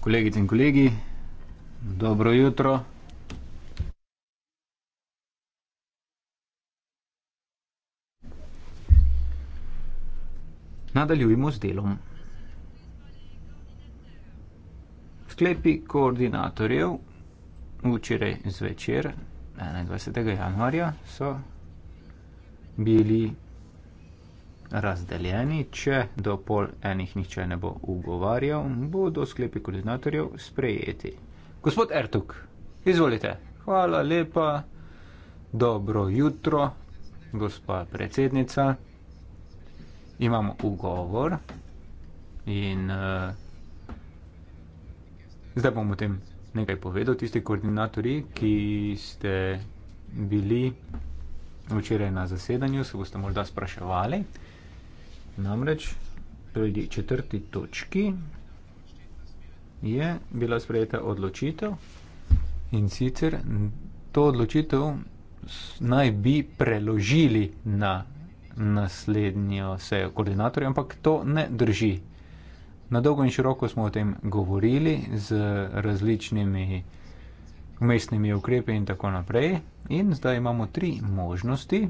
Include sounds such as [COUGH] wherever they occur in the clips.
Kolegice in kolegi, dobro jutro. Nadaljujemo z delom. Sklepi koordinatorjev včeraj zvečer, 21. januarja, so bili razdeljeni, če do pol enih nihče ne bo ugovarjal, bodo sklepi koordinatorjev sprejeti. Gospod Ertuk, izvolite. Hvala lepa, dobro jutro, gospa predsednica. Imamo ugovor in uh, zdaj bom o tem nekaj povedal. Tisti koordinatorji, ki ste bili včeraj na zasedanju, se boste morda spraševali. Uh, Namreč pri četrti točki je bila sprejeta odločitev in sicer to odločitev naj bi preložili na naslednjo sejo koordinatorja, ampak to ne drži. Na dolgo in široko smo o tem govorili z različnimi umestnimi ukrepe in tako naprej. In zdaj imamo tri možnosti,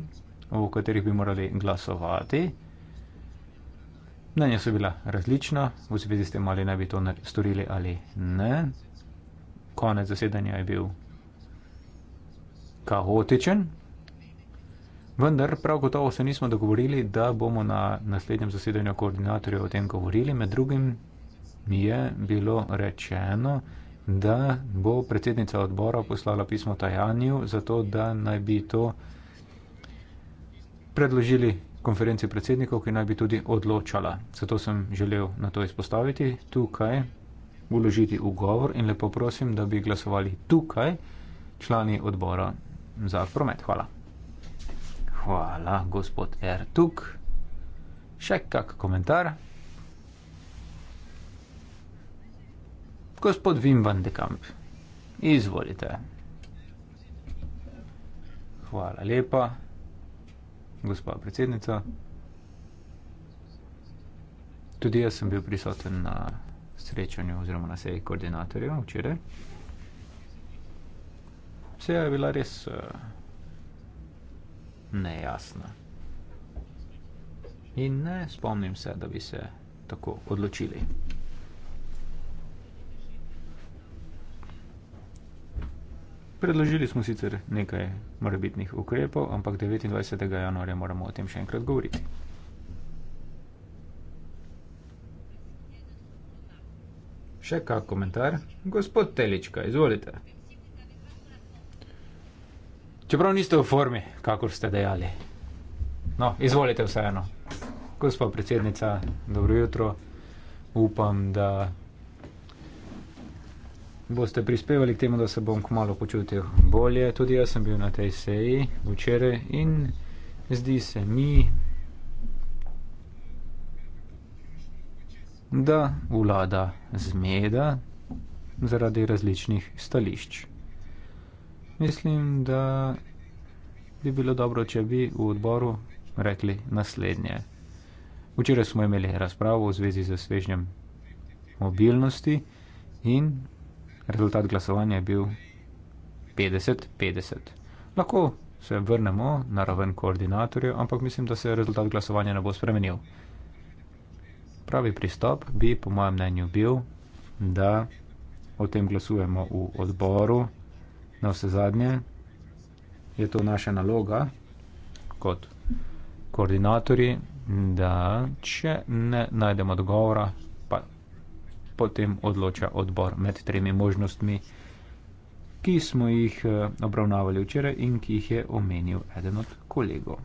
o katerih bi morali glasovati. Mnenja so bila različna, v zvezi s tem, ali naj bi to storili ali ne. Konec zasedanja je bil kaotičen, vendar prav gotovo se nismo dogovorili, da bomo na naslednjem zasedanju koordinatorjev o tem govorili. Med drugim je bilo rečeno, da bo predsednica odbora poslala pismo Tajanju, zato da naj bi to predložili konferenci predsednikov, ki naj bi tudi odločala. Zato sem želel na to izpostaviti tukaj, uložiti ugovor in lepo prosim, da bi glasovali tukaj člani odbora za promet. Hvala. Hvala, gospod Ertuk. Še kak komentar? Gospod Vim van de Kamp, izvolite. Hvala lepa gospa predsednica. Tudi jaz sem bil prisoten na srečanju oziroma na seji koordinatorjev včeraj. Vse je bila res uh, nejasna. In ne spomnim se, da bi se tako odločili. Predložili smo sicer nekaj morebitnih ukrepov, ampak 29. januarja moramo o tem še enkrat govoriti. Še kak komentar? Gospod Telička, izvolite. Čeprav niste v formi, kakor ste dejali. No, izvolite vseeno. Gospod predsednica, dobro jutro. Upam, da boste prispevali k temu, da se bom kmalo počutil bolje. Tudi jaz sem bil na tej seji včeraj in zdi se mi, da vlada zmeda zaradi različnih stališč. Mislim, da bi bilo dobro, če bi v odboru rekli naslednje. Včeraj smo imeli razpravo v zvezi z svežnjem mobilnosti in rezultat glasovanja je bil 50-50. Lahko se vrnemo na raven koordinatorjev, ampak mislim, da se rezultat glasovanja ne bo spremenil. Pravi pristop bi, po mojem mnenju, bil, da o tem glasujemo v odboru. Na vse zadnje je to naša naloga kot koordinatorji, da če ne najdemo dogovora, potem odloča odbor med tremi možnostmi, ki smo jih eh, obravnavali včeraj in ki jih je omenil eden od kolegov.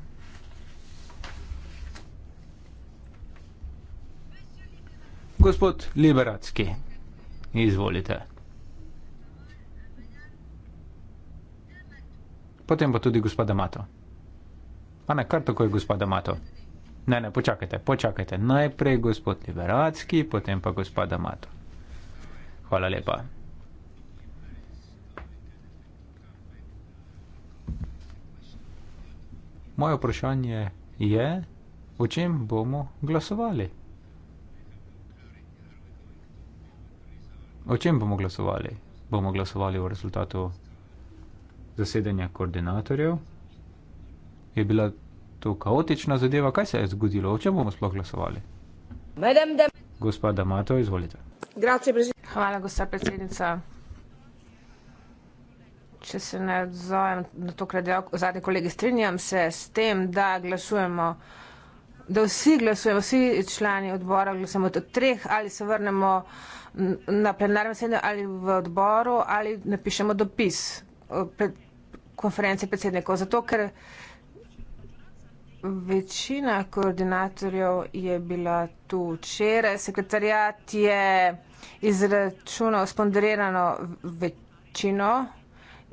Gospod Liberacki, izvolite. Potem pa tudi gospod Amato. Pa ne kar tako je gospod Amato. Ne, ne, počakajte, počakajte. Najprej gospod Liberacki, potem pa gospod Amato. Hvala lepa. Moje vprašanje je, o čem bomo glasovali? O čem bomo glasovali? Bomo glasovali o rezultatu zasedanja koordinatorjev? Je bila to kaotična zadeva. Kaj se je zgodilo, o čem bomo sploh glasovali? Medem, dem. Gospa Damato, izvolite. Hvala, gospa predsednica. Če se ne odzovem na to, kar je dejal zadnji kolegi, strinjam se s tem, da glasujemo, da vsi glasujemo, vsi člani odbora glasujemo od treh ali se vrnemo na plenarno sedanje ali v odboru ali napišemo dopis eh, konference predsednikov. Zato, ker Večina koordinatorjev je bila tu včeraj. Sekretarjat je izračunal sponderirano večino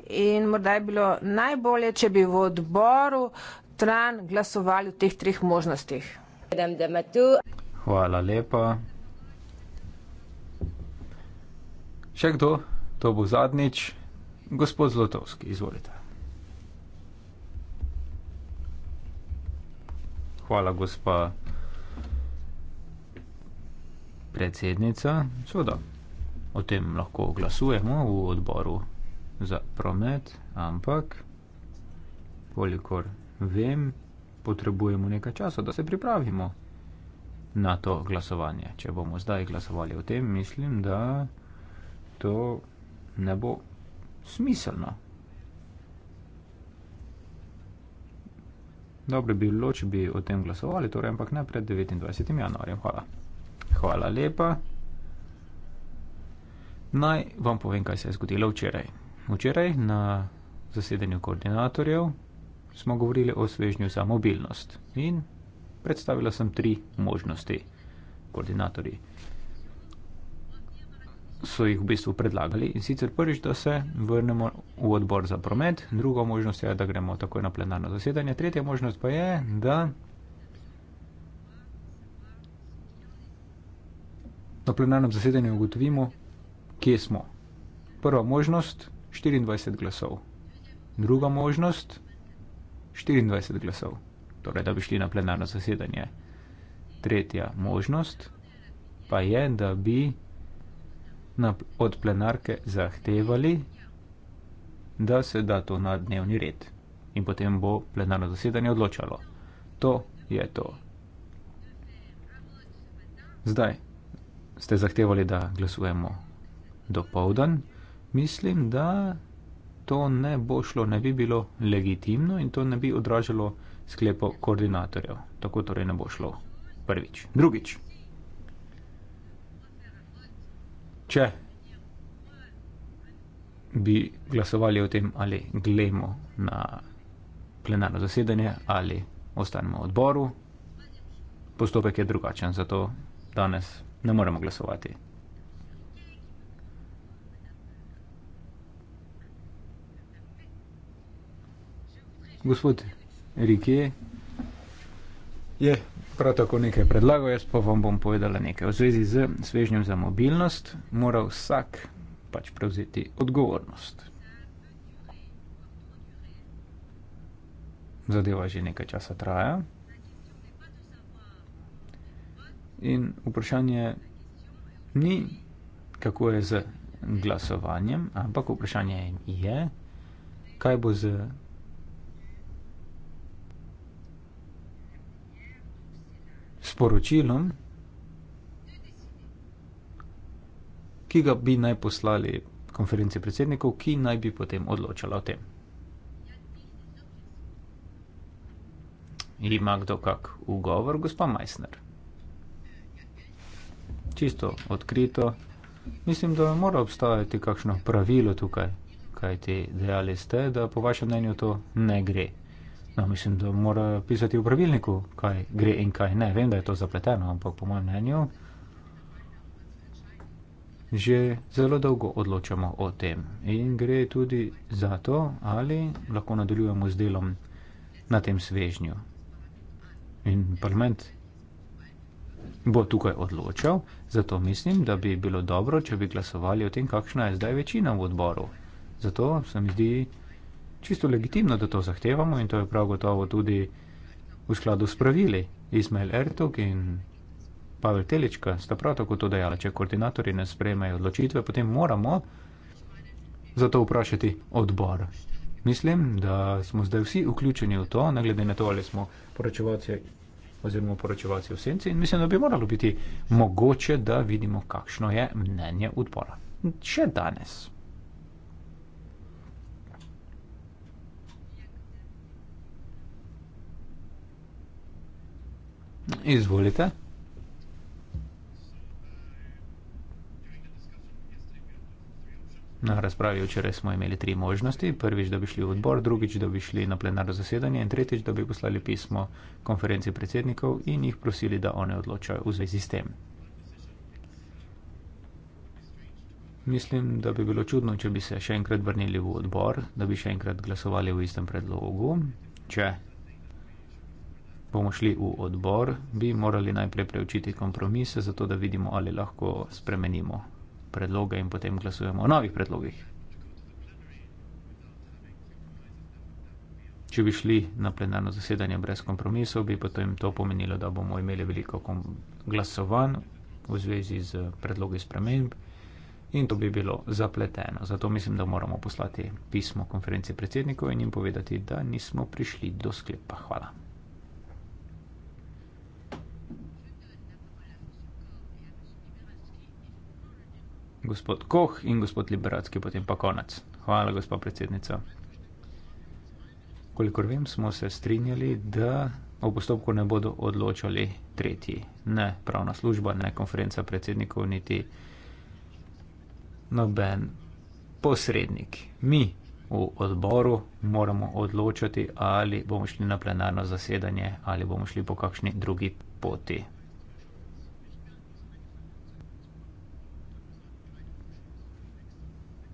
in morda je bilo najbolje, če bi v odboru tran glasovali v teh treh možnostih. Hvala lepa. Še kdo? To bo zadnjič. Gospod Zlotovski, izvolite. Hvala, gospa predsednica. Seveda, o tem lahko glasujemo v odboru za promet, ampak kolikor vem, potrebujemo nekaj časa, da se pripravimo na to glasovanje. Če bomo zdaj glasovali o tem, mislim, da to ne bo smiselno. Dobro bi bilo, če bi o tem glasovali, torej, ampak ne pred 29. januarjem. Hvala. Hvala lepa. Naj vam povem, kaj se je zgodilo včeraj. Včeraj na zasedanju koordinatorjev smo govorili o svežnju za mobilnost in predstavila sem tri možnosti. Koordinatorji so jih v bistvu predlagali in sicer prvič, da se vrnemo v odbor za promet, druga možnost je, da gremo takoj na plenarno zasedanje, tretja možnost pa je, da. Na plenarnem zasedanju ugotovimo, kje smo. Prva možnost 24 glasov, druga možnost 24 glasov, torej da bi šli na plenarno zasedanje. Tretja možnost pa je, da bi od plenarke zahtevali, da se da to na dnevni red. In potem bo plenarno zasedanje odločalo. To je to. Zdaj ste zahtevali, da glasujemo do povdan. Mislim, da to ne bo šlo, ne bi bilo legitimno in to ne bi odražalo sklepo koordinatorjev. Tako torej ne bo šlo prvič. Drugič. če bi glasovali o tem, ali glemo na plenarno zasedanje ali ostanemo v odboru, postopek je drugačen, zato danes ne moremo glasovati. Gospod Rike, je prav tako nekaj predlagal, jaz pa vam bom povedala nekaj. V zvezi z svežnjem za mobilnost mora vsak pač prevzeti odgovornost. Zadeva že nekaj časa traja. In vprašanje ni, kako je z glasovanjem, ampak vprašanje je, kaj bo z sporočilom, ki ga bi naj poslali konferenci predsednikov, ki naj bi potem odločala o tem. Ima kdo kak ugovor, gospa Meissner? Čisto odkrito. Mislim, da mora obstajati kakšno pravilo tukaj, kaj ti dejali ste, da po vašem mnenju to ne gre. No, mislim, da mora pisati v pravilniku, kaj gre in kaj ne. Vem, da je to zapleteno, ampak po mojem mnenju že zelo dolgo odločamo o tem. In gre tudi za to, ali lahko nadaljujemo z delom na tem svežnju. In parlament bo tukaj odločal, zato mislim, da bi bilo dobro, če bi glasovali o tem, kakšna je zdaj večina v odboru. Zato se mi zdi čisto legitimno, da to zahtevamo in to je prav gotovo tudi v skladu s pravili. Izmail Ertug in Pavel Telička sta prav tako to dejala. Če koordinatori ne sprejmejo odločitve, potem moramo zato vprašati odbor. Mislim, da smo zdaj vsi vključeni v to, ne glede na to, ali smo poročevalci oziroma poročevalci v senci in mislim, da bi moralo biti mogoče, da vidimo, kakšno je mnenje odbora. Še danes. Izvolite. Na razpravi včeraj smo imeli tri možnosti. Prvič, da bi šli v odbor, drugič, da bi šli na plenarno zasedanje in tretjič, da bi poslali pismo konferenci predsednikov in jih prosili, da one odločajo v zvezi s tem. Mislim, da bi bilo čudno, če bi se še enkrat vrnili v odbor, da bi še enkrat glasovali v istem predlogu. Če bomo šli v odbor, bi morali najprej preučiti kompromise, zato da vidimo, ali lahko spremenimo predloge in potem glasujemo o novih predlogih. Če bi šli na plenarno zasedanje brez kompromisov, bi potem to pomenilo, da bomo imeli veliko glasovanj v zvezi z predlogi sprememb in to bi bilo zapleteno. Zato mislim, da moramo poslati pismo konferenci predsednikov in jim povedati, da nismo prišli do sklepa. Hvala. gospod Koh in gospod Liberatski, potem pa konec. Hvala, gospod predsednica. Kolikor vem, smo se strinjali, da o postopku ne bodo odločali tretji, ne pravna služba, ne konferenca predsednikov, niti noben posrednik. Mi v odboru moramo odločati, ali bomo šli na plenarno zasedanje, ali bomo šli po kakšni drugi poti.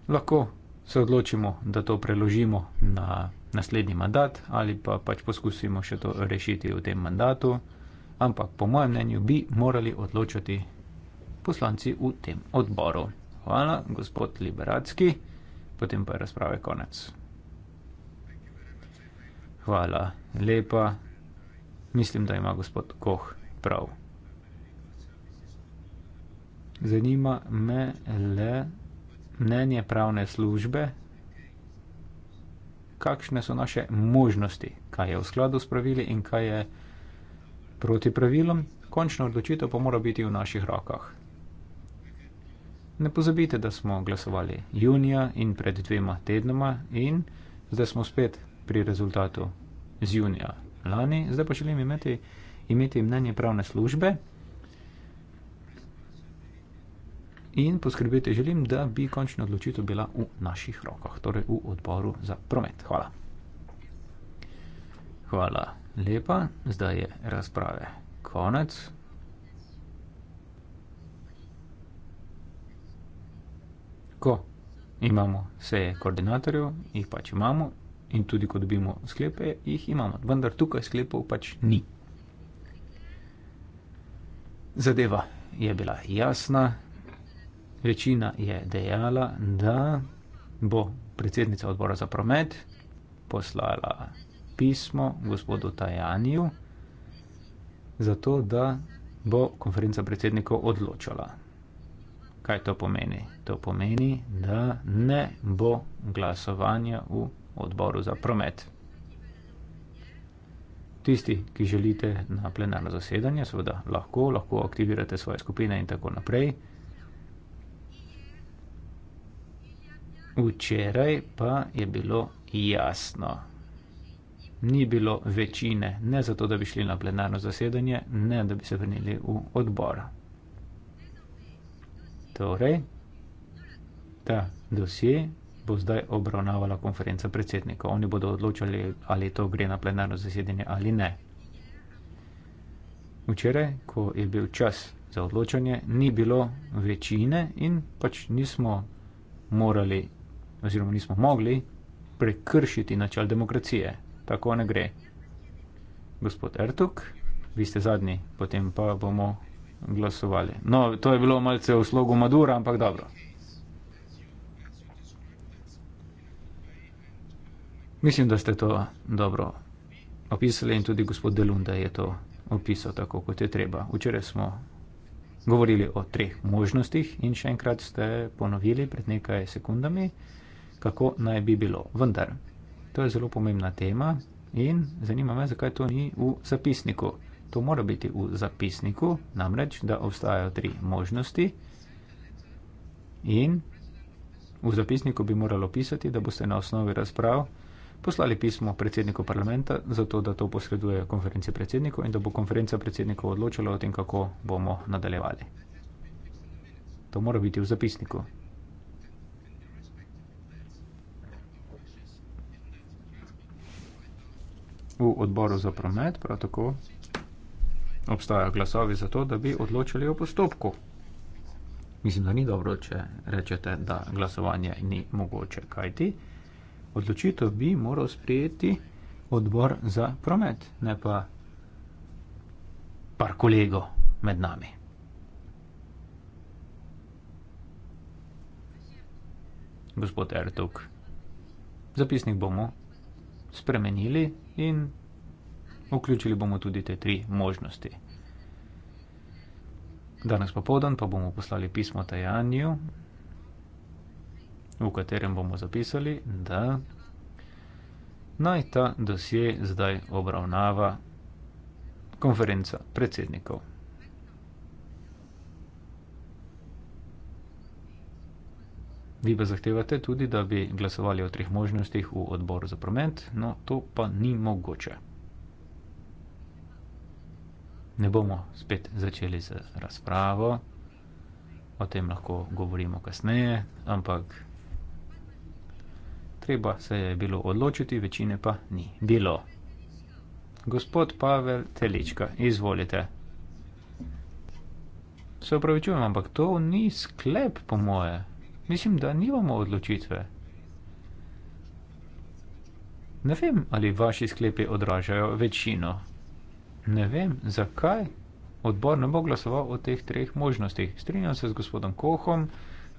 lahko se odločimo, da to preložimo na naslednji mandat ali pa pač poskusimo še to rešiti v tem mandatu, ampak po mojem mnenju bi morali odločiti poslanci v tem odboru. Hvala, gospod Liberacki, potem pa je razprave konec. Hvala lepa. Mislim, da ima gospod Koh prav. Zanima me le mnenje pravne službe, kakšne so naše možnosti, kaj je v skladu s pravili in kaj je proti pravilom, končna odločitev pa mora biti v naših rokah. Ne pozabite, da smo glasovali junija in pred dvema tednoma in zdaj smo spet pri rezultatu z junija lani, zdaj pa želim imeti, imeti mnenje pravne službe. in poskrbeti želim, da bi končna odločitev bila v naših rokah, torej v odboru za promet. Hvala. Hvala lepa, zdaj je razprave konec. Ko imamo seje koordinatorjev, jih pač imamo in tudi, ko dobimo sklepe, jih imamo, vendar tukaj sklepov pač ni. Zadeva je bila jasna. Večina je dejala, da bo predsednica odbora za promet poslala pismo gospodu Tajaniju, zato da bo konferenca predsednikov odločala. Kaj to pomeni? To pomeni, da ne bo glasovanja v odboru za promet. Tisti, ki želite na plenarno zasedanje, seveda lahko, lahko aktivirate svoje skupine in tako naprej. Včeraj pa je bilo jasno. Ni bilo večine, ne zato, da bi šli na plenarno zasedanje, ne da bi se vrnili v odbor. Torej, ta dosje bo zdaj obravnavala konferenca predsednika. Oni bodo odločali, ali to gre na plenarno zasedanje ali ne. Včeraj, ko je bil čas za odločanje, ni bilo večine in pač nismo morali oziroma nismo mogli prekršiti načel demokracije. Tako ne gre. Gospod Ertuk, vi ste zadnji, potem pa bomo glasovali. No, to je bilo malce v slogu Madura, ampak dobro. Mislim, da ste to dobro opisali in tudi gospod Delunda je to opisal tako, kot je treba. Včeraj smo govorili o treh možnostih in še enkrat ste ponovili pred nekaj sekundami kako naj bi bilo. Vendar, to je zelo pomembna tema in zanima me, zakaj to ni v zapisniku. To mora biti v zapisniku, namreč, da obstajajo tri možnosti in v zapisniku bi moralo pisati, da boste na osnovi razprav poslali pismo predsedniku parlamenta, zato da to posreduje konferenci predsedniku in da bo konferenca predsedniku odločila o tem, kako bomo nadaljevali. To mora biti v zapisniku. v odboru za promet prav tako obstajajo glasovi za to, da bi odločili o postopku. Mislim, da ni dobro, če rečete, da glasovanje ni mogoče, kajti odločitev bi moral sprejeti odbor za promet, ne pa par kolego med nami. Gospod Ertuk, zapisnik bomo spremenili, in vključili bomo tudi te tri možnosti. Danes popoldan pa bomo poslali pismo Tajanju, v katerem bomo zapisali, da naj ta dosje zdaj obravnava konferenca predsednikov. Vi pa zahtevate tudi, da bi glasovali o treh možnostih v odboru za promet, no to pa ni mogoče. Ne bomo spet začeli z razpravo, o tem lahko govorimo kasneje, ampak treba se je bilo odločiti, večine pa ni bilo. Gospod Pavel Telička, izvolite. Se upravičujem, ampak to ni sklep, po moje. Mislim, da nimamo odločitve. Ne vem, ali vaši sklepi odražajo večino. Ne vem, zakaj odbor ne bo glasoval o teh treh možnostih. Strinjam se z gospodom Kohom,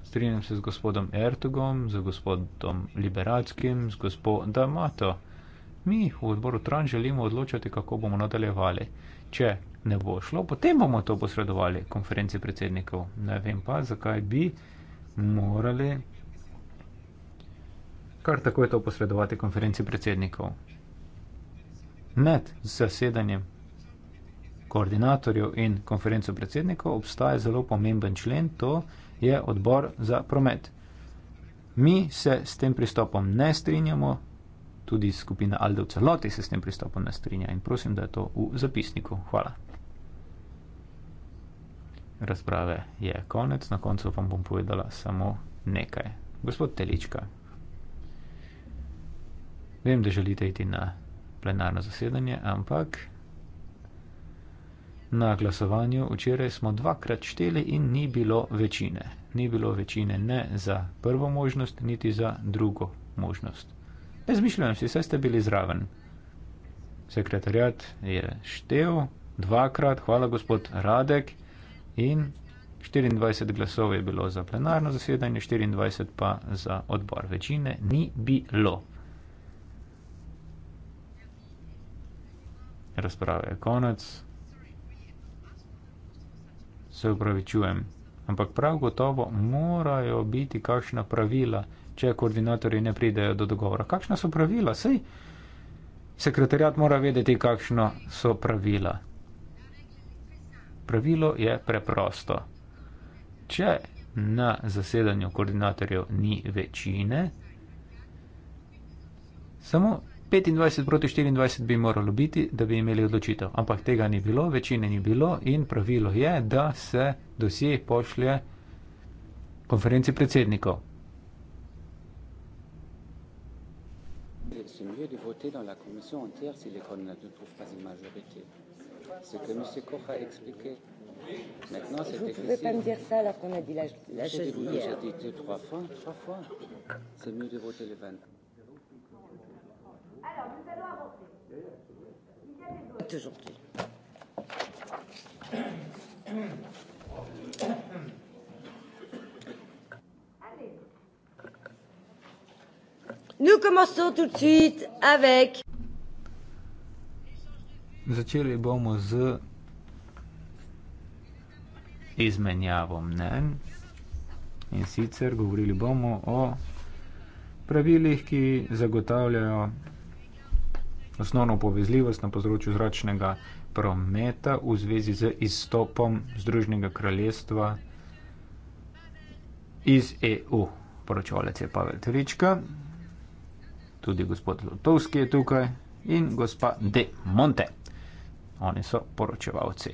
strinjam se z gospodom Ertogom, z gospodom Liberatskim, z gospodom Damato. Mi v odboru Tran želimo odločati, kako bomo nadaljevali. Če ne bo šlo, potem bomo to posredovali konferenci predsednikov. Ne vem pa, zakaj bi morali kar takoj to posredovati konferenci predsednikov. Med zasedanjem koordinatorjev in konferenco predsednikov obstaja zelo pomemben člen, to je odbor za promet. Mi se s tem pristopom ne strinjamo, tudi skupina Aldo v celoti se s tem pristopom ne strinja in prosim, da je to v zapisniku. Hvala razprave je konec, na koncu vam bom povedala samo nekaj. Gospod Telička, vem, da želite iti na plenarno zasedanje, ampak na glasovanju včeraj smo dvakrat šteli in ni bilo večine. Ni bilo večine ne za prvo možnost, niti za drugo možnost. Ne zmišljujem si, saj ste bili zraven. Sekretarjat je štev dvakrat, hvala gospod Radek in 24 glasov je bilo za plenarno zasedanje, 24 pa za odbor. Večine ni bilo. Razprava je konec. Se upravičujem, ampak prav gotovo morajo biti kakšna pravila, če koordinatorji ne pridejo do dogovora. Kakšna so pravila? Sej sekretarjat mora vedeti, kakšna so pravila. Pravilo je preprosto. Če na zasedanju koordinatorjev ni večine, samo 25 proti 24 bi moralo biti, da bi imeli odločitev. Ampak tega ni bilo, večine ni bilo in pravilo je, da se dosje pošlje konferenci predsednikov. C'est mieux de voter dans la commission entière si les candidats ne trouvent pas une majorité ce que M. Koch a expliqué. Maintenant, c'est difficile. Vous ne pouvez pas me dire ça alors qu'on a dit la, la chose hier. J'ai dit deux, trois fois. Trois fois. C'est mieux de voter le 20. Alors, nous allons avancer. Il y a des votes. Aujourd'hui. Nous commençons tout de suite avec začeli bomo z izmenjavo mnen in sicer govorili bomo o pravilih, ki zagotavljajo osnovno povezljivost na področju zračnega prometa v zvezi z izstopom Združnega kraljestva iz EU. Poročevalec je Pavel Trička, tudi gospod Lotovski je tukaj in gospa De Monte oni so poročevalci.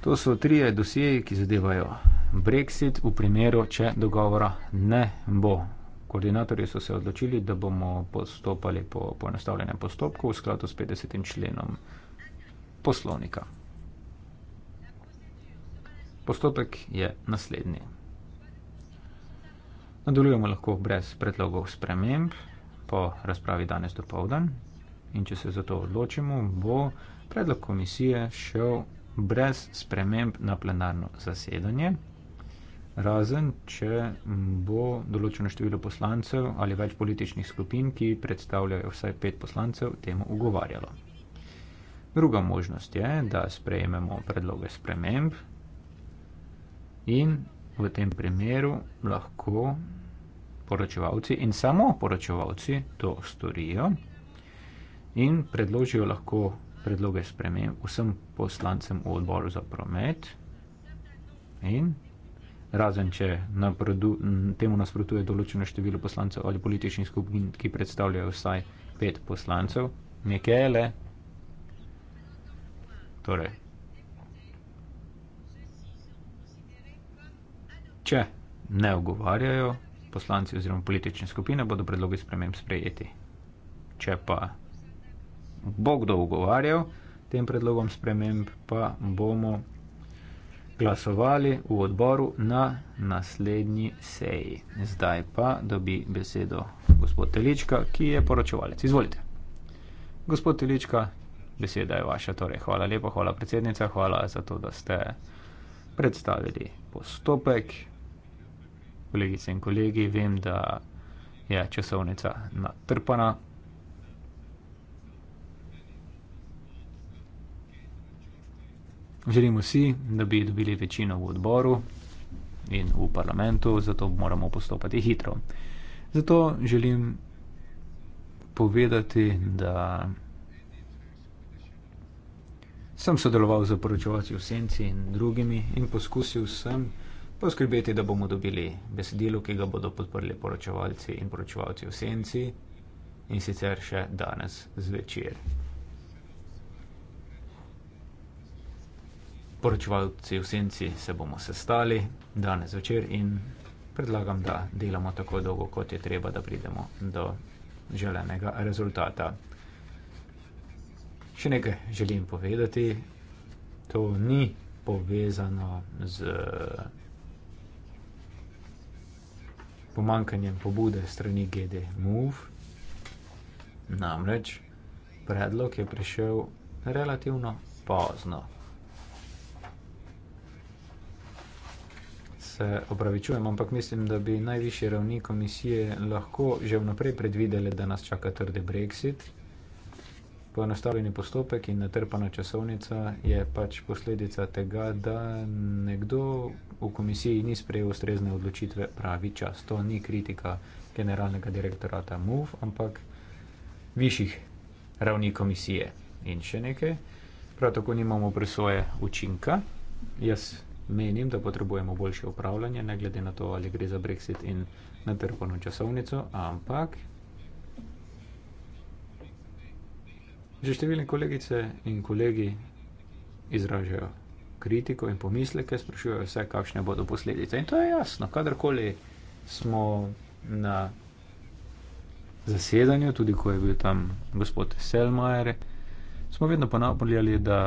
To so trije dosjeji, ki zadevajo Brexit v primeru, če dogovora ne bo. Koordinatorji so se odločili, da bomo postopali po poenostavljenem postopku v skladu s 50. členom poslovnika. Postopek je naslednji. Nadaljujemo lahko brez predlogov sprememb po razpravi danes do povdan in če se za to odločimo, bo predlog komisije šel brez sprememb na plenarno zasedanje, razen če bo določeno število poslancev ali več političnih skupin, ki predstavljajo vsaj pet poslancev, temu ugovarjalo. Druga možnost je, da sprejmemo predloge sprememb in v tem primeru lahko poročevalci in samo poročevalci to storijo in predložijo lahko predloge sprememb vsem poslancem v odboru za promet in razen, če naprodu, temu nasprotuje določeno število poslancev ali političnih skupin, ki predstavljajo vsaj pet poslancev, nekele, torej, če ne ogovarjajo poslanci oziroma politične skupine, bodo predloge sprememb sprejeti. Če pa bo kdo ugovarjal tem predlogom sprememb, pa bomo glasovali v odboru na naslednji seji. Zdaj pa dobi besedo gospod Telička, ki je poročevalec. Izvolite. Gospod Telička, beseda je vaša. Torej, hvala lepa, hvala predsednica, hvala za to, da ste predstavili postopek. Kolegice in kolegi, vem, da je časovnica natrpana. Želimo si, da bi dobili večino v odboru in v parlamentu, zato moramo postopati hitro. Zato želim povedati, da sem sodeloval z poročevalci v Senci in drugimi in poskusil sem poskrbeti, da bomo dobili besedilo, ki ga bodo podprli poročevalci in poročevalci v Senci in sicer še danes zvečer. poročevalci v senci se bomo sestali danes večer in predlagam, da delamo tako dolgo, kot je treba, da pridemo do želenega rezultata. Še nekaj želim povedati. To ni povezano z pomankanjem pobude strani GD Move. Namreč predlog je prišel relativno pozno. se opravičujem, ampak mislim, da bi najvišje ravni komisije lahko že vnaprej predvidele, da nas čaka trdi brexit. Poenostavljeni postopek in natrpana časovnica je pač posledica tega, da nekdo v komisiji ni sprejel ustrezne odločitve pravi čas. To ni kritika generalnega direktorata MOV, ampak višjih ravni komisije. In še nekaj, prav tako nimamo presoje učinka. Jaz menim, da potrebujemo boljše upravljanje, ne glede na to, ali gre za Brexit in natrpano časovnico, ampak že številne kolegice in kolegi izražajo kritiko in pomisleke, sprašujejo se, kakšne bodo posledice. In to je jasno, kadarkoli smo na zasedanju, tudi ko je bil tam gospod Selmajer, smo vedno ponavljali, da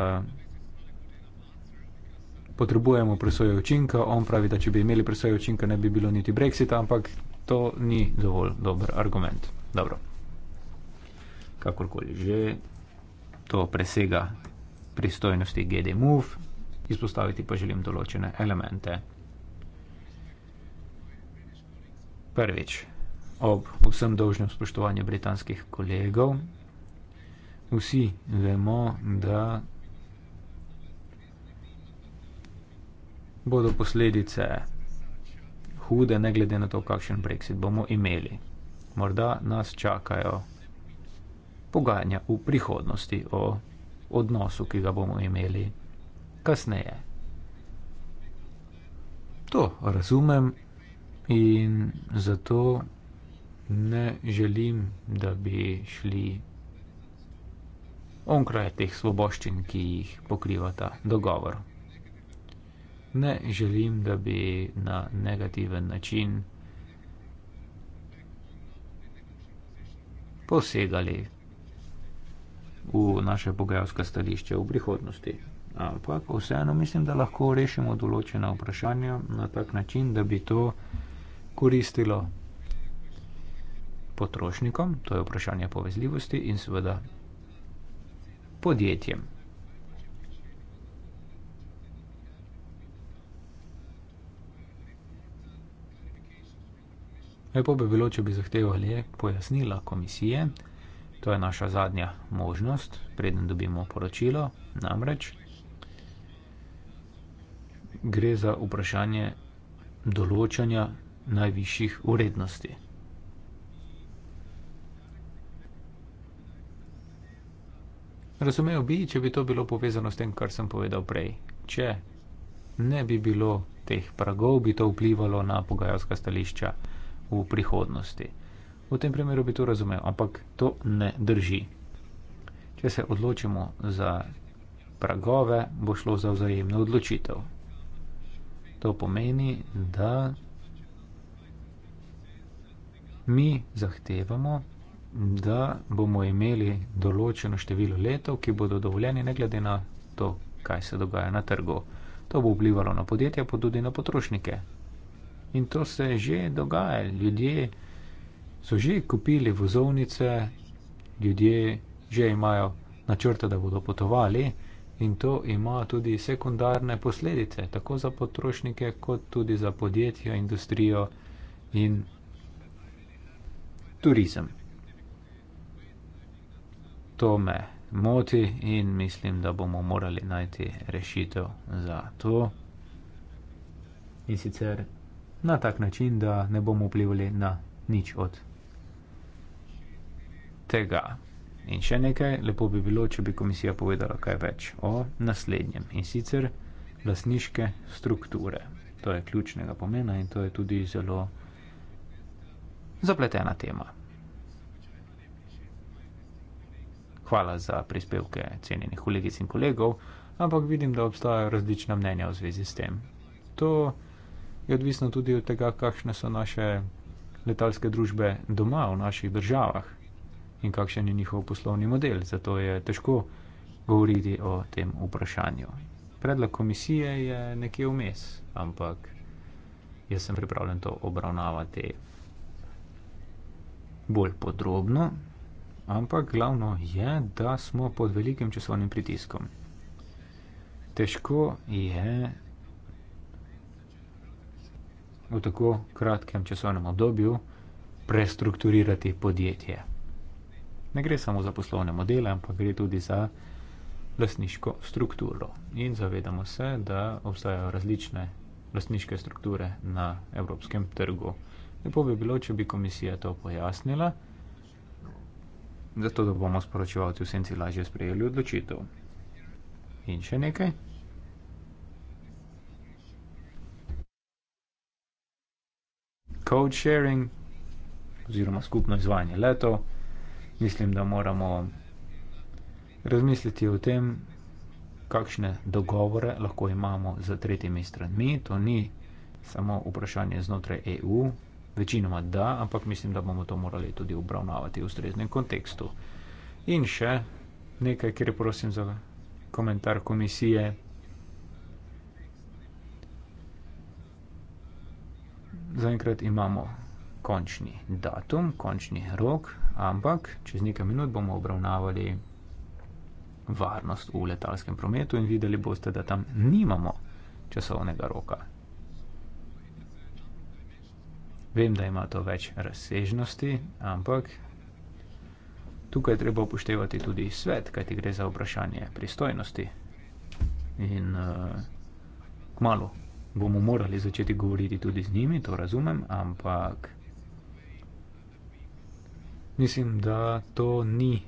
potrebujemo presojo učinka. On pravi, da če bi imeli presojo učinka, ne bi bilo niti brexita, ampak to ni dovolj dober argument. Dobro. Kakorkoli že, to presega pristojnosti GD Move, izpostaviti pa želim določene elemente. Prvič, ob vsem dožnem spoštovanju britanskih kolegov, vsi vemo, da bodo posledice hude, ne glede na to, kakšen brexit bomo imeli. Morda nas čakajo pogajanja v prihodnosti o odnosu, ki ga bomo imeli kasneje. To razumem in zato ne želim, da bi šli onkraj teh svoboščin, ki jih pokrivata dogovor ne želim, da bi na negativen način posegali v naše pogajalska stališče v prihodnosti. Ampak vseeno mislim, da lahko rešimo določena vprašanja na tak način, da bi to koristilo potrošnikom, to je vprašanje povezljivosti in seveda podjetjem. Lepo bi bilo, če bi zahtevali pojasnila komisije. To je naša zadnja možnost, preden dobimo poročilo. Namreč gre za vprašanje določanja najvišjih urednosti. Razumejo bi, če bi to bilo povezano s tem, kar sem povedal prej. Če ne bi bilo teh pragov, bi to vplivalo na pogajalska stališča v prihodnosti. V tem primeru bi to razumel, ampak to ne drži. Če se odločimo za pragove, bo šlo za vzajemno odločitev. To pomeni, da mi zahtevamo, da bomo imeli določeno število letov, ki bodo dovoljeni ne glede na to, kaj se dogaja na trgu. To bo vplivalo na podjetja, pa tudi na potrošnike, In to se je že dogajalo. Ljudje so že kupili vozovnice, ljudje že imajo načrte, da bodo potovali. In to ima tudi sekundarne posledice, tako za potrošnike, kot tudi za podjetja, industrijo in turizem. To me moti in mislim, da bomo morali najti rešitev za to. In sicer na tak način, da ne bomo vplivali na nič od tega. In še nekaj, lepo bi bilo, če bi komisija povedala kaj več o naslednjem in sicer lasniške strukture. To je ključnega pomena in to je tudi zelo zapletena tema. Hvala za prispevke cenjenih kolegic in kolegov, ampak vidim, da obstajajo različna mnenja v zvezi s tem. To je je odvisno tudi od tega, kakšne so naše letalske družbe doma v naših državah in kakšen je njihov poslovni model. Zato je težko govoriti o tem vprašanju. Predlog komisije je nekje vmes, ampak jaz sem pripravljen to obravnavati bolj podrobno. Ampak glavno je, da smo pod velikim časovnim pritiskom. Težko je v tako kratkem časovnem obdobju prestrukturirati podjetje. Ne gre samo za poslovne modele, ampak gre tudi za lasniško strukturo. In zavedamo se, da obstajajo različne lasniške strukture na evropskem trgu. Lepo bi bilo, če bi komisija to pojasnila, zato da bomo sporočevalci v senci lažje sprejeli odločitev. In še nekaj. code sharing oziroma skupno izvajanje letov. Mislim, da moramo razmisliti o tem, kakšne dogovore lahko imamo z tretjimi stranmi. To ni samo vprašanje znotraj EU, večinoma da, ampak mislim, da bomo to morali tudi obravnavati v ustreznem kontekstu. In še nekaj, kjer prosim za komentar komisije, zaenkrat imamo končni datum, končni rok, ampak čez nekaj minut bomo obravnavali varnost v letalskem prometu in videli boste, da tam nimamo časovnega roka. Vem, da ima to več razsežnosti, ampak tukaj je treba upoštevati tudi svet, kaj ti gre za vprašanje pristojnosti. In uh, eh, kmalo bomo morali začeti govoriti tudi z njimi, to razumem, ampak mislim, da to ni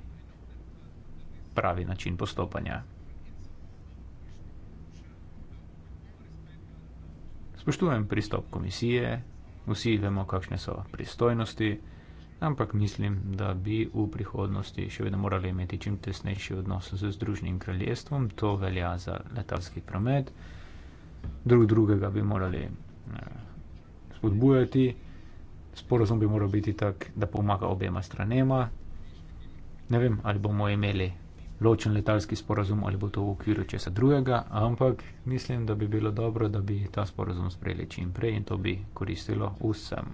pravi način postopanja. Spoštujem pristop komisije, vsi vemo, kakšne so pristojnosti, ampak mislim, da bi v prihodnosti še vedno morali imeti čim tesnejši odnos z Združenim kraljestvom, to velja za letalski promet drug drugega bi morali eh, spodbujati, sporozum bi moral biti tak, da pomaga obema stranema. Ne vem, ali bomo imeli ločen letalski sporozum ali bo to v okviru česa drugega, ampak mislim, da bi bilo dobro, da bi ta sporozum sprejeli čim prej in to bi koristilo vsem.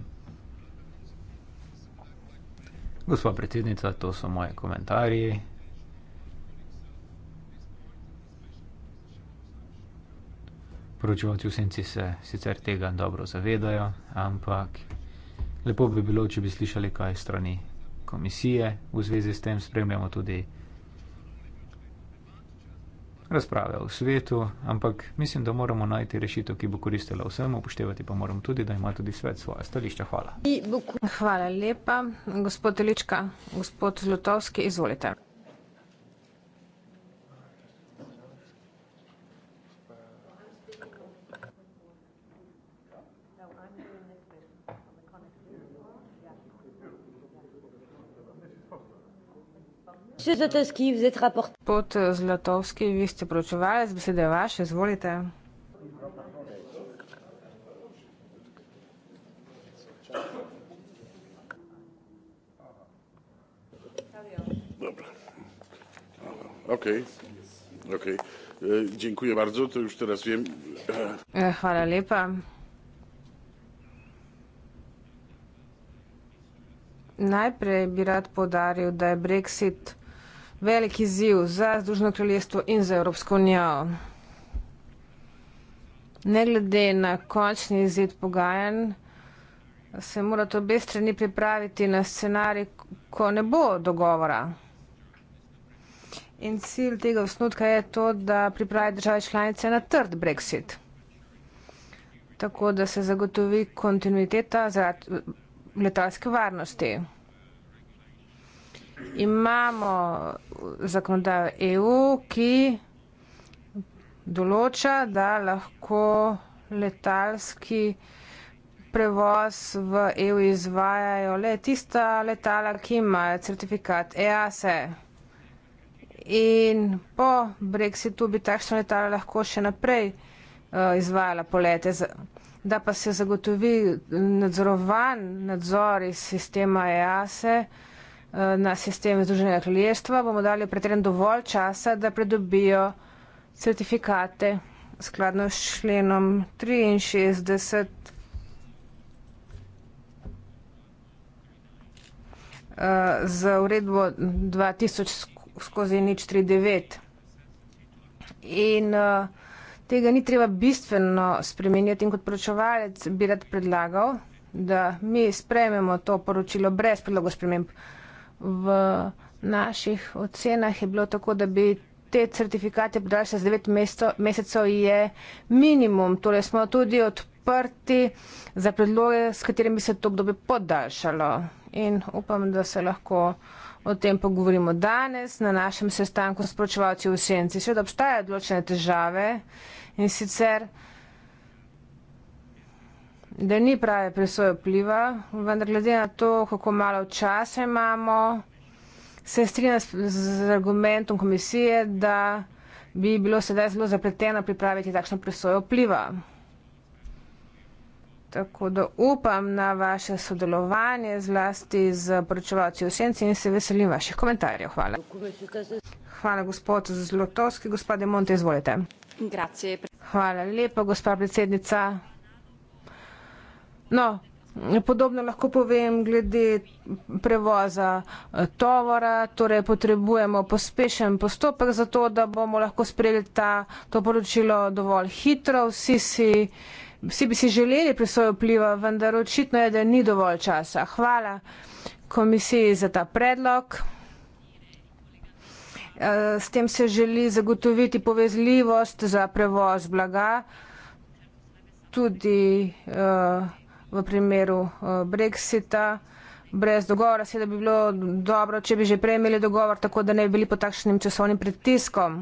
Gospa predsednica, to so moje komentarje. Poročevalci v senci se sicer tega dobro zavedajo, ampak lepo bi bilo, če bi slišali kaj strani komisije. V zvezi s tem spremljamo tudi razprave v svetu, ampak mislim, da moramo najti rešitev, ki bo koristila vsem, upoštevati pa moramo tudi, da ima tudi svet svoje stališče. Hvala. Hvala lepa, gospod Lička, gospod Lutovski, izvolite. Eh, Zlatovski, vi ste raport. Pod Zlatovski, vi ste pročevalec, besede je vaše, izvolite. Dobro. Ok, ok. E, dziękuję bardzo, to już teraz wiem. E, hvala lepa. Najprej bi rad podaril, da je Brexit velik izziv za Združeno kraljestvo in za Evropsko unijo. Ne glede na končni izid pogajanj, se mora to obe strani pripraviti na scenarij, ko ne bo dogovora. In cilj tega osnutka je to, da pripravi države članice na trd Brexit. Tako da se zagotovi kontinuiteta zaradi letalske varnosti imamo zakonodajo EU, ki določa, da lahko letalski prevoz v EU izvajajo le tista letala, ki imajo certifikat EASE. E. In po Brexitu bi takšna letala lahko še naprej uh, izvajala polete, da pa se zagotovi nadzorovan nadzor iz sistema EASE. Uh, na sistem Združenega kraljestva, bomo dali pretiran dovolj časa, da pridobijo certifikate skladno s členom 63. Eh, z uredbo 2000 skozi nič 39. In uh, tega ni treba bistveno spremenjati in kot poročevalec bi rad predlagal, da mi sprememo to poročilo brez predlogo sprememb. Uh, v naših ocenah je bilo tako, da bi te certifikate podaljšali za 9 mesecev, je minimum. Torej smo tudi odprti za predloge, s katerimi se to obdobje podaljšalo. In upam, da se lahko o tem pogovorimo danes na našem sestanku s pročevalci v Senci. Seveda obstajajo odločene težave in sicer da ni prave presoje vpliva, vendar glede na to, kako malo časa imamo, se strinja s, z argumentom komisije, da bi bilo sedaj zelo zapleteno pripraviti takšno presojo vpliva. Tako da upam na vaše sodelovanje zlasti z poročevalci v senci in se veselim vaših komentarjev. Hvala. Hvala gospod Zlotovski, gospod Demonte, izvolite. Grazie. Hvala lepa, gospod predsednica. No, podobno lahko povem glede prevoza eh, tovora, torej potrebujemo pospešen postopek za to, da bomo lahko sprejeli ta, to poročilo dovolj hitro. Vsi, si, vsi bi si želeli presojo vpliva, vendar očitno je, da ni dovolj časa. Hvala komisiji za ta predlog. Eh, s tem se želi zagotoviti povezljivost za prevoz blaga, tudi uh, v primeru eh, Brexita, brez dogovora, seveda bi bilo dobro, če bi že prej imeli dogovor, tako da ne bi bili pod takšnim časovnim pritiskom.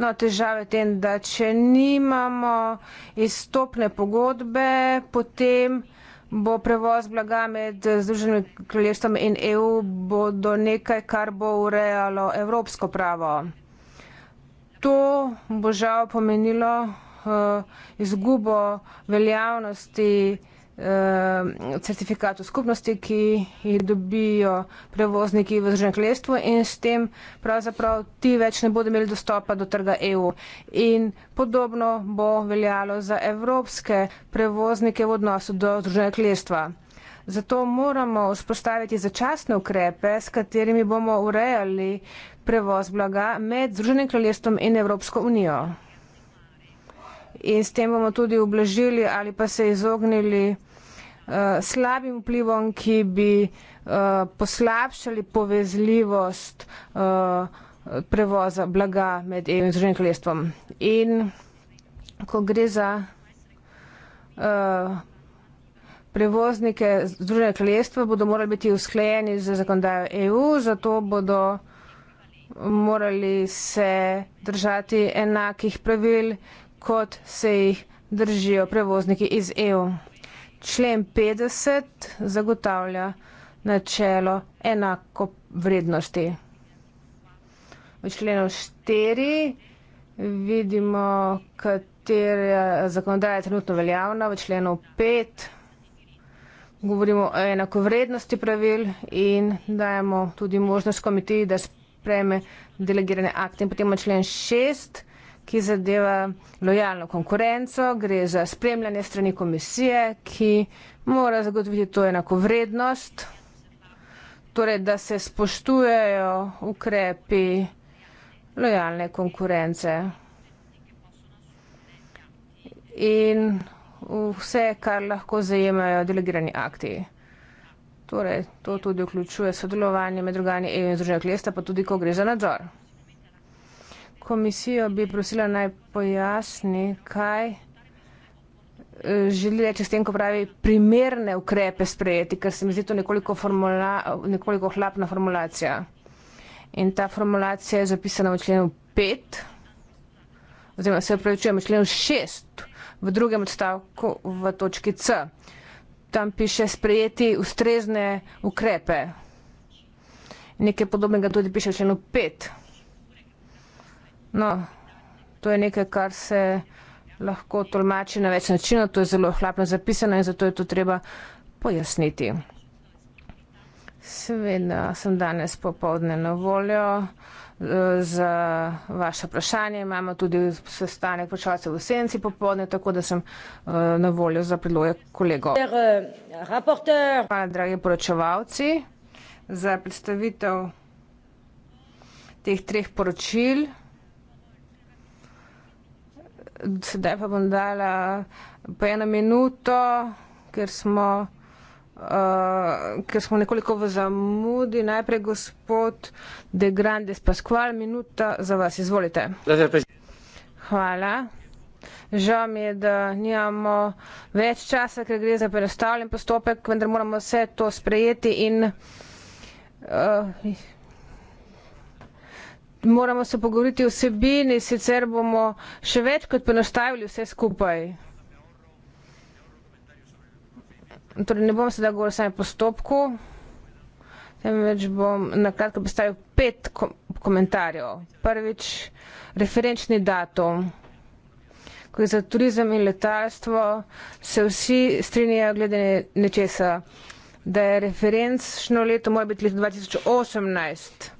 No, težave tem, da če nimamo izstopne pogodbe, potem bo prevoz blaga med Združenimi kraljestvami in EU bodo nekaj, kar bo urejalo evropsko pravo. To bo žal pomenilo uh, izgubo veljavnosti Eh, certifikat v skupnosti, ki jih dobijo prevozniki v Združenem kraljestvu in s tem pravzaprav ti več ne bodo imeli dostopa do trga EU. In podobno bo veljalo za evropske prevoznike v odnosu do Združenega kraljestva. Zato moramo vzpostaviti začasne ukrepe, s katerimi bomo urejali prevoz blaga med Združenim kraljestvom in Evropsko unijo. In s tem bomo tudi oblažili ali pa se izognili Eh, slabim vplivom, ki bi eh, poslabšali povezljivost eh, prevoza blaga med EU in Združenim kraljestvom. In ko gre za prevoznike Združenega kraljestva, bodo morali biti usklajeni z zakonodajo EU, zato bodo morali se držati enakih pravil, kot se jih držijo prevozniki iz EU člen 50 zagotavlja načelo enako vrednosti. V členu 4 vidimo, katera zakonodaja je trenutno veljavna, v členu 5 govorimo o enakovrednosti pravil in dajemo tudi možnost komitiji, da spreme delegirane akte. In potem v člen 6 ki zadeva lojalno konkurenco, gre za spremljanje strani komisije, ki mora zagotoviti to enakovrednost, torej da se spoštujejo ukrepi lojalne konkurence. In vse, kar lahko zajemajo delegirani akti. Torej, to tudi vključuje sodelovanje med drugani EU in Združenih lesta, pa tudi, ko gre za nadzor komisijo bi prosila naj pojasni, kaj eh, želi reči s tem, ko pravi primerne ukrepe sprejeti, ker se mi zdi to nekoliko, formula, nekoliko hlapna formulacija. In ta formulacija je zapisana v členu 5, oziroma se upravičujem, v členu 6, v drugem odstavku v točki C. Tam piše sprejeti ustrezne ukrepe. Nekaj podobnega tudi piše v členu 5. No, to je nekaj, kar se lahko tolmači na več načinov, to je zelo hlapno zapisano in zato je to treba pojasniti. Seveda sem danes popovdne na voljo eh, za vaše vprašanje. Imamo tudi sestanek počalcev v senci popovdne, tako da sem eh, na voljo za predloge kolegov. Eh, Hvala, dragi poročevalci, za predstavitev teh treh poročil sedaj pa bom dala po eno minuto, ker smo, uh, ker smo nekoliko v zamudi. Najprej gospod De Grandes Pasqual, minuta za vas, izvolite. Hvala. Žal mi je, da nimamo več časa, ker gre za predstavljen postopek, vendar moramo vse to sprejeti in. Uh, moramo se pogovoriti vsebini, sicer bomo še več kot ponostavili vse skupaj. Torej, ne bom sedaj govoril samo o postopku, temveč bom na kratko predstavil pet komentarjev. Prvič, referenčni datum. Ko je za turizem in letalstvo, se vsi strinjajo glede nečesa, da je referenčno leto, mora biti leto 2018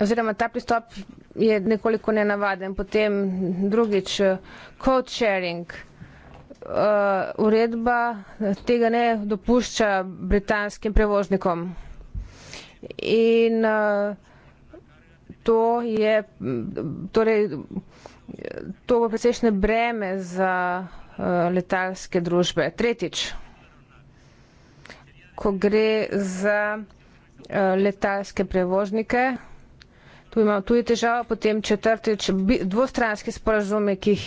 oziroma ta pristop je nekoliko nenavaden. Potem drugič, code sharing. Uh, uredba tega ne dopušča britanskim prevožnikom. In uh, to je, torej, to bo presečne breme za uh, letalske družbe. Tretjič, ko gre za letalske prevožnike, tu imamo tudi težavo, potem četrtič dvostranski sporazumi, ki jih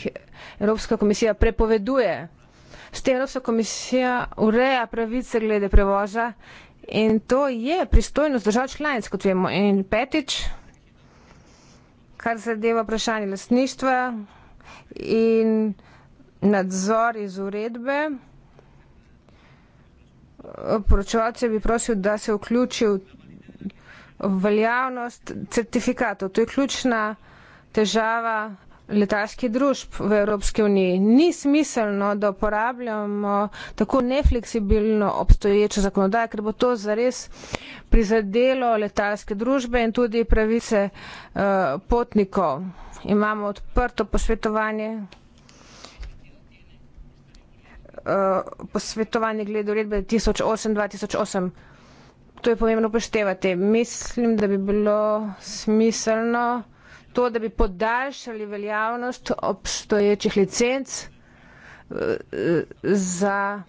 Evropska komisija prepoveduje. S tem Evropska komisija ureja pravice glede prevoza in to je pristojnost držav članic, kot vemo. In petič, kar zadeva vprašanje lastništva in nadzor iz uredbe. Poročevalce bi prosil, da se vključijo veljavnost certifikatov. To je ključna težava letalskih družb v Evropski uniji. Ni smiselno, da uporabljamo tako nefleksibilno obstoječo zakonodajo, ker bo to zares prizadelo letalske družbe in tudi pravice uh, potnikov. Imamo odprto posvetovanje. Uh, posvetovanje glede uredbe 2008-2008 to je pomembno upoštevati. Mislim, da bi bilo smiselno to, da bi podaljšali veljavnost obstoječih licenc eh, za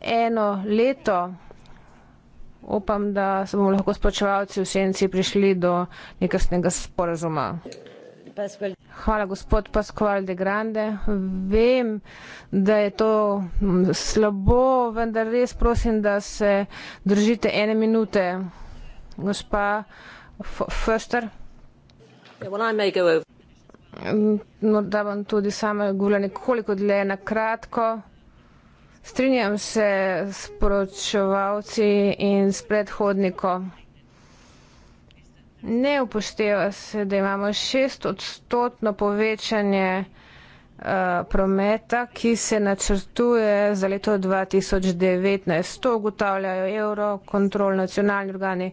eno leto. Upam, da se bomo lahko spočevalci v senci prišli do nekasnega sporazuma. Hvala, gospod Pascual de Grande. Vem, da je to slabo, vendar res prosim, da se držite ene minute. Gospa Förster. No, da bom tudi sama govorila nekoliko dlje na kratko. Strinjam se s poročevalci in s predhodnikom. Ne upošteva se, da imamo šest odstotno povečanje uh, prometa, ki se načrtuje za leto 2019. To ugotavljajo Eurocontrol, nacionalni organi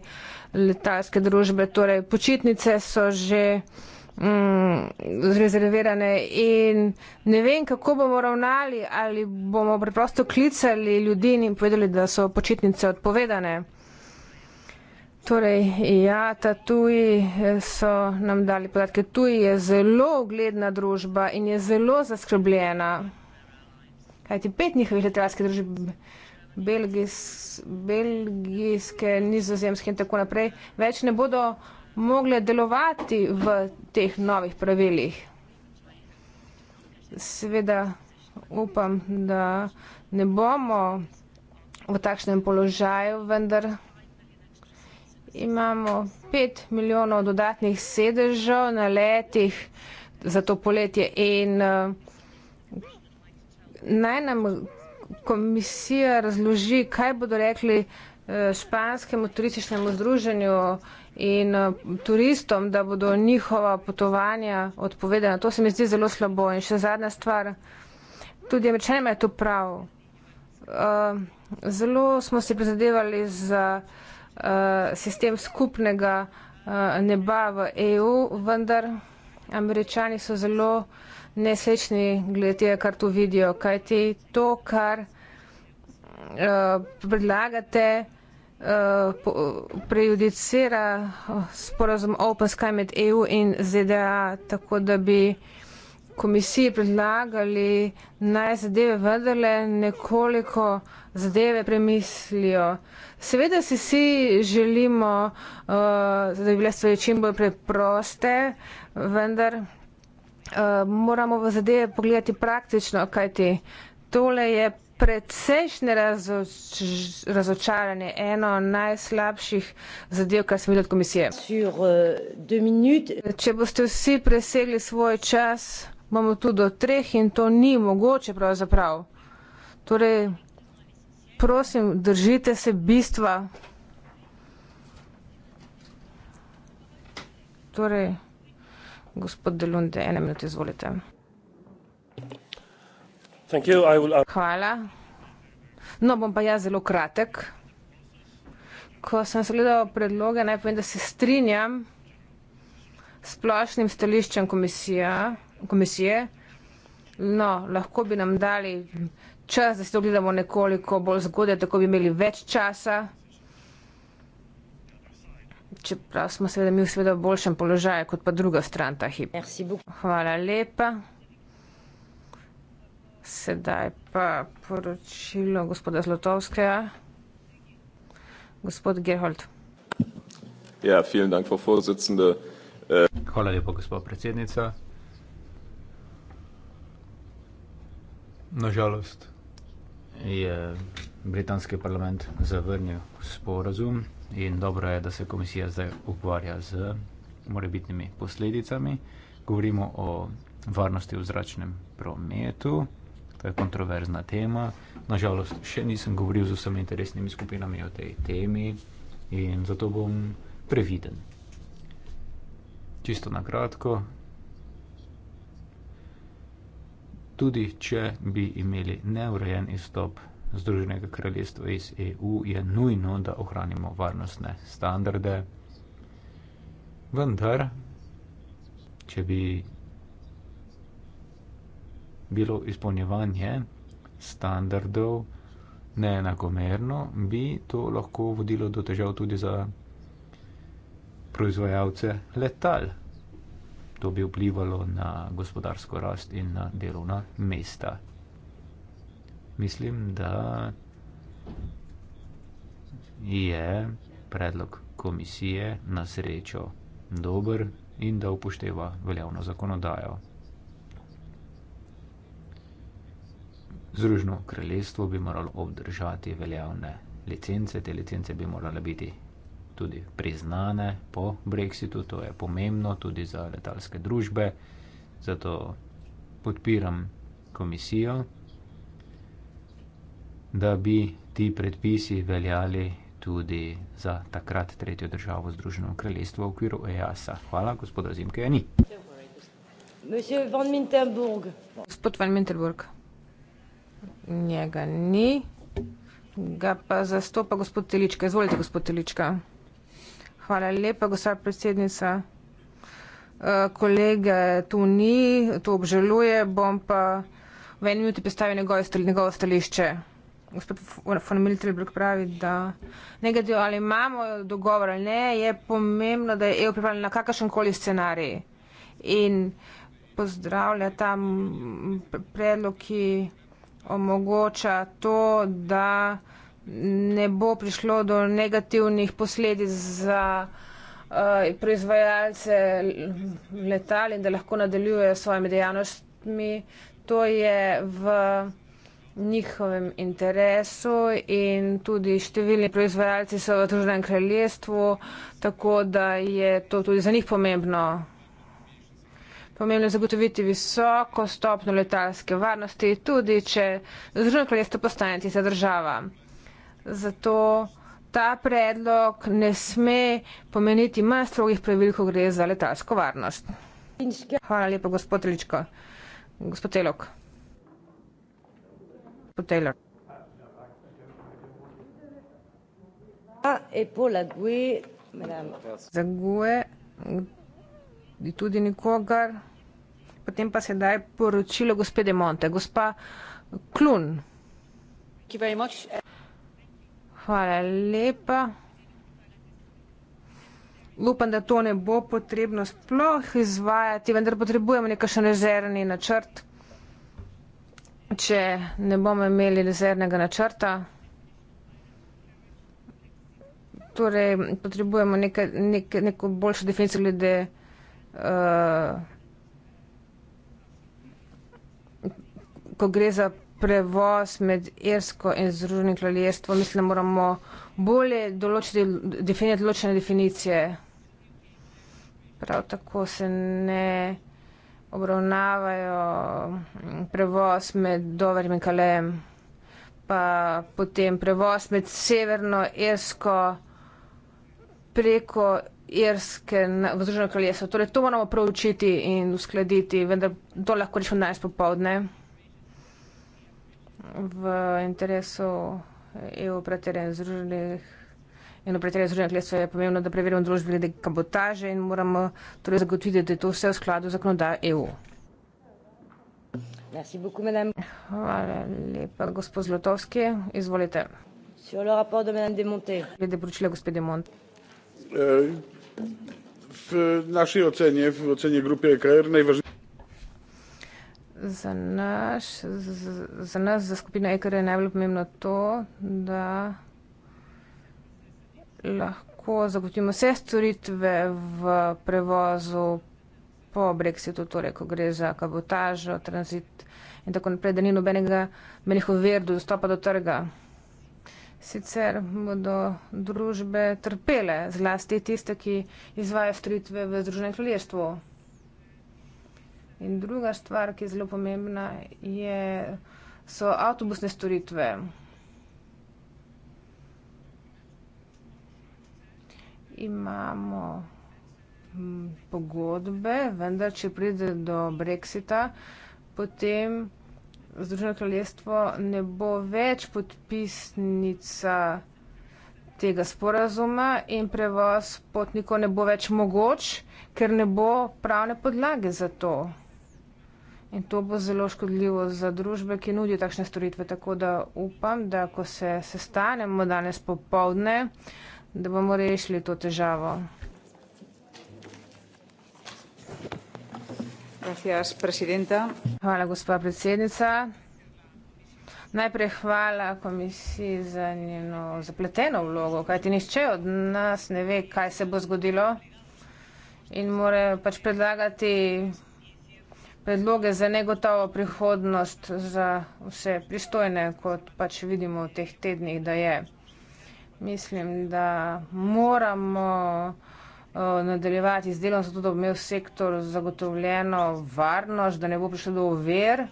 letalske družbe. Torej, počitnice so že mm, zrezervirane in ne vem, kako bomo ravnali, ali bomo preprosto klicali ljudi in povedali, da so počitnice odpovedane. Torej, ja, ta tuji eh, so nam dali podatke. Tuji je zelo ugledna družba in je zelo zaskrbljena. Kaj ti pet njihovih letalskih družb, Belgis, belgijske, nizozemske in tako naprej, več ne bodo mogle delovati v teh novih pravilih. Seveda upam, da ne bomo v takšnem položaju, vendar imamo 5 milijonov dodatnih sedežev na letih za to poletje in eh, naj nam komisija razloži, kaj bodo rekli eh, španskemu turističnemu združenju in eh, turistom, da bodo njihova potovanja odpovedena. To se mi zdi zelo slabo. In še zadnja stvar, tudi američani imajo to prav. Zelo smo se prizadevali za Eh, sistem skupnega eh, neba v EU, vendar američani so zelo nesečni glede, kar tu vidijo, kajti to, kar eh, predlagate, prejudicira sporozum Open Sky med EU in ZDA, tako da bi komisiji predlagali naj zadeve vendarle nekoliko zadeve premislijo. Seveda si vsi želimo, uh, da bi bile stvari čim bolj preproste, vendar uh, moramo v zadeve pogledati praktično, kajti tole je precejšnje razoč razočaranje, eno najslabših zadev, kar smo videli od komisije. Sur, uh, Če boste vsi presegli svoj čas, bomo tu do treh in to ni mogoče pravzaprav. Torej, prosim, držite se bistva. Torej, gospod Delunde, ene minute izvolite. Hvala. No, bom pa jaz zelo kratek. Ko sem sledal predloge, naj povem, da se strinjam s splošnim stališčem komisije. No, lahko bi nam dali čas, da se to gledamo nekoliko bolj zgodaj, tako bi imeli več časa. Čeprav smo seveda mi v seveda boljšem položaju kot pa druga stran ta hip. Hvala lepa. Sedaj pa poročilo gospoda Zlotovskega. Gospod Gerhold. Ja, vielen dank, Frau Vorsitzende. Äh, Hvala lepa, gospod predsednica. Nažalost, je britanski parlament zavrnil sporazum in dobro je, da se komisija zdaj ukvarja z morebitnimi posledicami. Govorimo o varnosti v zračnem prometu, to je kontroverzna tema. Nažalost, še nisem govoril z vsemi interesnimi skupinami o tej temi in zato bom previden. Čisto na kratko, tudi če bi imeli neurejen izstop Združenega kraljestva iz EU, je nujno, da ohranimo varnostne standarde. Vendar, če bi bilo izpolnjevanje standardov neenakomerno, bi to lahko vodilo do težav tudi za proizvajalce letal to bi vplivalo na gospodarsko rast in na delovna mesta. Mislim, da je predlog komisije na srečo dober in da upošteva veljavno zakonodajo. Združno kraljestvo bi moralo obdržati veljavne licence, te licence bi morale biti tudi priznane po brexitu, to je pomembno tudi za letalske družbe, zato podpiram komisijo, da bi ti predpisi veljali tudi za takrat tretjo državo Združeno kraljestvo v okviru EASA. Hvala, gospoda Zimke, je ni. Gospod Van Minterburg. Njega ni, ga pa zastopa gospod Telička. Izvolite, gospod Telička. Hvala lepa, gospa predsednica. Eh, kolege tu ni, tu obžaluje, bom pa v eni minuti predstavil njegovo njegov stališče. Gospod von Miltelbrg pravi, da ne glede ali imamo dogovor ali ne, je pomembno, da je EU pripravljen na kakršen koli scenarij. In pozdravlja ta predlog, ki omogoča to, da ne bo prišlo do negativnih posledic za uh, proizvajalce letal in da lahko nadaljujejo s svojimi dejavnostmi. To je v njihovem interesu in tudi številni proizvajalci so v družbenem kraljestvu, tako da je to tudi za njih pomembno. Pomembno je zagotoviti visoko stopno letalske varnosti, tudi če združeno kraljestvo postane tista država. Zato ta predlog ne sme pomeniti manj strogih pravil, ko gre za letalsko varnost. Hvala lepa, gospod Ličko. Gospod Telok. Gospod Telok. E Zaguje tudi nikogar. Potem pa se daje poročilo gospede Monte. Gospa Klun. Thank you very much. Hvala lepa. Upam, da to ne bo potrebno sploh izvajati, vendar potrebujemo nekakšen rezervni načrt. Če ne bomo imeli rezervnega načrta, torej potrebujemo neka, nek, neko boljšo definicijo glede uh, ko gre za prevoz med Irsko in Združenim kraljestvom? Mislim, da moramo bolje določiti, definirati ločene definicije. Prav tako se ne obravnavajo prevoz med Dovrim in Kalejem, pa potem prevoz med Severno Irsko preko Irske v Združeno kraljestvo. Torej, to moramo proučiti in uskladiti, vendar to lahko rečemo danes popovdne v interesu EU preterjen združenih. Eno pretirano združenje klesa je pomembno, da preverimo družbe glede kabotaže in moramo torej zagotoviti, da je to vse v skladu zakonodaje EU. Hvala lepa, gospod Zlotovski. Izvolite. Glede poročila, gospod Demont. Eh, v naši oceni, v oceni grupe EKR, najvažnejši za, naš, za, za nas, za skupino EKR, je najbolj pomembno to, da lahko zagotovimo vse storitve v prevozu po brexitu, torej ko gre za kabotažo, tranzit in tako naprej, da ni nobenega menih ovir do dostopa do trga. Sicer bodo družbe trpele, zlasti tiste, ki izvajo storitve v Združenem kraljestvu. In druga stvar, ki je zelo pomembna, je, so avtobusne storitve. Imamo hm, pogodbe, vendar, če pride do Brexita, potem Združeno kraljestvo ne bo več podpisnica tega sporazuma in prevoz potnikov ne bo več mogoč, ker ne bo pravne podlage za to. In to bo zelo škodljivo za družbe, ki nudijo takšne storitve. Tako da upam, da ko se sestanemo danes popovdne, da bomo rešili to težavo. Hvala, gospa predsednica. Najprej hvala komisiji za njeno zapleteno vlogo, kajti nišče od nas ne ve, kaj se bo zgodilo in more pač predlagati predloge za negotovo prihodnost za vse pristojne, kot pač vidimo v teh tednih, da je. Mislim, da moramo eh, nadaljevati z delom, zato da bo imel sektor zagotovljeno varnost, da ne bo prišlo do uver,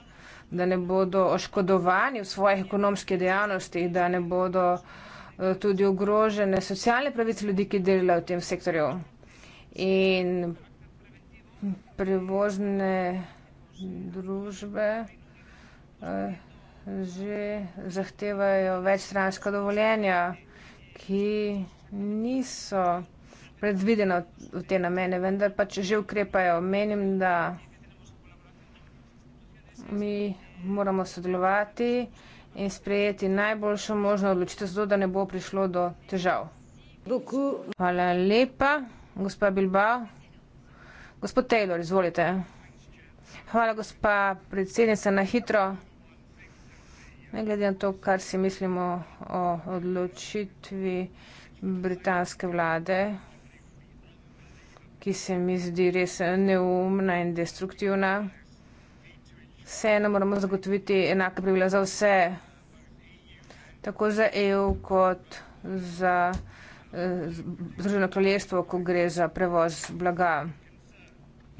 da ne bodo oškodovani v svojih ekonomskih dejavnostih, da ne bodo eh, tudi ogrožene socialne pravice ljudi, ki delajo v tem sektorju. In prevozne družbe eh, že zahtevajo večstranska dovoljenja, ki niso predvideno v te namene, vendar pač že ukrepajo. Menim, da mi moramo sodelovati in sprejeti najboljšo možno odločitev, zato da ne bo prišlo do težav. Hvala lepa, gospa Bilbao. Gospod Taylor, izvolite. Hvala, gospa predsednica, na hitro. Ne glede na to, kar si mislimo o odločitvi britanske vlade, ki se mi zdi res neumna in destruktivna, vseeno moramo zagotoviti enake pravila za vse, tako za EU kot za eh, Združeno kraljestvo, ko gre za prevoz blaga.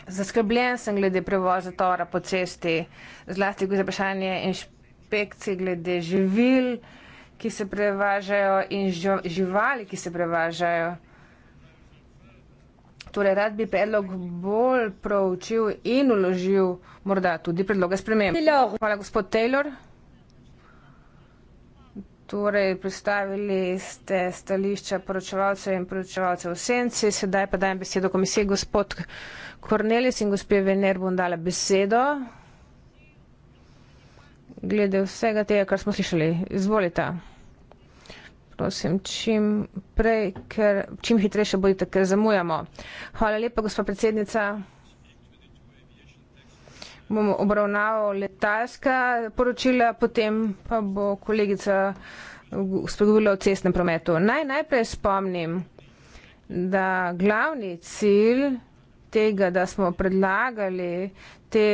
Zaskrbljen sem glede prevoza tovora po cesti, zlasti glede vprašanja inšpekcij, glede živil, ki se prevažajo in živali, ki se prevažajo. Torej, rad bi predlog bolj proučil in uložil morda tudi predloga sprememb. Hvala, gospod Taylor. Torej, predstavili ste stališča poročevalcev in poročevalcev v senci. Sedaj pa dajem besedo komisiji, gospod. Kornelis in gospe Vener bom dala besedo. Glede vsega tega, kar smo slišali, izvolite. Prosim, čim prej, ker čim hitrejše bodite, ker zamujamo. Hvala lepa, gospa predsednica. Bomo obravnaval letalska poročila, potem pa bo kolegica spregovorila o cestnem prometu. Naj najprej spomnim, da glavni cilj tega, da smo predlagali te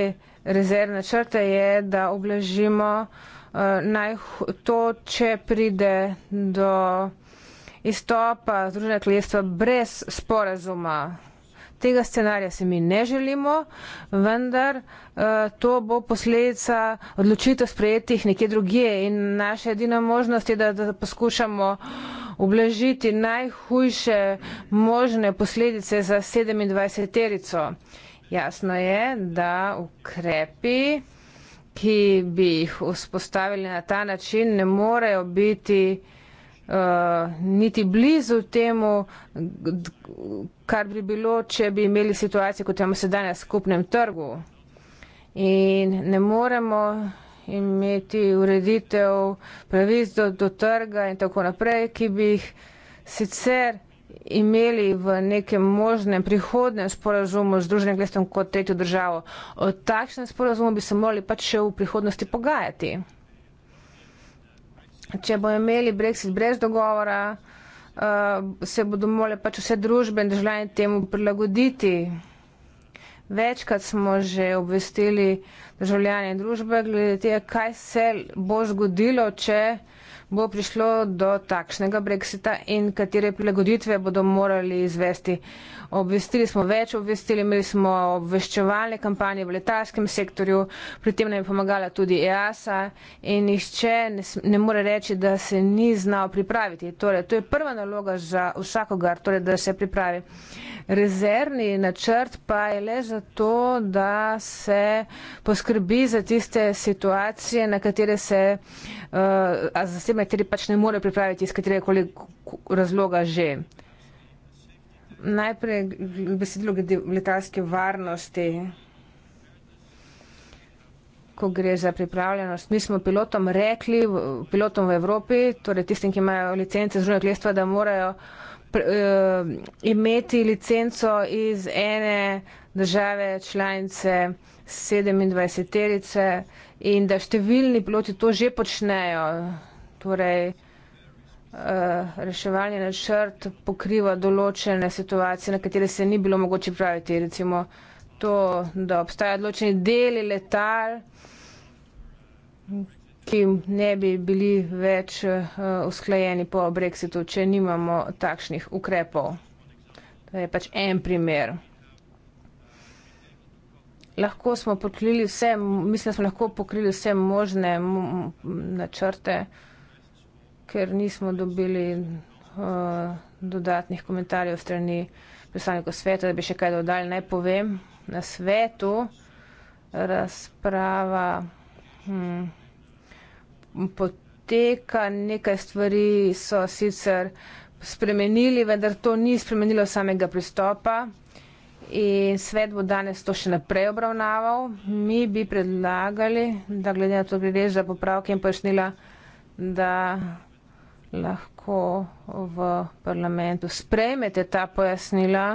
rezervne črte, je, da oblažimo uh, eh, to, če pride do izstopa Združenega kraljestva brez sporazuma tega scenarija se mi ne želimo, vendar eh, to bo posledica odločitev sprejetih nekje drugje in naša edina možnost je, da, da poskušamo oblažiti najhujše možne posledice za 27 terico. Jasno je, da ukrepi, ki bi jih vzpostavili na ta način, ne morejo biti uh, uh, niti blizu temu, kar bi bilo, če bi imeli situacijo, kot imamo sedaj na skupnem trgu. In ne moremo imeti ureditev pravic do, do trga in tako naprej, ki bi jih sicer imeli v nekem možnem prihodnem sporazumu z Združenim glestom kot tretjo državo. O takšnem sporazumu bi se morali pač še v prihodnosti pogajati če bo imeli Brexit brez dogovora, uh, se bodo morali pač vse družbe in državljani temu prilagoditi. Večkrat smo že obvestili državljane in družbe glede tega, kaj se bo zgodilo, če uh, bo prišlo do takšnega brexita in katere prilagoditve bodo morali izvesti. Obvestili smo več obvestili, imeli smo obveščevalne kampanje v letalskem sektorju, pri tem nam je pomagala tudi EASA in nišče ne, ne more reči, da se ni znal pripraviti. Torej, to je prva naloga za vsakogar, torej, da se pripravi. Rezervni načrt pa je le zato, da se poskrbi za tiste situacije, na katere se uh, uh, a zasebne tiri pač ne morejo pripraviti iz katerega koli razloga že. Najprej besedilo glede letalske varnosti. Ko gre za pripravljenost, mi smo pilotom rekli, pilotom v Evropi, torej tistim, ki imajo licence z drugega kljestva, da morajo pre, uh, imeti licenco iz ene države članice 27 terice in da številni piloti to že počnejo. Torej, eh, reševalni načrt pokriva določene situacije, na katere se ni bilo mogoče praviti. Recimo to, da obstajajo določeni deli letal, ki ne bi bili več eh, usklajeni po Brexitu, če nimamo takšnih ukrepov. To je pač en primer lahko smo pokrili vse, mislim, smo lahko pokrili vse možne načrte, ker nismo dobili uh, dodatnih komentarjev strani predstavnikov sveta, da bi še kaj dodali. Naj povem, na svetu razprava hm, poteka, nekaj stvari so sicer spremenili, vendar to ni spremenilo samega pristopa in svet bo danes to še naprej obravnaval. Mi bi predlagali, da glede na to glede za popravke in pojasnila, da lahko v parlamentu sprejmete ta pojasnila.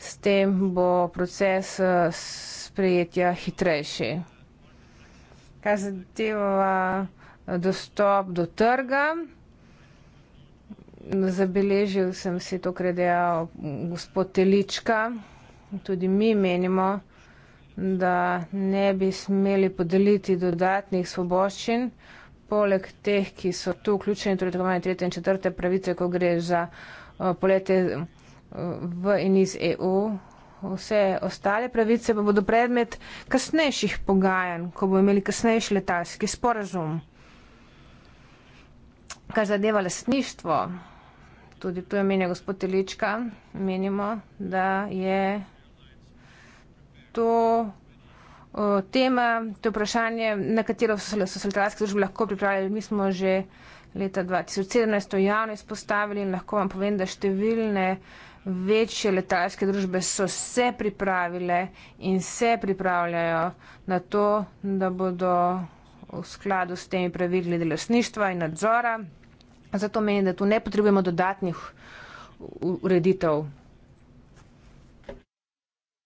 S tem bo proces eh, sprejetja hitrejši. Kar zadeva eh, dostop do trga zabeležil sem si to, kar je dejal gospod Telička. Tudi mi menimo, da ne bi smeli podeliti dodatnih svoboščin, poleg teh, ki so tu vključeni, torej tako imenovane tretje in četrte pravice, ko gre za polete v in iz EU. Vse ostale pravice pa bodo predmet kasnejših pogajanj, ko bomo imeli kasnejši letalski sporazum. Kar zadeva lastništvo, tudi tu je menja gospod Telička, menimo, da je to tema, to vprašanje, na katero so se literarske družbe lahko pripravljali. Mi smo že leta 2017 to javno izpostavili in lahko vam povem, da številne večje letalske družbe so se pripravile in se pripravljajo na to, da bodo v skladu s temi pravili glede lasništva in nadzora. Zato menim, da tu ne potrebujemo dodatnih ureditev.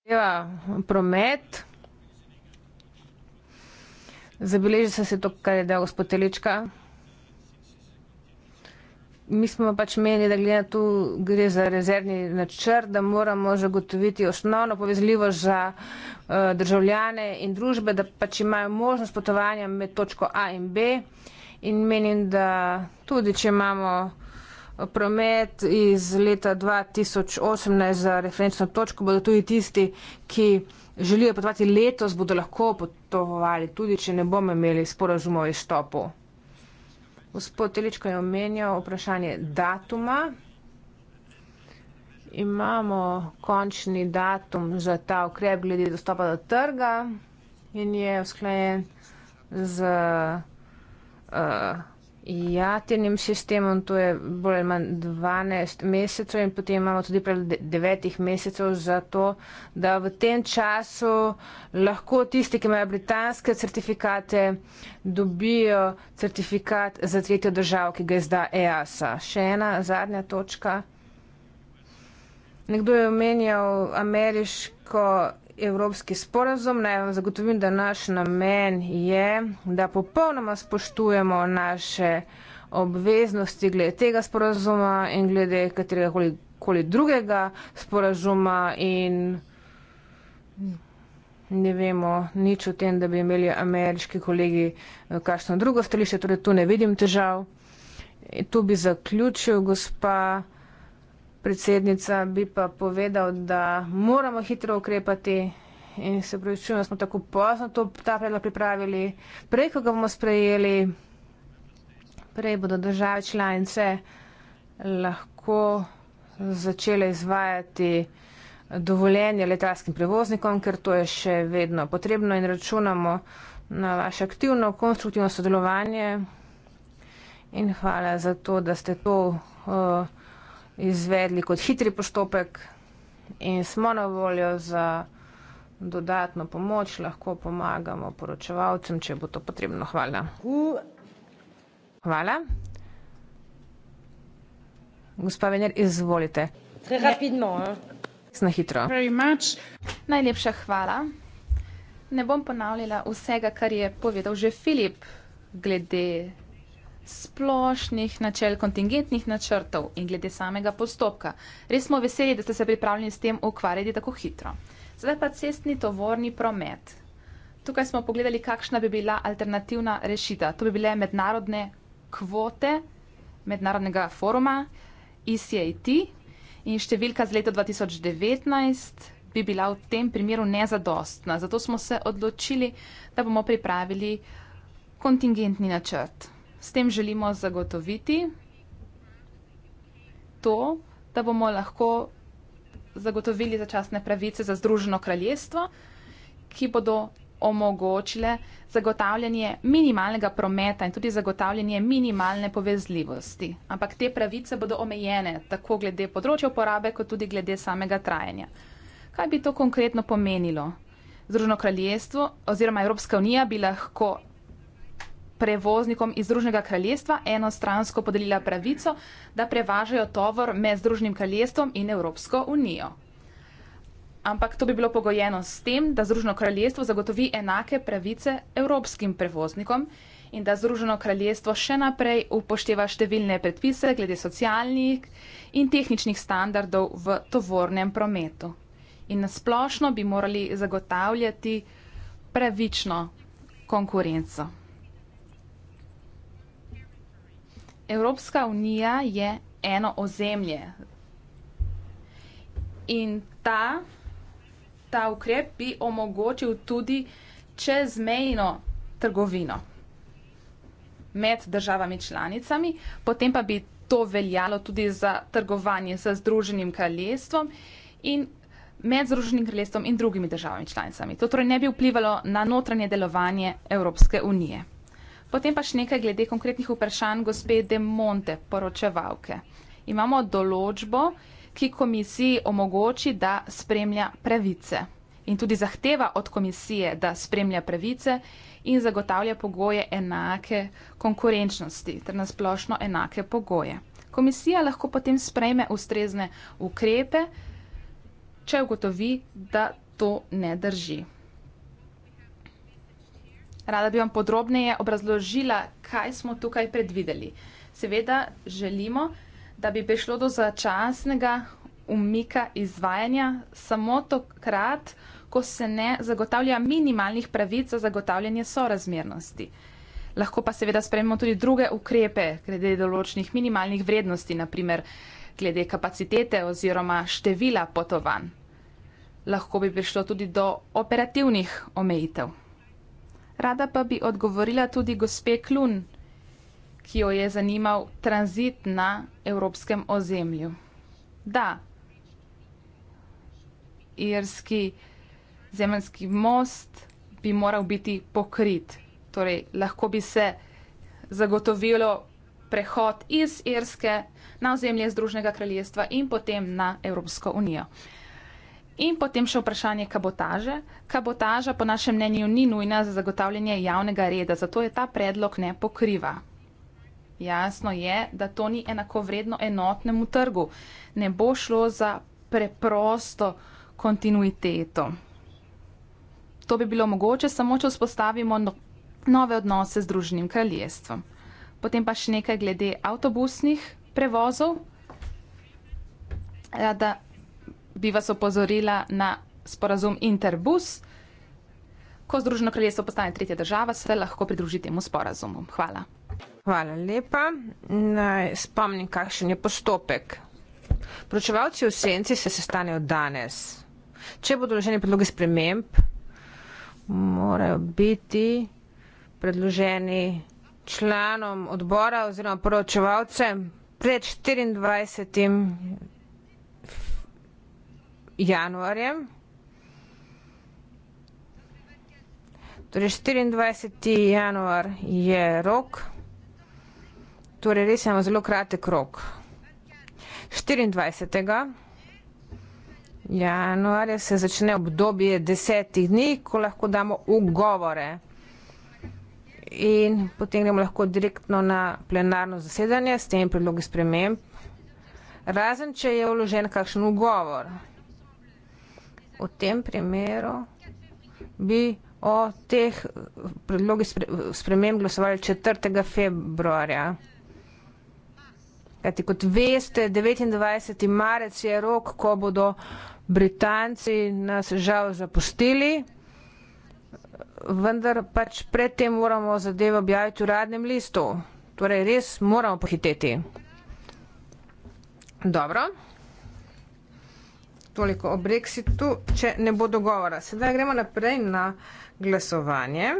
Deva, promet. Zabeleži se se to, kar je dal gospod Telička. Mi smo pač menili, da glede na tu gre za rezervni načrt, da moramo zagotoviti osnovno povezljivo za uh, državljane in družbe, da pač imajo možnost potovanja med točko A in B. Uh, in menim, da tudi, če imamo eh, promet iz leta 2018 za referenčno točko, bodo tudi tisti, ki želijo potovati letos, bodo lahko potovali, tudi, če ne bomo imeli sporazumo o izstopu. Gospod Teličko je omenjal vprašanje datuma. Imamo končni datum za ta ukrep glede dostopa do trga in je usklajen z uh, eh, jaternim sistemom, to je bolj ali manj 12 mesecev in potem imamo tudi prej 9 mesecev za to, da v tem času lahko tisti, ki imajo britanske certifikate, dobijo certifikat za tretjo državo, ki ga izda EASA. Še ena zadnja točka. Nekdo je omenjal ameriško evropski sporazum. Naj vam zagotovim, da naš namen je, da popolnoma spoštujemo naše obveznosti glede tega sporazuma in glede katerega koli, koli drugega sporazuma in ne vemo nič o tem, da bi imeli ameriški kolegi eh, kakšno drugo stališče, torej tu ne vidim težav. Tu bi zaključil, gospa predsednica, bi pa povedal, da moramo hitro ukrepati in se pravičujem, da smo tako pozno to, ta predlog pripravili. Prej, ko ga bomo sprejeli, prej bodo države članice lahko začele izvajati dovoljenje letalskim prevoznikom, ker to je še vedno potrebno in računamo na vaše aktivno, konstruktivno sodelovanje. In hvala za to, da ste to. Uh, izvedli kot hitri postopek in smo na voljo za dodatno pomoč, lahko pomagamo poročevalcem, če bo to potrebno. Hvala. Hvala. Gospa Vener, izvolite. Na hitro. Najlepša hvala. Ne bom ponavljala vsega, kar je povedal že Filip glede splošnih načel kontingentnih načrtov in glede samega postopka. Res smo veseli, da ste se pripravljeni s tem ukvarjati tako hitro. Zdaj pa cestni tovorni promet. Tukaj smo pogledali, kakšna bi bila alternativna rešitev. To bi bile mednarodne kvote mednarodnega foruma e ICIT in številka z leta 2019 bi bila v tem primeru nezadostna. Zato smo se odločili, da bomo pripravili kontingentni načrt. S tem želimo zagotoviti to, da bomo lahko zagotovili začasne pravice za Združeno kraljestvo, ki bodo omogočile zagotavljanje minimalnega prometa in tudi zagotavljanje minimalne povezljivosti. Ampak te pravice bodo omejene tako glede področja uporabe kot tudi glede samega trajanja. Kaj bi to konkretno pomenilo? Združeno kraljestvo oziroma Evropska unija bi lahko prevoznikom iz Združenega kraljestva enostransko podelila pravico, da prevažajo tovor med Združenim kraljestvom in Evropsko unijo. Ampak to bi bilo pogojeno s tem, da Združeno kraljestvo zagotovi enake pravice evropskim prevoznikom in da Združeno kraljestvo še naprej upošteva številne predpise glede socialnih in tehničnih standardov v tovornem prometu. In nasplošno bi morali zagotavljati pravično konkurenco. Evropska unija je eno ozemlje. In ta, ta ukrep bi omogočil tudi čezmejno trgovino med državami članicami, potem pa bi to veljalo tudi za trgovanje z Združenim kraljestvom in med Združenim kraljestvom in drugimi državami članicami. To torej ne bi vplivalo na notranje delovanje Evropske unije. Potem pač nekaj glede konkretnih vprašanj gospe De Monte, poročevalke. Imamo določbo, ki komisiji omogoči, da spremlja pravice in tudi zahteva od komisije, da spremlja pravice in zagotavlja pogoje enake konkurenčnosti, ter nasplošno enake pogoje. Komisija lahko potem sprejme ustrezne ukrepe, če ugotovi, da to ne drži. Rada bi vam podrobneje obrazložila, kaj smo tukaj predvideli. Seveda želimo, da bi prišlo do začasnega umika izvajanja samo tokrat, ko se ne zagotavlja minimalnih pravic za zagotavljanje sorazmernosti. Lahko pa seveda sprejmemo tudi druge ukrepe, glede določenih minimalnih vrednosti, naprimer glede kapacitete oziroma števila potovanj. Lahko bi prišlo tudi do operativnih omejitev. Rada pa bi odgovorila tudi gospe Klun, ki jo je zanimal tranzit na evropskem ozemlju. Da, irski zemljski most bi moral biti pokrit, torej lahko bi se zagotovilo prehod iz Irske na ozemlje Združenega kraljestva in potem na Evropsko unijo. In potem še vprašanje kabotaže. Kabotaža po našem mnenju ni nujna za zagotavljanje javnega reda, zato je ta predlog ne pokriva. Jasno je, da to ni enako vredno enotnemu trgu. Ne bo šlo za preprosto kontinuiteto. To bi bilo mogoče samo, če vzpostavimo no nove odnose z Združenim kraljestvom. Potem pa še nekaj glede avtobusnih prevozov. Da bi vas opozorila na sporazum Interbus. Ko Združeno kraljestvo postane tretja država, se lahko pridruži temu sporazumu. Hvala. Hvala lepa. Naj spomnim, kakšen je postopek. Pročevalci v senci se sestanejo danes. Če bodo vloženi predlogi sprememb, morajo biti predloženi članom odbora oziroma poročevalcem pred 24 januarjem. Torej 24. januar je rok. Torej res imamo zelo kratek rok. 24. januarja se začne obdobje desetih dni, ko lahko damo ugovore. In potem gremo lahko direktno na plenarno zasedanje s tem predlogi sprememb. Razen, če je vložen kakšen ugovor v tem primeru bi o teh predlogih spremem glasovali 4. februarja. Kajti kot veste, 29. marec je rok, ko bodo Britanci nas žal zapustili, vendar pač predtem moramo zadevo objaviti v radnem listu. Torej, res moramo pohiteti. Dobro toliko o Brexitu, če ne bo dogovora. Sedaj gremo naprej na glasovanje.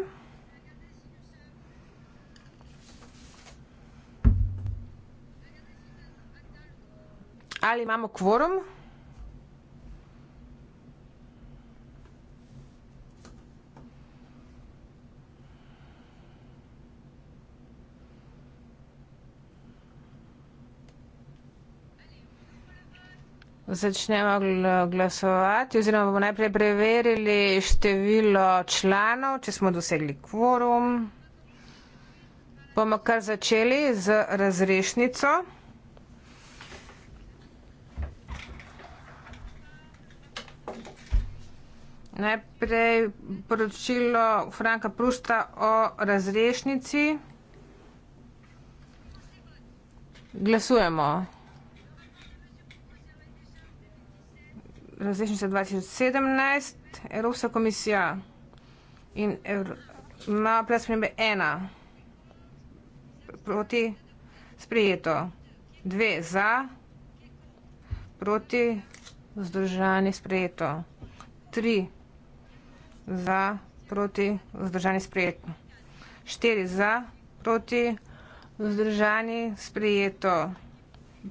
Ali imamo kvorum? Začnemo glasovati oziroma bomo najprej preverili število članov, če smo dosegli kvorum. Bomo kar začeli z razrešnico. Najprej poročilo Franka Prusta o razrešnici. Glasujemo. različnice 2017, Evropska komisija in ima predspremembe ena proti sprejeto, dve za, proti vzdržani sprejeto, tri za, proti vzdržani sprejeto, štiri za, proti vzdržani sprejeto,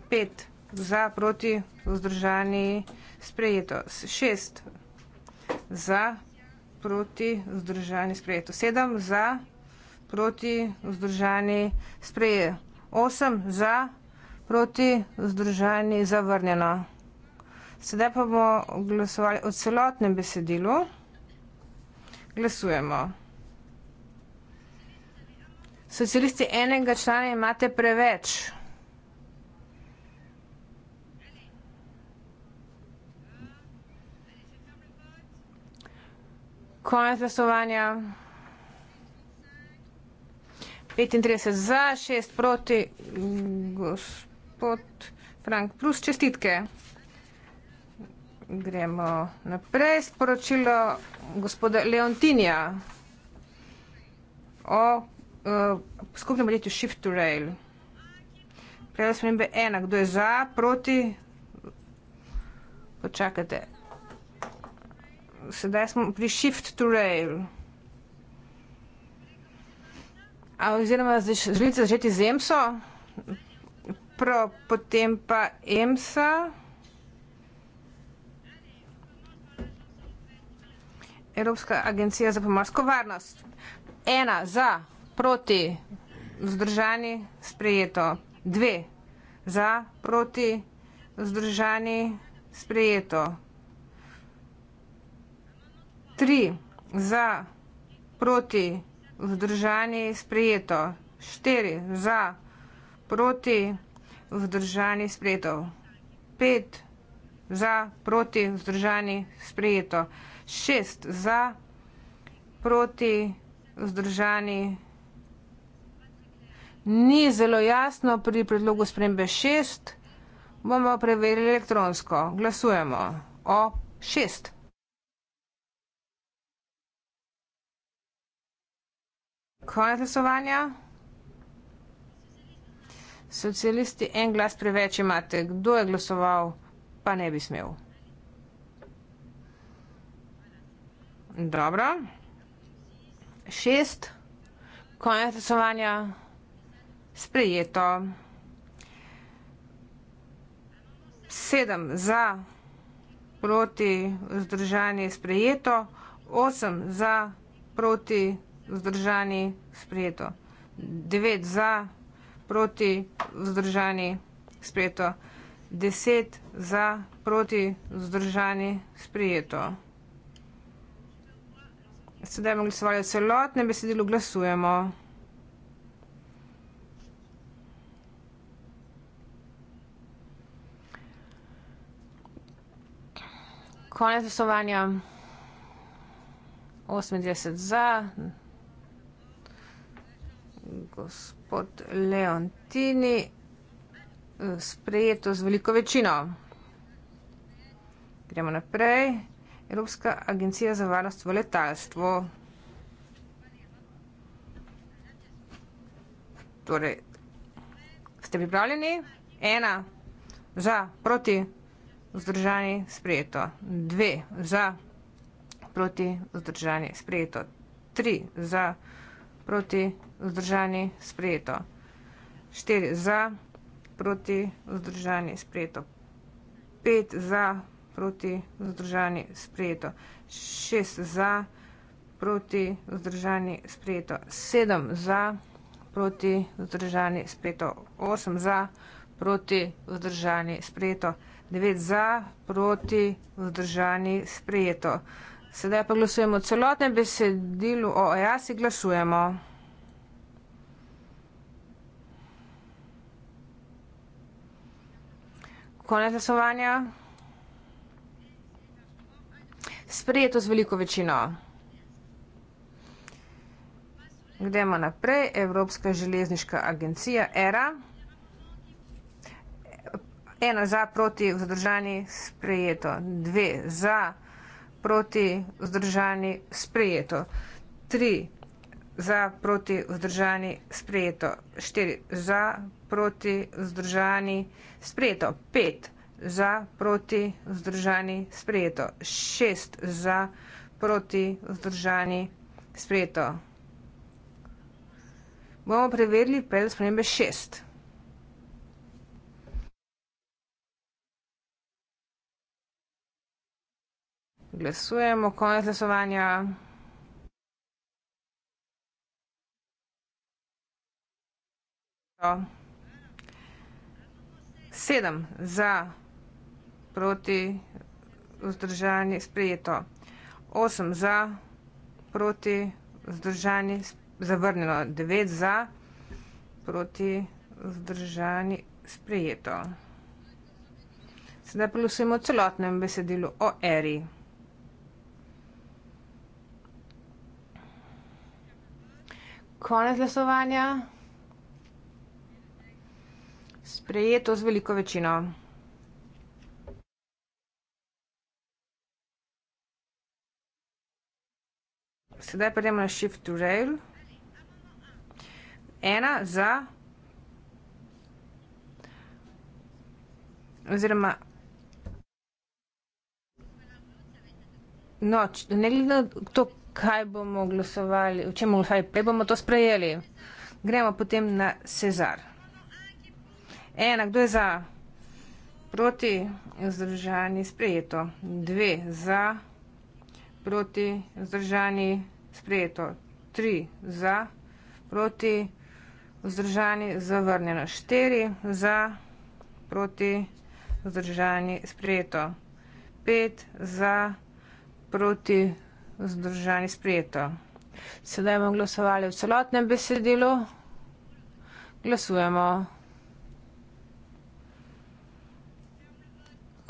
pet za, za, proti, vzdržani, sprejeto. Šest za, proti, vzdržani, sprejeto. Sedem za, proti, vzdržani, sprejeto. Osem za, proti, vzdržani, zavrnjeno. Sedaj pa bomo glasovali o celotnem besedilu. Glasujemo. Socialisti enega člana imate preveč. Konec glasovanja. 35 za, 6 proti. Gospod Frank, plus čestitke. Gremo naprej. Sporočilo gospoda Leontinija o uh, skupnem podjetju Shift to Rail. Predlog smembe ena. Kdo je za, proti? Počakajte sedaj smo pri shift to rail. A, oziroma, želite začeti z EMSO, Pro, potem pa EMSA. Evropska agencija za pomorsko varnost. Ena za, proti, vzdržani, sprejeto. Dve za, proti, vzdržani, sprejeto. 3 za, proti, vzdržani, sprejeto. 4 za, proti, vzdržani, sprejeto. 5 za, proti, vzdržani, sprejeto. 6 za, proti, vzdržani. Ni zelo jasno pri predlogu spremembe 6. Bomo preverili elektronsko. Glasujemo o 6. Konec glasovanja. Socialisti, en glas preveč imate. Kdo je glasoval, pa ne bi smel. Dobro. Šest. Konec glasovanja. Sprejeto. Sedem za, proti vzdržanje sprejeto. Osem za, proti vzdržanje sprejeto vzdržani, sprejeto. 9 za, proti, vzdržani, sprejeto. 10 za, proti, vzdržani, sprejeto. Sedaj bomo glasovali o celotnem besedilu, glasujemo. Konec glasovanja. 28 za gospod Leontini sprejeto z veliko večino. Gremo naprej. Evropska agencija za varnost v letalstvu. Torej, ste pripravljeni? Ena, za, proti, vzdržani, sprejeto. Dve, za, proti, vzdržani, sprejeto. Tri, za, proti, vzdržani vzdržani, sprejeto. 4 za, proti, vzdržani, sprejeto. 5 za, proti, vzdržani, sprejeto. 6 za, proti, vzdržani, sprejeto. 7 za, proti, vzdržani, sprejeto. 8 za, proti, vzdržani, sprejeto. 9 za, proti, vzdržani, sprejeto. Sedaj pa glasujemo celotnem besedilu OEA, si glasujemo. Konec glasovanja. Sprejeto z veliko večino. Gremo naprej. Evropska železniška agencija ERA. Ena za, proti, vzdržani, sprejeto. Dve za, proti, vzdržani, sprejeto. Tri za, proti, vzdržani, sprejeto. Štiri za, proti proti vzdržani sprejeto. Pet za proti vzdržani sprejeto. Šest za proti vzdržani sprejeto. Bomo preverili pel spremembe šest. Glasujemo, konec glasovanja. Hvala. 7 za, proti, vzdržanje, sprejeto. 8 za, proti, vzdržanje, zavrnjeno. 9 za, proti, vzdržanje, sprejeto. Sedaj plusujemo celotnem besedilu o eri. Konec glasovanja. Sprejeto z veliko večino. Sedaj pridemo na Shift to Rail. Ena za. Oziroma. No, ne glede na to, kaj bomo glasovali, o čem bomo glasovali, prej bomo to sprejeli. Gremo potem na Cezar. Ena, kdo je za? Proti, vzdržani, sprejeto. Dve, za, proti, vzdržani, sprejeto. Tri, za, proti, vzdržani, zavrnjeno. Štiri, za, proti, vzdržani, sprejeto. Pet, za, proti, vzdržani, sprejeto. Sedaj bomo glasovali v celotnem besedilu. Glasujemo.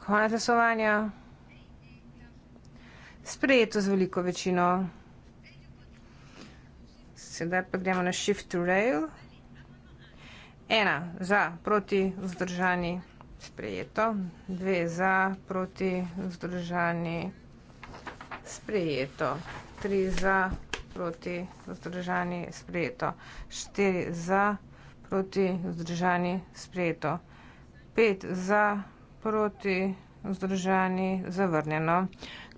Konec glasovanja. Sprejeto z veliko večino. Sedaj pa gremo na shift to rail. Ena za, proti, vzdržani, sprejeto. Dve za, proti, vzdržani, sprejeto. Tri za, proti, vzdržani, sprejeto. Štiri za, proti, vzdržani, sprejeto. Pet za, proti, vzdržani, sprejeto proti vzdržani zavrnjeno.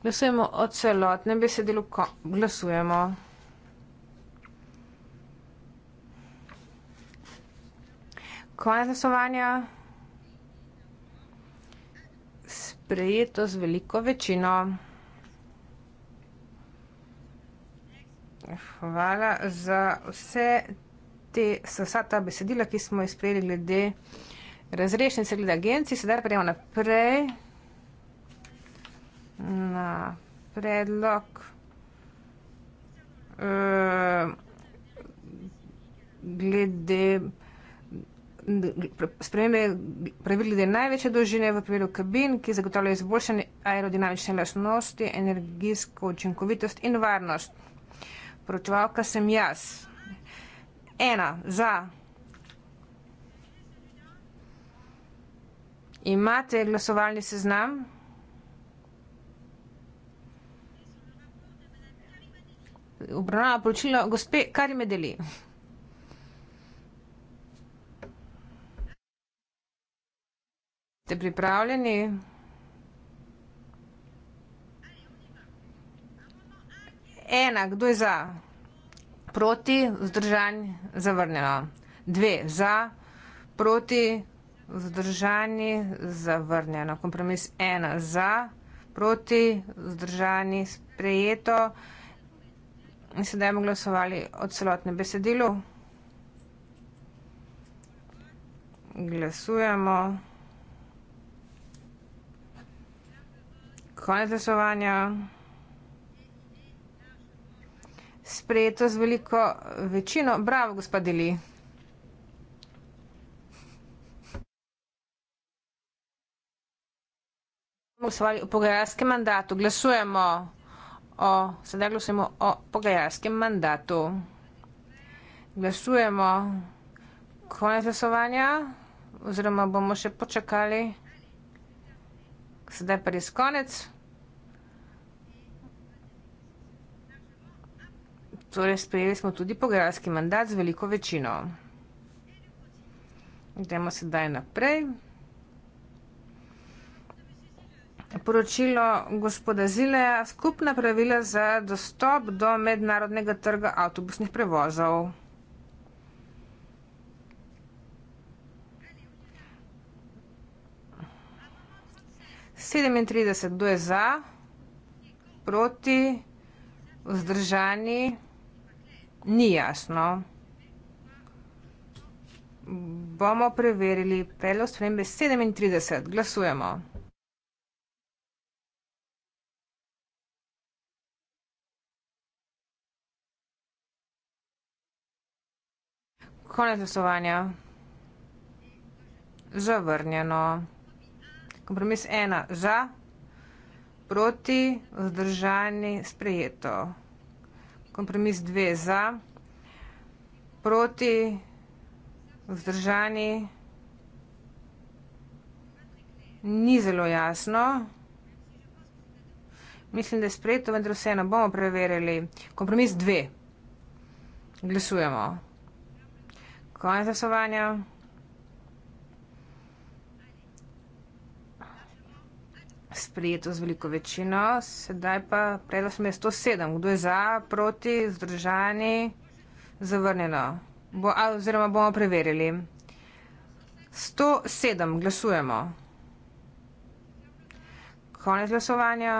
Glasujemo o celotnem besedilu. Glasujemo. Konec glasovanja. Sprejeto z veliko večino. Hvala za vse te, vsa ta besedila, ki smo jih sprejeli glede razrešen se glede agencij, sedaj prejemo naprej na predlog. Eh, glede spremembe pravil glede največje dolžine v primeru kabin, ki zagotavljajo izboljšanje aerodinamične lastnosti, energijsko učinkovitost in varnost. Poročevalka sem jaz. Ena za Imate glasovalni seznam? Obravnava poročilo gospe Karimedeli. Ste pripravljeni? Ena, kdo je za? Proti, vzdržanj, zavrnjeno. Dve, za, proti, vzdržani, zavrnjeno. Kompromis ena za, proti, vzdržani, sprejeto. In sedaj bomo glasovali o celotnem besedilu. Glasujemo. Konec glasovanja. Sprejeto z veliko večino. Bravo, gospod Deli. pogajalskem mandatu. Glasujemo o, sedaj glasujemo o pogajalskem mandatu. Glasujemo konec glasovanja oziroma bomo še počakali. Sedaj pa res konec. Torej, sprejeli smo tudi pogajalski mandat z veliko večino. Gremo sedaj naprej. poročilo gospoda Zileja, skupna pravila za dostop do mednarodnega trga avtobusnih prevozov. Sedemintrideset, kdo je za, proti, vzdržani, ni jasno. Bomo preverili predlog spremembe sedemintrideset, glasujemo. Konec glasovanja. Zavrnjeno. Kompromis ena za, proti, vzdržani, sprejeto. Kompromis dve za, proti, vzdržani, ni zelo jasno. Mislim, da je sprejeto, vendar vseeno bomo preverili. Kompromis dve. Glasujemo. Konec glasovanja. Sprijeto z veliko večino. Sedaj pa predlog smo je 107. Kdo je za, proti, združani, zavrnjeno. Bo, oziroma bomo preverili. 107 glasujemo. Konec glasovanja.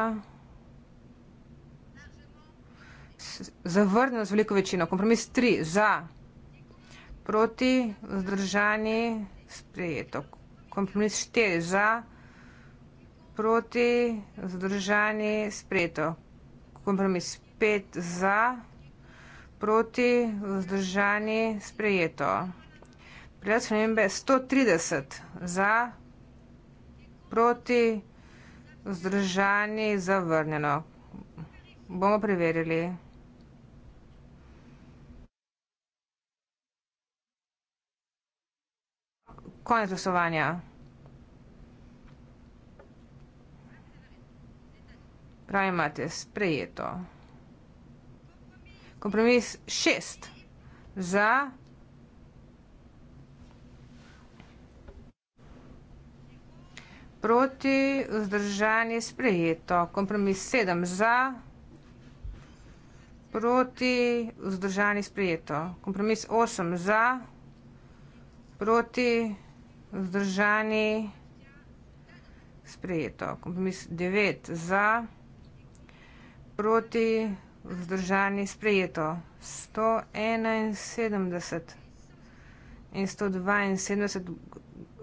Zavrnjeno z veliko večino. Kompromis 3 za proti, vzdržani, sprejeto. Kompromis 4 za, proti, vzdržani, sprejeto. Kompromis 5 za, proti, vzdržani, sprejeto. Prijatelj spremembe 130 za, proti, vzdržani, zavrnjeno. Bomo preverili. konec glasovanja. Pravi imate sprejeto. Kompromis šest za proti vzdržanje sprejeto. Kompromis sedem za proti vzdržanje sprejeto. Kompromis osem za proti vzdržanje sprejeto vzdržani. Sprejeto. Kompromis 9 za, proti, vzdržani, sprejeto. 171 in 172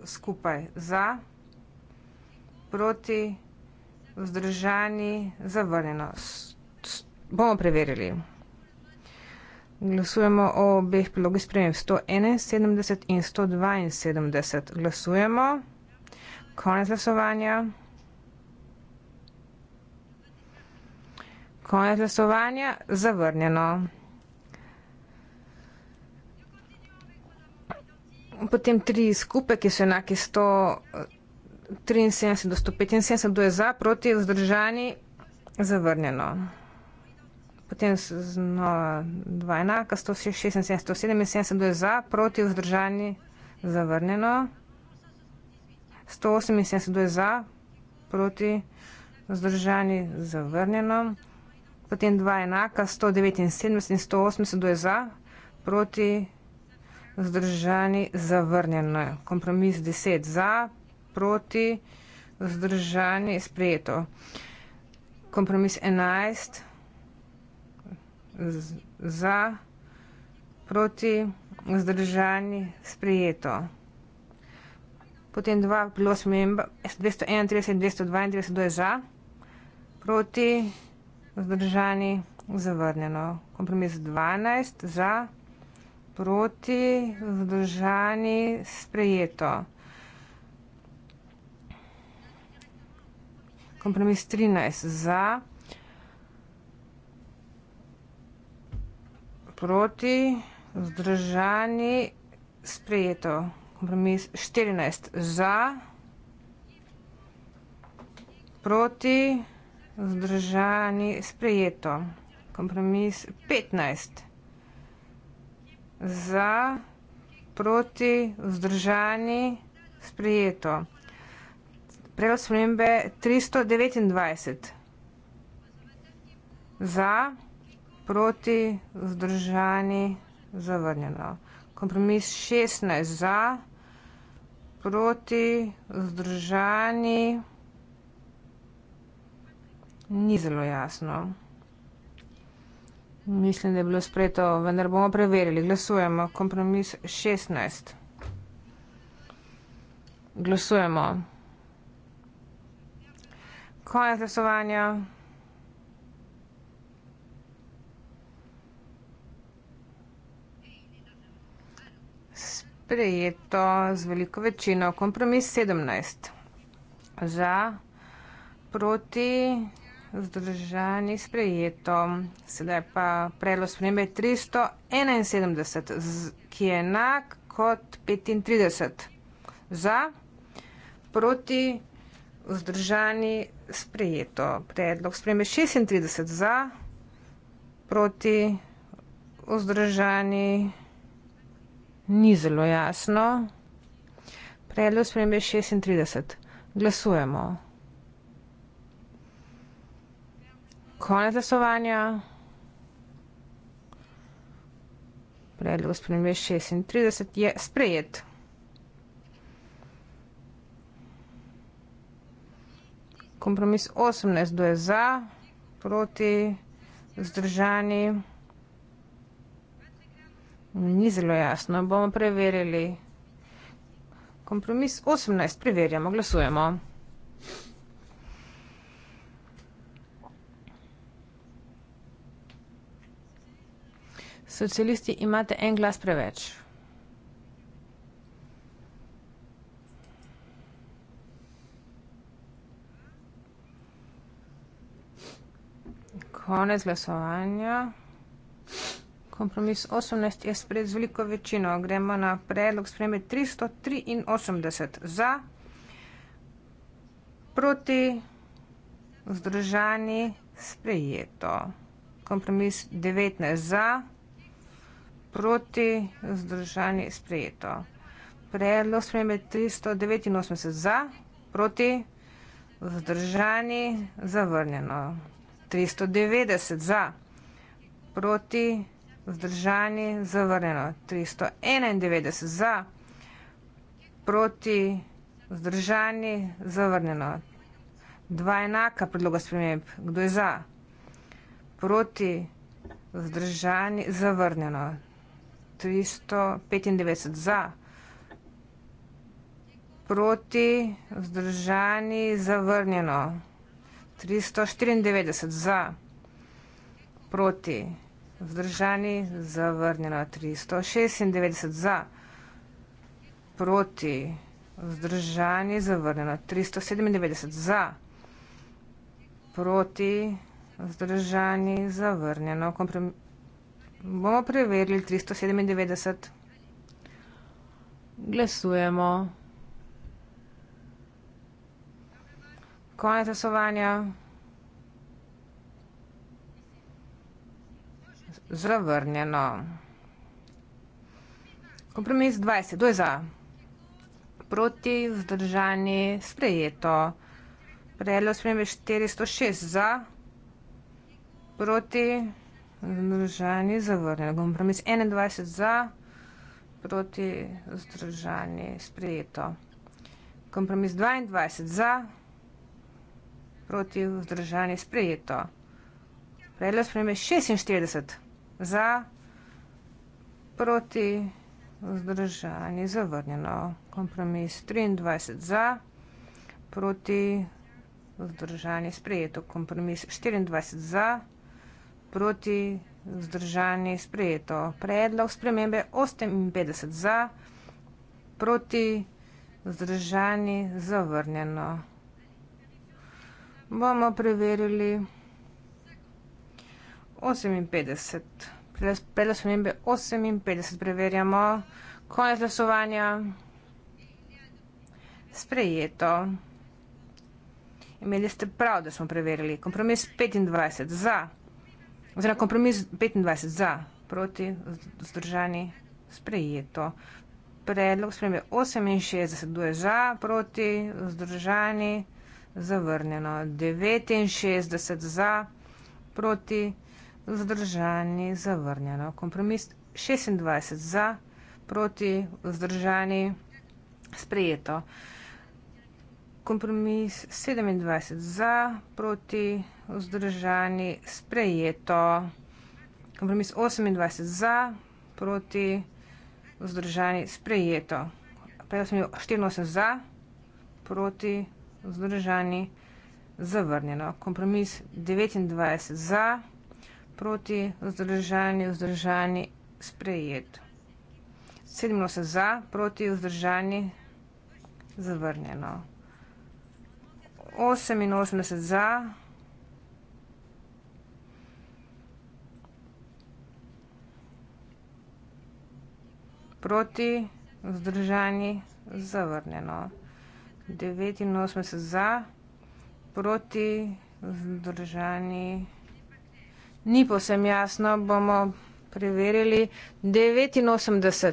skupaj za, proti, vzdržani, zavrnjeno. Bomo preverili. Glasujemo o obeh predlogih sprememb 171 in 172. Glasujemo. Konec glasovanja. Konec glasovanja. Zavrnjeno. Potem tri skupaj, ki so enake 173 do 175. Kdo je za, proti, vzdržani? Zavrnjeno potem znova dva enaka, 176, 177, kdo je za, proti, vzdržani, zavrnjeno. 178, kdo je za, proti, vzdržani, zavrnjeno. Potem dva enaka, 179 in 180, kdo je za, proti, vzdržani, zavrnjeno. Kompromis 10 za, proti, vzdržani, sprejeto. Kompromis 11 za, proti, vzdržani, sprejeto. Potem dva bilo smemba, 231 in 232, kdo je za, proti, vzdržani, zavrnjeno. Kompromis 12, za, proti, vzdržani, sprejeto. Kompromis 13, za, proti, vzdržani, sprejeto. proti, vzdržani, sprejeto. Kompromis 14 za, proti, vzdržani, sprejeto. Kompromis 15 za, proti, vzdržani, sprejeto. Prejel spremembe 329 za, proti, vzdržani, sprejeto proti, vzdržani, zavrnjeno. Kompromis 16 za, proti, vzdržani, ni zelo jasno. Mislim, da je bilo spreto, vendar bomo preverili. Glasujemo. Kompromis 16. Glasujemo. Konec glasovanja. sprejeto z veliko večino. Kompromis 17. Za, proti, vzdržani, sprejeto. Sedaj pa prelo spremembe 371, ki je enak kot 35. Za, proti, vzdržani, sprejeto. Predlog spremembe 36 za, proti, vzdržani, sprejeto. Ni zelo jasno. Predlog spremembe 36. Glasujemo. Konec glasovanja. Predlog spremembe 36 je sprejet. Kompromis 18. Kdo je za? Proti? Zdržani? Ni zelo jasno, bomo preverili. Kompromis 18, preverjamo, glasujemo. Socialisti imate en glas preveč. Konec glasovanja. Kompromis 18 je spred z veliko večino. Gremo na predlog spreme 383 za, proti, vzdržani, sprejeto. Kompromis 19 za, proti, vzdržani, sprejeto. Predlog spreme 389 za, proti, vzdržani, zavrnjeno. 390 za, proti, vzdržani, zavrnjeno vzdržani, zavrnjeno 391 za, proti vzdržani, zavrnjeno. Dva enaka predloga sprememb. Kdo je za? Proti vzdržani, zavrnjeno. 395 za, proti vzdržani, zavrnjeno. 394 za, proti vzdržani, zavrnjeno vzdržani, zavrnjeno 396 za, proti, vzdržani, zavrnjeno 397 za, proti, vzdržani, zavrnjeno. Komprim bomo preverili 397. Glasujemo. Konec glasovanja. Zavrnjeno. Kompromis 20. Kdo je za? Proti, vzdržani, sprejeto. Predlog spremembe 406 za. Proti, vzdržani, zavrnjeno. Kompromis 21 za. Proti, vzdržani, sprejeto. Kompromis 22 za. Proti, vzdržani, sprejeto. Predlog spremembe 46 za, proti, vzdržani, zavrnjeno, kompromis 23 za, proti, vzdržani, sprejeto, kompromis 24 za, proti, vzdržani, sprejeto, predlog spremembe 58 za, proti, vzdržani, zavrnjeno. Bomo preverili. 58. Predla spremembe 58. Preverjamo. Konec glasovanja. Sprejeto. Imeli ste prav, da smo preverili. Kompromis 25 za. Oziroma kompromis 25 za. Proti. Zdržani. Sprejeto. Predlog spremembe 68. Kdo je za? Proti. Zdržani. Zavrnjeno. 69 za. Proti vzdržani, zavrnjeno. Kompromis 26 za, proti, vzdržani, sprejeto. Kompromis 27 za, proti, vzdržani, sprejeto. Kompromis 28 za, proti, vzdržani, sprejeto. Prejel sem jo 84 za, proti, vzdržani, zavrnjeno. Kompromis 29 za, proti, vzdržani, sprejeto proti, vzdržani, vzdržani, sprejet. 17 za, proti, vzdržani, zavrnjeno. 88 za, proti, vzdržani, zavrnjeno. 89 za, proti, vzdržani, zavrnjeno ni posem jasno, bomo preverili. 89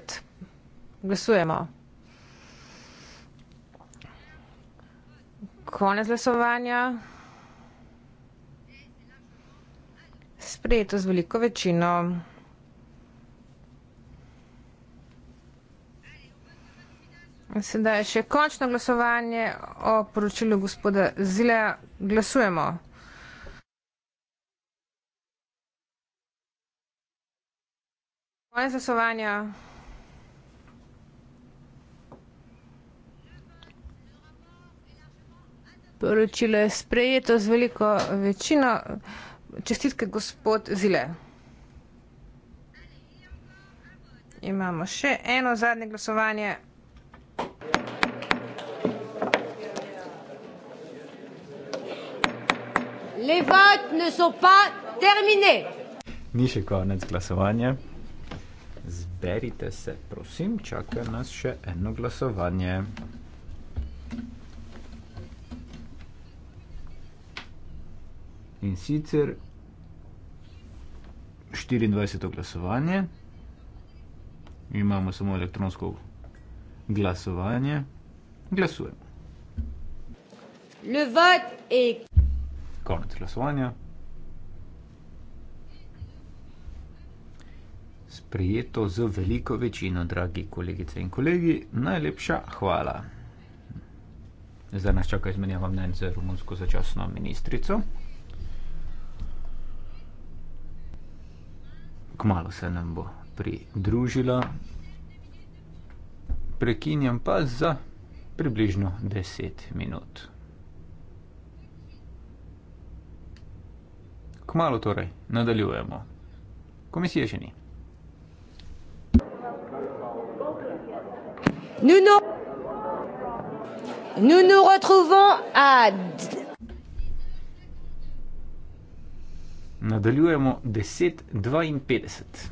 glasujemo. Konec glasovanja. Sprejeto z veliko večino. Sedaj še končno glasovanje o poročilu gospoda Zila. Glasujemo. Konec glasovanja. Poročilo je sprejeto z veliko večino. Čestitke, gospod Zile. Imamo še eno zadnje glasovanje. Le vote ne so pa terminé. Ni še konec glasovanja berite se, prosim, čaka nas še eno glasovanje. In sicer 24. glasovanje, imamo samo elektronsko glasovanje, glasujemo. Le vote est... Konec glasovanja. sprejeto z veliko večino, dragi kolegice in kolegi. Najlepša hvala. Zdaj nas čaka izmenjava mnenj z romunsko začasno ministrico. Kmalo se nam bo pridružila. Prekinjam pa za približno 10 minut. Kmalo torej, nadaljujemo. Komisije še ni. Nous nous, nous, nous retrouvons à... Nadaljujemo 10.52.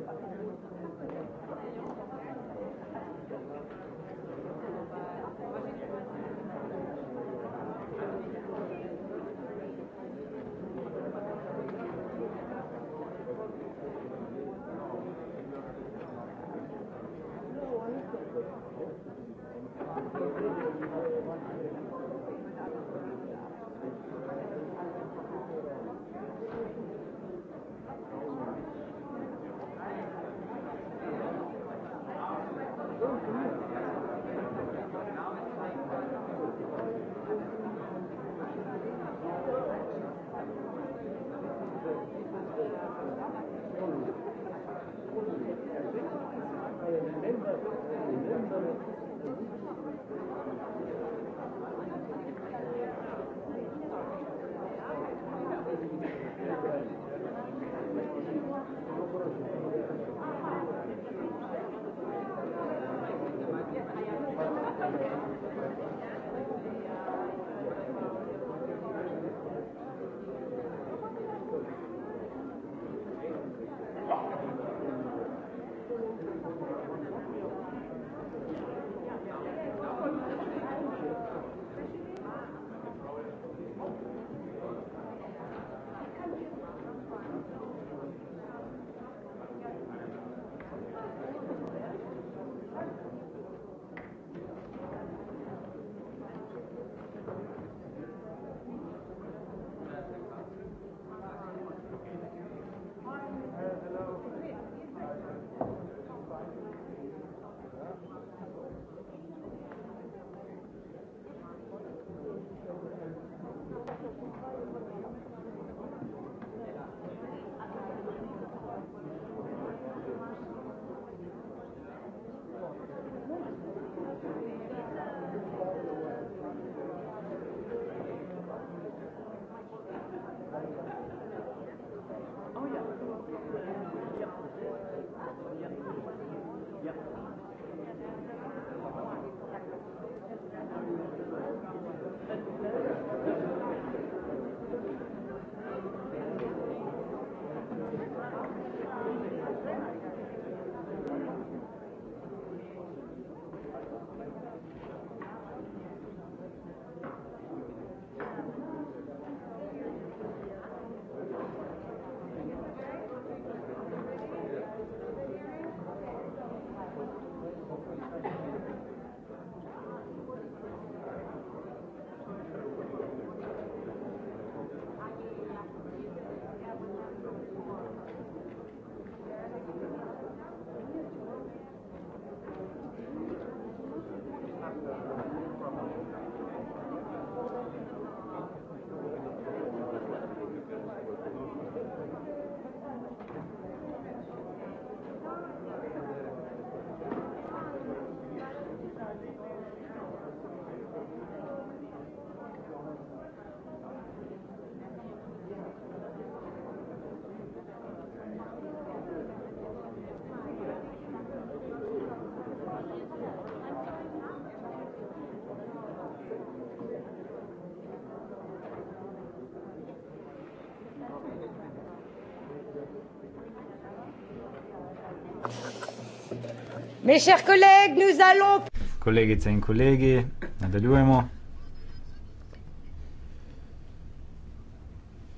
Kolegice in kolegi, nadaljujemo.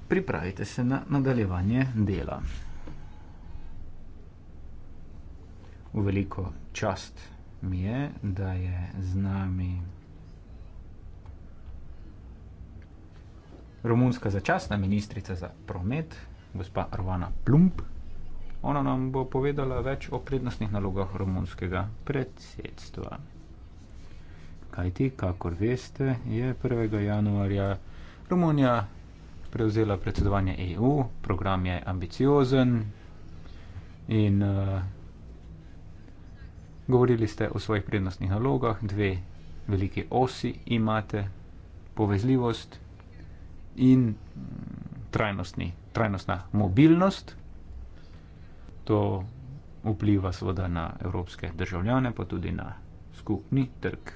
Pripravite se na nadaljevanje dela. V veliko čast mi je, da je z nami romunska začasna ministrica za promet, gospa Rovana Plump. Ona nam bo povedala več o prednostnih nalogah romunskega predsedstva. Kaj ti, kakor veste, je 1. januarja Romunija prevzela predsedovanje EU, program je ambiciozen in uh, govorili ste o svojih prednostnih nalogah, dve velike osi imate, povezljivost in mm, trajnostni, trajnostna mobilnost to vpliva seveda na evropske državljane, pa tudi na skupni trg.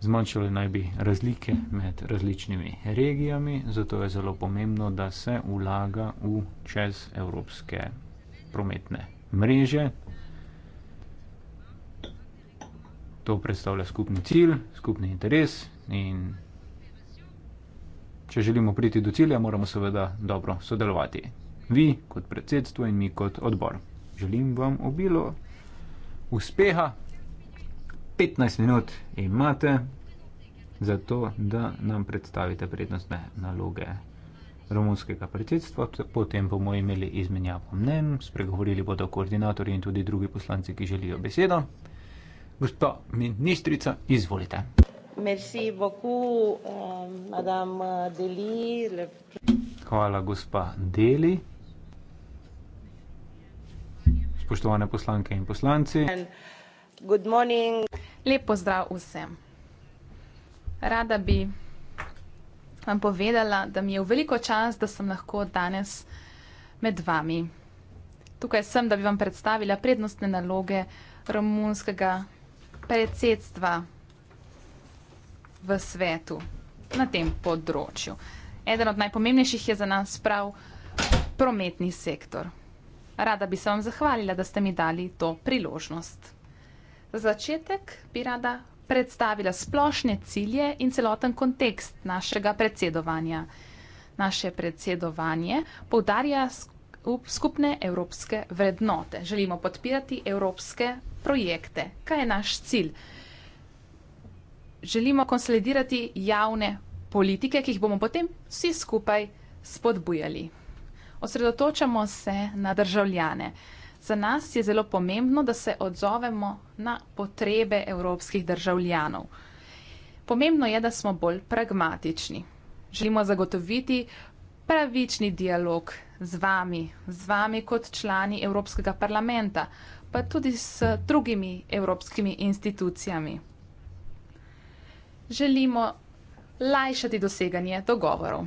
Zmanjšali naj bi razlike med različnimi regijami, zato je zelo pomembno, da se vlaga v čez evropske prometne mreže. To predstavlja skupni cilj, skupni interes in če želimo priti do cilja, moramo seveda dobro sodelovati vi kot predsedstvo in mi kot odbor. Želim vam obilo uspeha. 15 minut imate za to, da nam predstavite prednostne naloge romunskega predsedstva. Potem bomo imeli izmenjavo mnen, spregovorili bodo koordinatorji in tudi drugi poslanci, ki želijo besedo. Gospod ministrica, izvolite. Merci beaucoup, eh, madame Deli. Hvala, gospa Deli spoštovane poslanke in poslanci. Lep pozdrav vsem. Rada bi vam povedala, da mi je v veliko čas, da sem lahko danes med vami. Tukaj sem, da bi vam predstavila prednostne naloge romunskega predsedstva v svetu na tem področju. Eden od najpomembnejših je za nas prav prometni sektor. Rada bi se vam zahvalila, da ste mi dali to priložnost. Za začetek bi rada predstavila splošne cilje in celoten kontekst našega predsedovanja. Naše predsedovanje povdarja skupne evropske vrednote. Želimo podpirati evropske projekte. Kaj je naš cilj? Želimo konsolidirati javne politike, ki jih bomo potem vsi skupaj spodbujali osredotočamo se na državljane. Za nas je zelo pomembno, da se odzovemo na potrebe evropskih državljanov. Pomembno je, da smo bolj pragmatični. Želimo zagotoviti pravični dialog z vami, z vami kot člani Evropskega parlamenta, pa tudi s drugimi evropskimi institucijami. Želimo lajšati doseganje dogovorov.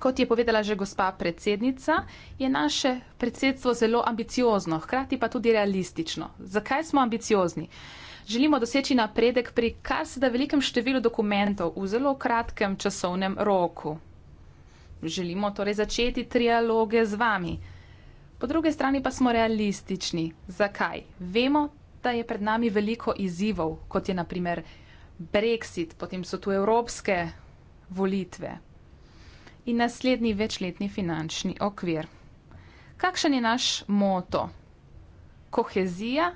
Kot je povedala že gospa predsednica, je naše predsedstvo zelo ambiciozno, hkrati pa tudi realistično. Zakaj smo ambiciozni? Želimo doseči napredek pri kar se da velikem številu dokumentov v zelo kratkem časovnem roku. Želimo torej začeti trialoge z vami. Po druge strani pa smo realistični. Zakaj? Vemo, da je pred nami veliko izzivov, kot je naprimer Brexit, potem so tu evropske volitve in naslednji večletni finančni okvir. Kakšen je naš moto? Kohezija,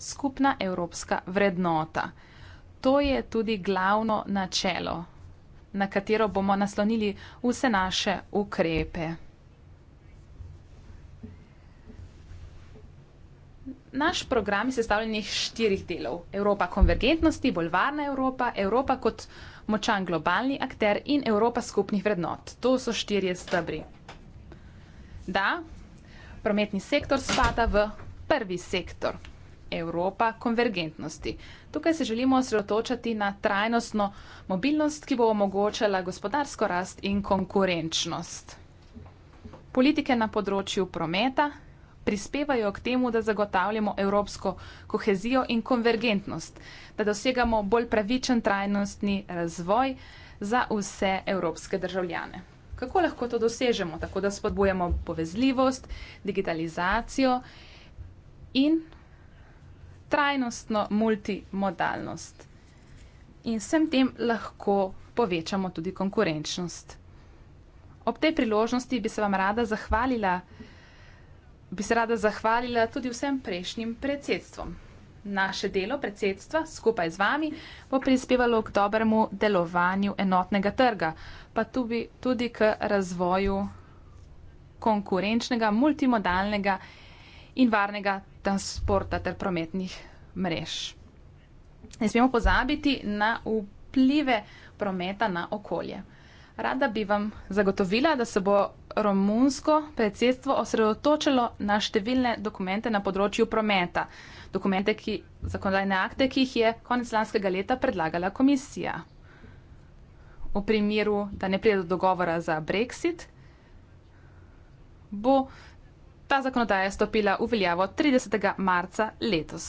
skupna evropska vrednota. To je tudi glavno načelo, na katero bomo naslonili vse naše ukrepe. Naš program je sestavljen iz štirih delov: Evropa konvergentnosti, bolj varna Evropa, Evropa kot močan globalni akter in Evropa skupnih vrednot. To so štirje stebri. Da, prometni sektor spada v prvi sektor. Evropa konvergentnosti. Tukaj se želimo osredotočati na trajnostno mobilnost, ki bo omogočala gospodarsko rast in konkurenčnost. Politike na področju prometa, prispevajo k temu, da zagotavljamo evropsko kohezijo in konvergentnost, da dosegamo bolj pravičen trajnostni razvoj za vse evropske državljane. Kako lahko to dosežemo? Tako da spodbujamo povezljivost, digitalizacijo in trajnostno multimodalnost. In vsem tem lahko povečamo tudi konkurenčnost. Ob tej priložnosti bi se vam rada zahvalila bi se rada zahvalila tudi vsem prejšnjim predsedstvom. Naše delo predsedstva skupaj z vami bo prispevalo k dobremu delovanju enotnega trga, pa tudi, tudi k razvoju konkurenčnega, multimodalnega in varnega transporta ter prometnih mrež. Ne smemo pozabiti na vplive prometa na okolje. Rada bi vam zagotovila, da se bo romunsko predsedstvo osredotočilo na številne dokumente na področju prometa. Dokumente, ki, zakonodajne akte, ki jih je konec lanskega leta predlagala komisija. V primeru, da ne pride do dogovora za brexit, bo ta zakonodaja stopila v veljavo 30. marca letos.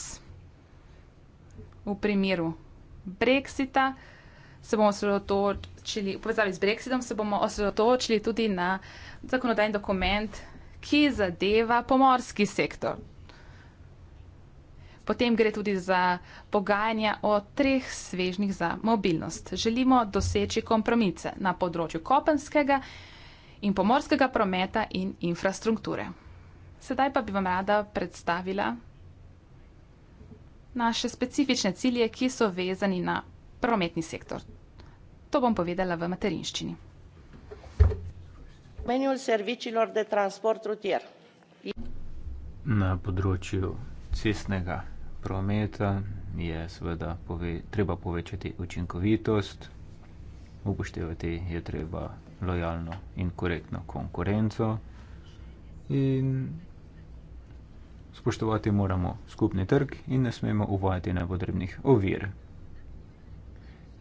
V primeru brexita se bomo osredotočili, v povezavi z Brexitom, se bomo osredotočili tudi na zakonodajni dokument, ki zadeva pomorski sektor. Potem gre tudi za pogajanja o treh svežnih za mobilnost. Želimo doseči kompromise na področju kopenskega in pomorskega prometa in infrastrukture. Sedaj pa bi vam rada predstavila naše specifične cilje, ki so vezani na prometni sektor. To bom povedala v materinščini. Na področju cestnega prometa je seveda pove, treba povečati učinkovitost, upoštevati je treba lojalno in korektno konkurenco in spoštovati moramo skupni trg in ne smemo uvajati nepotrebnih ovir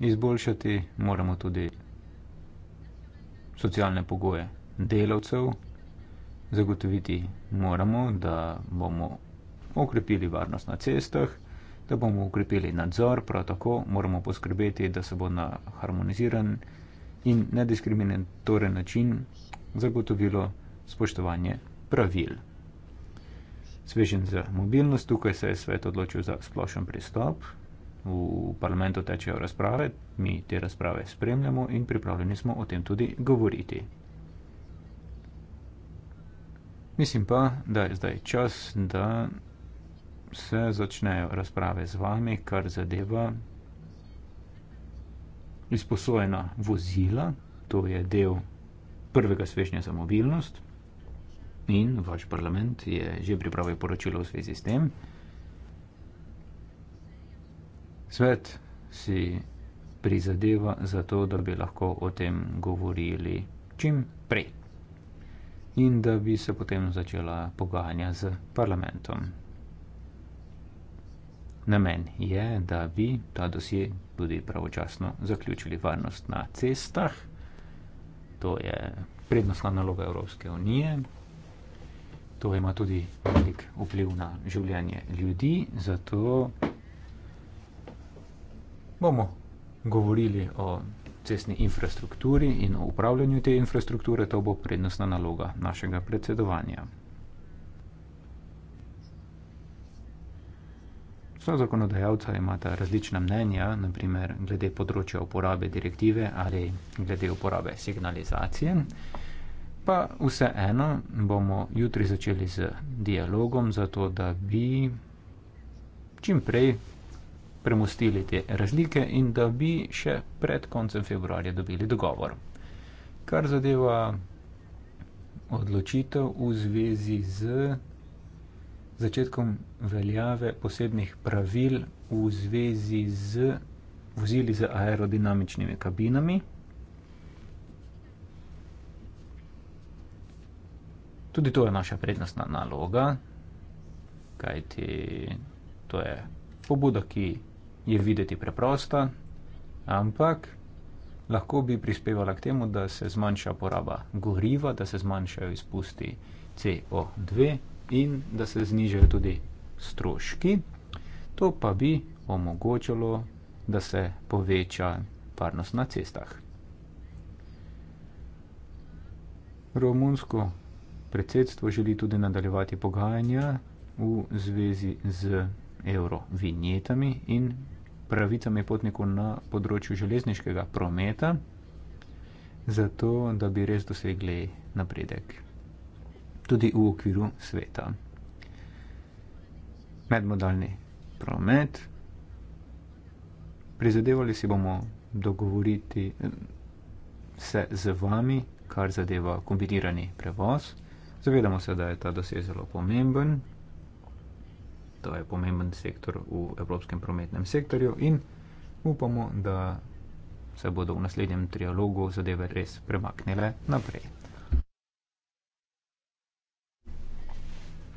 izboljšati, moramo tudi socialne pogoje delavcev zagotoviti, moramo, da bomo okrepili varnost na cestah, da bomo okrepili nadzor, prav tako moramo poskrbeti, da se bo na harmoniziran in nediskriminatoren način zagotovilo spoštovanje pravil. Svežen za mobilnost, tukaj se je svet odločil za splošen pristop, V parlamentu tečejo razprave, mi te razprave spremljamo in pripravljeni smo o tem tudi govoriti. Mislim pa, da je zdaj čas, da se začnejo razprave z vami, kar zadeva izposojena vozila, to je del prvega svežnja za mobilnost in vaš parlament je že pripravil poročilo v zvezi s tem. Svet si prizadeva za to, da bi lahko o tem govorili čim prej in da bi se potem začela pogajanja z parlamentom. Namen je, da bi ta dosje tudi pravočasno zaključili varnost na cestah. To je prednostna naloga Evropske unije. To ima tudi velik vpliv na življenje ljudi, zato bomo govorili o cestni infrastrukturi in o upravljanju te infrastrukture. To bo prednostna naloga našega predsedovanja. Vsa zakonodajalca imata različna mnenja, naprimer glede področja uporabe direktive ali glede uporabe signalizacije. Pa vseeno bomo jutri začeli z dialogom, zato da bi čim prej premustili te razlike in da bi še pred koncem februarja dobili dogovor. Kar zadeva odločitev v zvezi z začetkom veljave posebnih pravil v zvezi z vozili z aerodinamičnimi kabinami. Tudi to je naša prednostna naloga, kajti to je pobuda, ki je videti preprosta, ampak lahko bi prispevala k temu, da se zmanjša poraba goriva, da se zmanjšajo izpusti CO2 in da se znižajo tudi stroški. To pa bi omogočilo, da se poveča varnost na cestah. Romunsko predsedstvo želi tudi nadaljevati pogajanja v zvezi z evrovinjetami in pravicami potnikov na področju železniškega prometa, zato da bi res dosegli napredek tudi v okviru sveta. Medmodalni promet. Prizadevali si bomo dogovoriti eh, se z vami, kar zadeva kombinirani prevoz. Zavedamo se, da je ta dosež zelo pomemben, to je pomemben sektor v evropskem prometnem sektorju in upamo, da se bodo v naslednjem trialogu zadeve res premaknile naprej.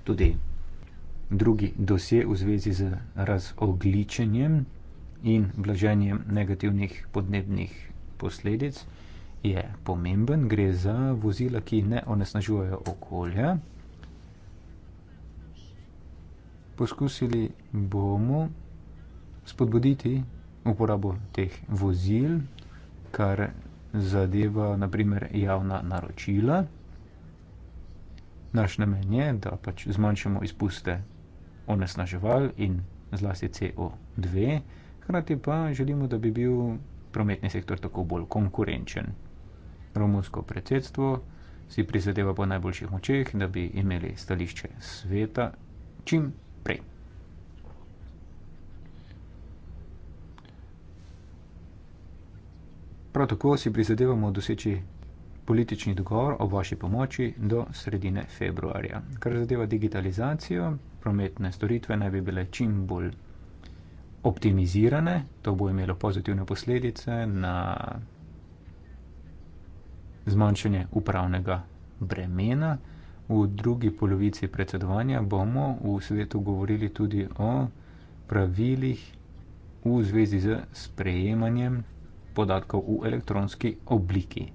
Tudi drugi dosje v zvezi z razogličenjem in blaženjem negativnih podnebnih posledic je pomemben. Gre za vozila, ki ne onesnažujejo okolja poskusili bomo spodbuditi uporabo teh vozil, kar zadeva naprimer javna naročila. Naš namen je, da pač zmanjšamo izpuste onesnaževal in zlasti CO2, hkrati pa želimo, da bi bil prometni sektor tako bolj konkurenčen. Romunsko predsedstvo si prizadeva po najboljših močeh, da bi imeli stališče sveta čim Prav tako si prizadevamo doseči politični dogovor o vaši pomoči do sredine februarja. Kar zadeva digitalizacijo, prometne storitve naj bi bile čim bolj optimizirane, to bo imelo pozitivne posledice na zmanjšanje upravnega bremena. V drugi polovici predsedovanja bomo v svetu govorili tudi o pravilih v zvezi z sprejemanjem podatkov v elektronski obliki.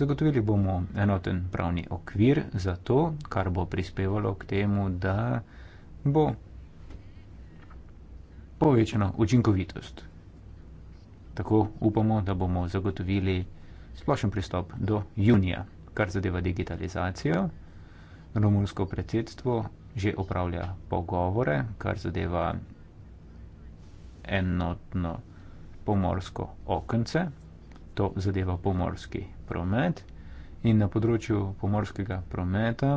Zagotovili bomo enoten pravni okvir za to, kar bo prispevalo k temu, da bo povečena učinkovitost. Tako upamo, da bomo zagotovili splošen pristop do junija, kar zadeva digitalizacijo. Romunsko predsedstvo že upravlja pogovore, kar zadeva enotno pomorsko okence, to zadeva pomorski promet in na področju pomorskega prometa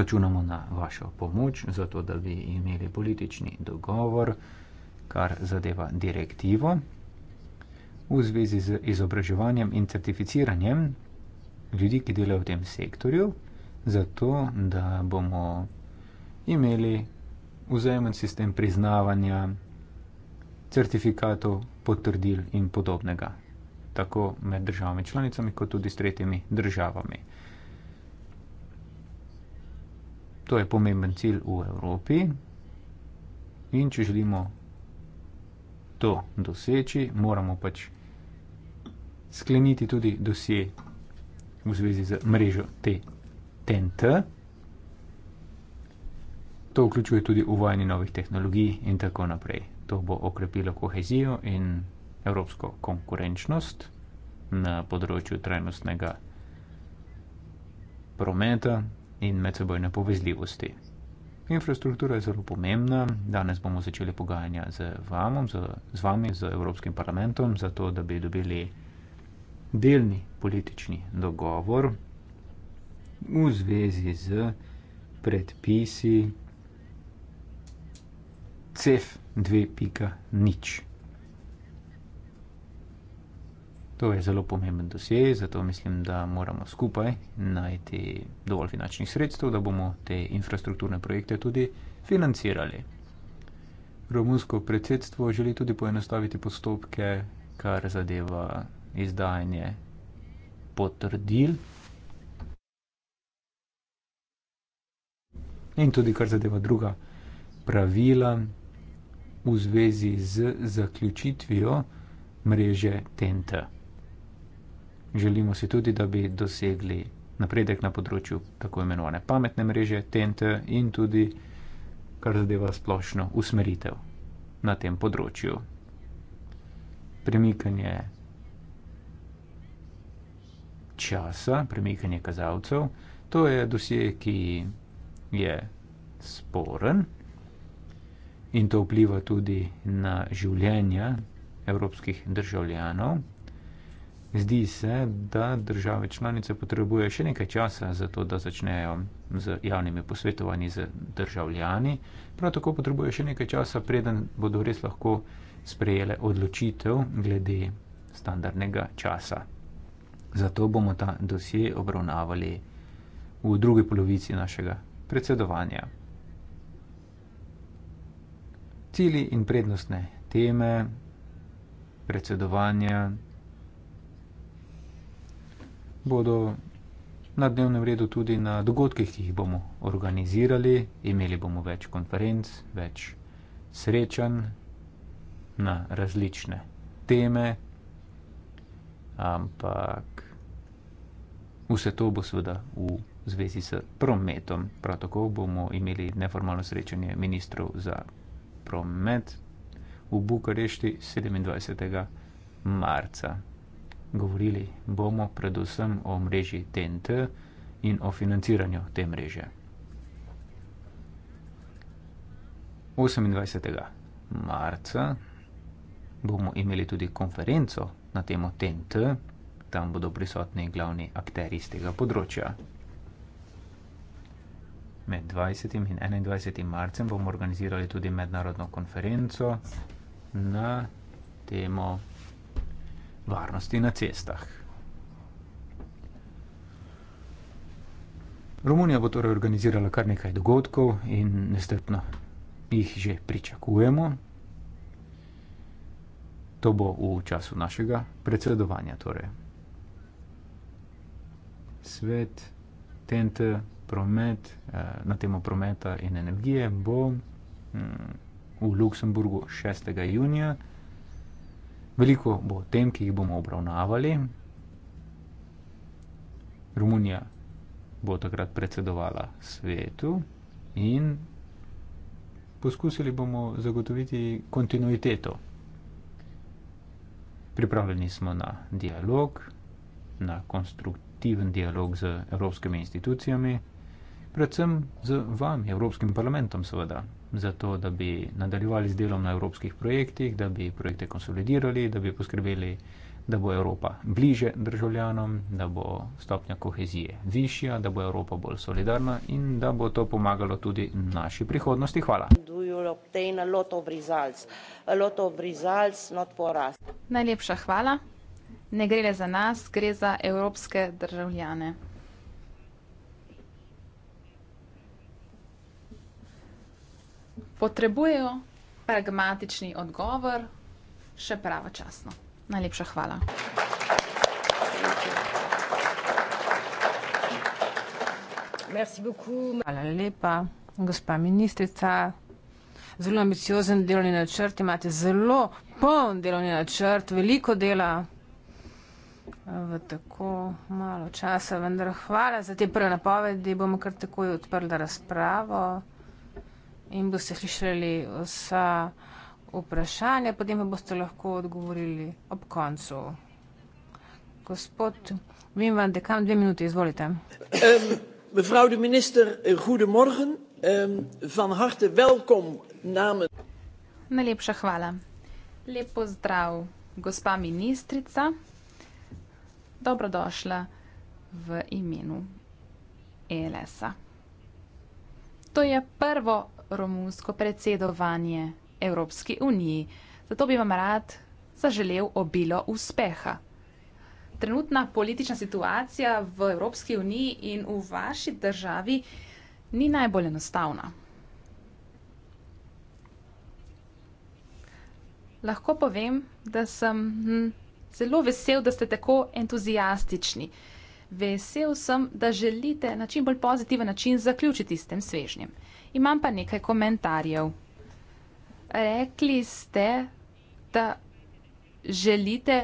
računamo na vašo pomoč, zato da bi imeli politični dogovor, kar zadeva direktivo. V zvezi z izobraževanjem in certificiranjem ljudi, ki delajo v tem sektorju, zato da bomo imeli vzajemen sistem priznavanja certifikatov, potrdil in podobnega, tako med državami članicami, kot tudi s tretjimi državami. To je pomemben cilj v Evropi in če želimo to doseči, moramo pač skleniti tudi dosje v zvezi z mrežo TNT. To vključuje tudi uvajanje novih tehnologij in tako naprej to bo okrepilo kohezijo in evropsko konkurenčnost na področju trajnostnega prometa in medsebojne povezljivosti. Infrastruktura je zelo pomembna. Danes bomo začeli pogajanja z, vamom, z, z vami, z Evropskim parlamentom, zato da bi dobili delni politični dogovor v zvezi z predpisi CEF e. 2.0. To je zelo pomemben dosje, zato mislim, da moramo skupaj najti dovolj finančnih sredstev, da bomo te infrastrukturne projekte tudi financirali. Romunsko predsedstvo želi tudi poenostaviti postopke, kar zadeva izdajanje potrdil. In tudi kar zadeva druga pravila, v zvezi z zaključitvijo mreže TNT. Želimo si tudi, da bi dosegli napredek na področju tako imenovane pametne mreže TNT in tudi, kar zadeva splošno usmeritev na tem področju. Premikanje časa, premikanje kazalcev, to je dosje, ki je sporen in to vpliva tudi na življenja evropskih državljanov. Zdi se, da države članice potrebuje še nekaj časa za to, da začnejo z javnimi posvetovanji z državljani. Prav tako potrebuje še nekaj časa, preden bodo res lahko sprejele odločitev glede standardnega časa. Zato bomo ta dosje obravnavali v drugi polovici našega predsedovanja cili in prednostne teme, predsedovanja bodo na dnevnem redu tudi na dogodkih, ki jih bomo organizirali. Imeli bomo več konferenc, več srečanj na različne teme, ampak vse to bo seveda v zvezi s prometom. Prav tako bomo imeli neformalno srečanje ministrov za promet v Bukarešti 27. marca. Govorili bomo predvsem o mreži TNT in o financiranju te mreže. 28. marca bomo imeli tudi konferenco na temo TNT, tam bodo prisotni glavni akteri iz tega področja. Med 20. in 21. marcem bomo organizirali tudi mednarodno konferenco na temo varnosti na cestah. Romunija bo torej organizirala kar nekaj dogodkov in nestrpno jih že pričakujemo. To bo v času našega predsedovanja. Torej. Svet, tente, promet. Eh, na temo prometa in energije, bo mm, v Luksemburgu 6. junija. Veliko bo tem, ki jih bomo obravnavali. Romunija bo takrat predsedovala svetu in poskusili bomo zagotoviti kontinuiteto. Pripravljeni smo na dialog, na konstruktiven dialog z evropskimi institucijami predvsem z vami, Evropskim parlamentom, seveda, zato, da bi nadaljevali z delom na evropskih projektih, da bi projekte konsolidirali, da bi poskrbeli, da bo Evropa bliže državljanom, da bo stopnja kohezije višja, da bo Evropa bolj solidarna in da bo to pomagalo tudi naši prihodnosti. Hvala. Najlepša hvala. Ne gre le za nas, gre za evropske državljane. potrebujejo pragmatični odgovor, še pravočasno. Najlepša hvala. Hvala lepa, gospa ministrica. Zelo ambiciozen delovni načrt, imate zelo poln delovni načrt, veliko dela v tako malo časa, vendar hvala za te prve napovedi, bomo kar takoj odprli razpravo in boste slišali vsa vprašanja, potem pa boste lahko odgovorili ob koncu. Gospod Vimvan, dekan, dve minute, izvolite. Um, mevrouw de minister, eh, goedemorgen. Um, van harte welkom namen. Najlepša hvala. Lep pozdrav, gospa ministrica. Dobrodošla v imenu ELS-a. To je prvo romunsko predsedovanje Evropski uniji. Zato bi vam rad zaželel obilo uspeha. Trenutna politična situacija v Evropski uniji in v vaši državi ni najbolj enostavna. Lahko povem, da sem hm, zelo vesel, da ste tako entuzijastični. Vesel sem, da želite na čim bolj pozitiven način zaključiti s tem svežnjem. Imam pa nekaj komentarjev. Rekli ste, da želite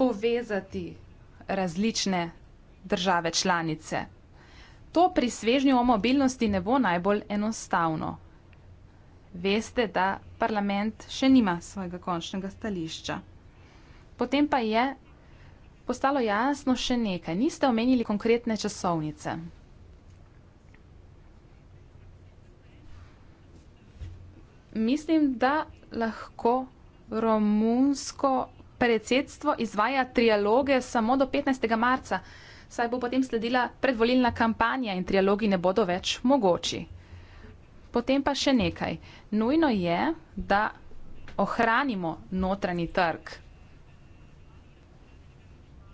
povezati različne države članice. To pri svežnju o mobilnosti ne bo najbolj enostavno. Veste, da parlament še nima svojega končnega stališča. Potem pa je postalo jasno še nekaj. Niste omenili konkretne časovnice. mislim, da lahko romunsko predsedstvo izvaja trialoge samo do 15. marca, saj bo potem sledila predvolilna kampanja in trialogi ne bodo več mogoči. Potem pa še nekaj. Nujno je, da ohranimo notranji trg.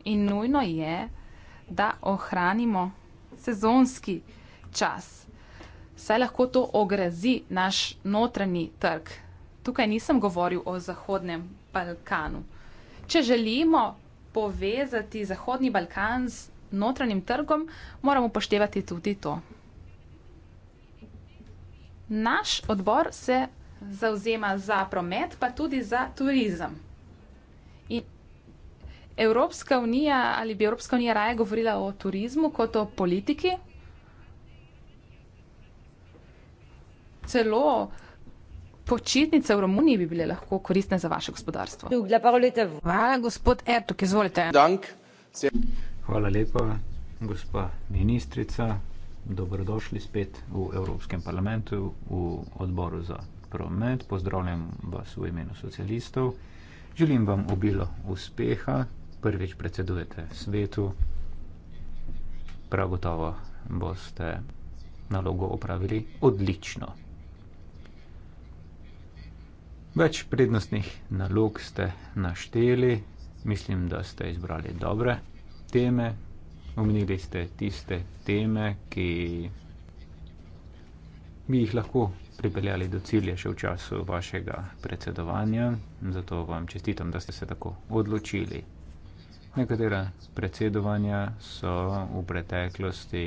In nujno je, da ohranimo sezonski čas saj lahko to ogrozi naš notranji trg. Tukaj nisem govoril o Zahodnem Balkanu. Če želimo povezati Zahodni Balkan z notranjim trgom, moramo upoštevati tudi to. Naš odbor se zauzema za promet, pa tudi za turizem. In Evropska unija ali bi Evropska unija raje govorila o turizmu kot o politiki, celo počitnice v Romuniji bi bile lahko koristne za vaše gospodarstvo. Hvala, gospod Ertuk, izvolite. Hvala lepa, gospa ministrica. Dobrodošli spet v Evropskem parlamentu, v odboru za promet. Pozdravljam vas v imenu socialistov. Želim vam obilo uspeha. Prvič predsedujete svetu. Prav gotovo boste nalogo opravili odlično. Več prednostnih nalog ste našteli, mislim, da ste izbrali dobre teme, omenili ste tiste teme, ki bi jih lahko pripeljali do cilja še v času vašega predsedovanja, zato vam čestitam, da ste se tako odločili. Nekatera predsedovanja so v preteklosti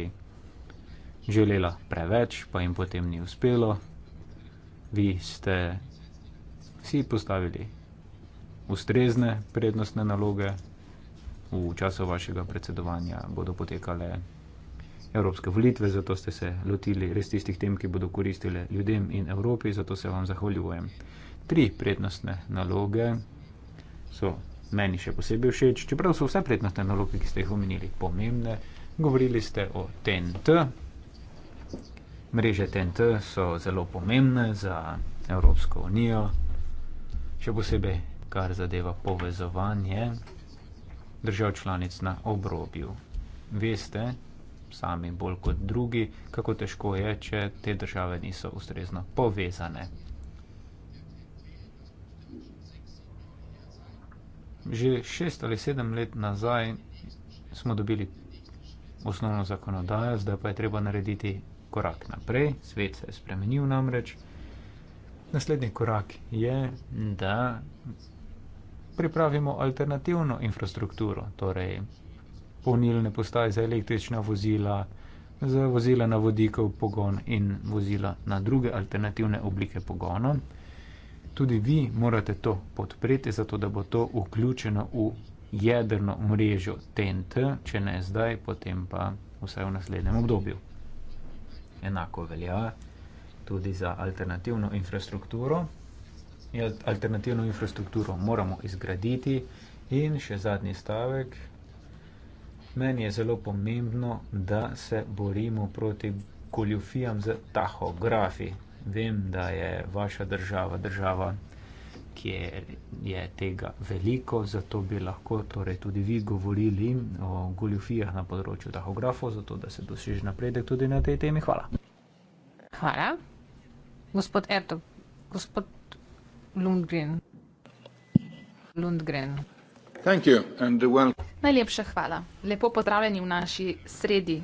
želela preveč, pa jim potem ni uspelo. Vi ste si postavili ustrezne prednostne naloge. V času vašega predsedovanja bodo potekale evropske volitve, zato ste se lotili res tistih tem, ki bodo koristile ljudem in Evropi, zato se vam zahvaljujem. Tri prednostne naloge so meni še posebej všeč, čeprav so vse prednostne naloge, ki ste jih omenili, pomembne. Govorili ste o TNT. Mreže TNT so zelo pomembne za Evropsko unijo še posebej, kar zadeva povezovanje držav članic na obrobju. Veste, sami bolj kot drugi, kako težko je, če te države niso ustrezno povezane. Že šest ali sedem let nazaj smo dobili osnovno zakonodajo, zdaj pa je treba narediti korak naprej. Svet se je spremenil namreč. Naslednji korak je, da pripravimo alternativno infrastrukturo, torej polnilne postaje za električna vozila, za vozila na vodikov pogon in vozila na druge alternativne oblike pogona. Tudi vi morate to podpreti, zato da bo to vključeno v jedrno mrežo TNT, če ne zdaj, potem pa vsaj v naslednjem obdobju. Enako velja tudi za alternativno infrastrukturo. Ja, alternativno infrastrukturo moramo izgraditi in še zadnji stavek. Meni je zelo pomembno, da se borimo proti goljufijam z tahografi. Vem, da je vaša država država, kjer je tega veliko, zato bi lahko torej, tudi vi govorili o goljufijah na področju tahografov, zato da se doseže napredek tudi na tej temi. Hvala. Hvala. Gospod Erto, gospod Lundgren. Lundgren. Thank you and Najlepša hvala. Lepo pozdravljeni v naši sredi.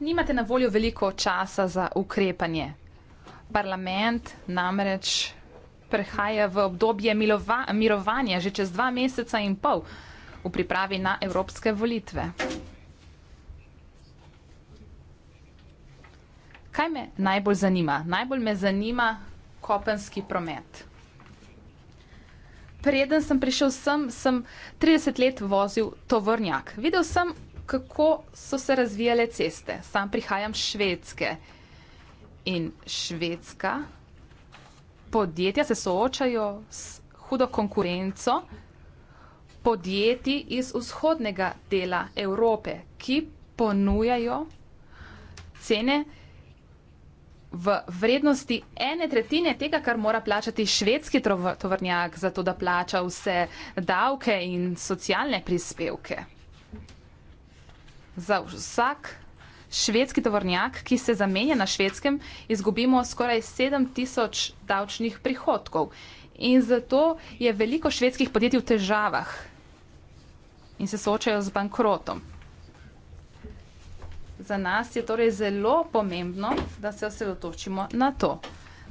Nimate na voljo veliko časa za ukrepanje. Parlament namreč prehaja v obdobje milova, mirovanja že čez dva meseca in pol v pripravi na evropske volitve. Kaj me najbolj zanima? Najbolj me zanima kopenski promet. Preden sem prišel sem, sem 30 let vozil tovornjak. Videl sem, kako so se razvijale ceste. Sam prihajam švedske. In švedska podjetja se soočajo s hudo konkurenco podjetij iz vzhodnega dela Evrope, ki ponujajo cene, v vrednosti ene tretjine tega, kar mora plačati švedski tovrnjak, zato da plača vse davke in socialne prispevke. Za vsak švedski tovrnjak, ki se zamenja na švedskem, izgubimo skoraj 7000 davčnih prihodkov. In zato je veliko švedskih podjetij v težavah in se soočajo z bankrotom za nas je torej zelo pomembno, da se osredotočimo na to.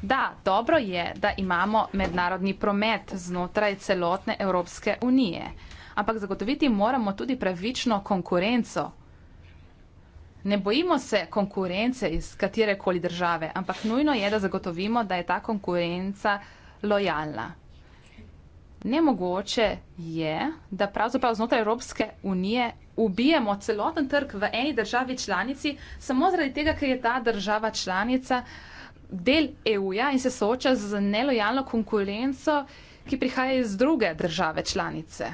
Da, dobro je, da imamo mednarodni promet znotraj celotne Evropske unije, ampak zagotoviti moramo tudi pravično konkurenco. Ne bojimo se konkurence iz katerekoli države, ampak nujno je, da zagotovimo, da je ta konkurenca lojalna. Nemogoče je, da pravzaprav znotraj Evropske unije ubijemo celoten trg v eni državi članici, samo zaradi tega, ker je ta država članica del EU-ja in se sooča z nelojalno konkurenco, ki prihaja iz druge države članice.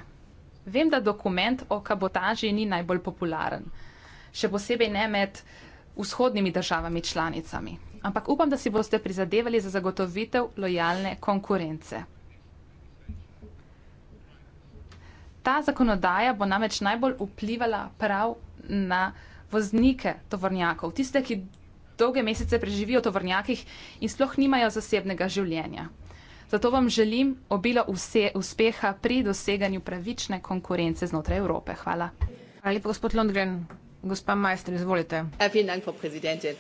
Vem, da dokument o kabotaži ni najbolj popularen, še posebej ne med vzhodnimi državami članicami. Ampak upam, da si boste prizadevali za zagotovitev lojalne konkurence. ta zakonodaja bo namreč najbolj vplivala prav na voznike tovornjakov, tiste, ki dolge mesece preživijo v tovornjakih in sploh nimajo zasebnega življenja. Zato vam želim obilo vse uspeha pri doseganju pravične konkurence znotraj Evrope. Hvala. Hvala lepa, gospod Lundgren. Gospa majster, izvolite. Ja,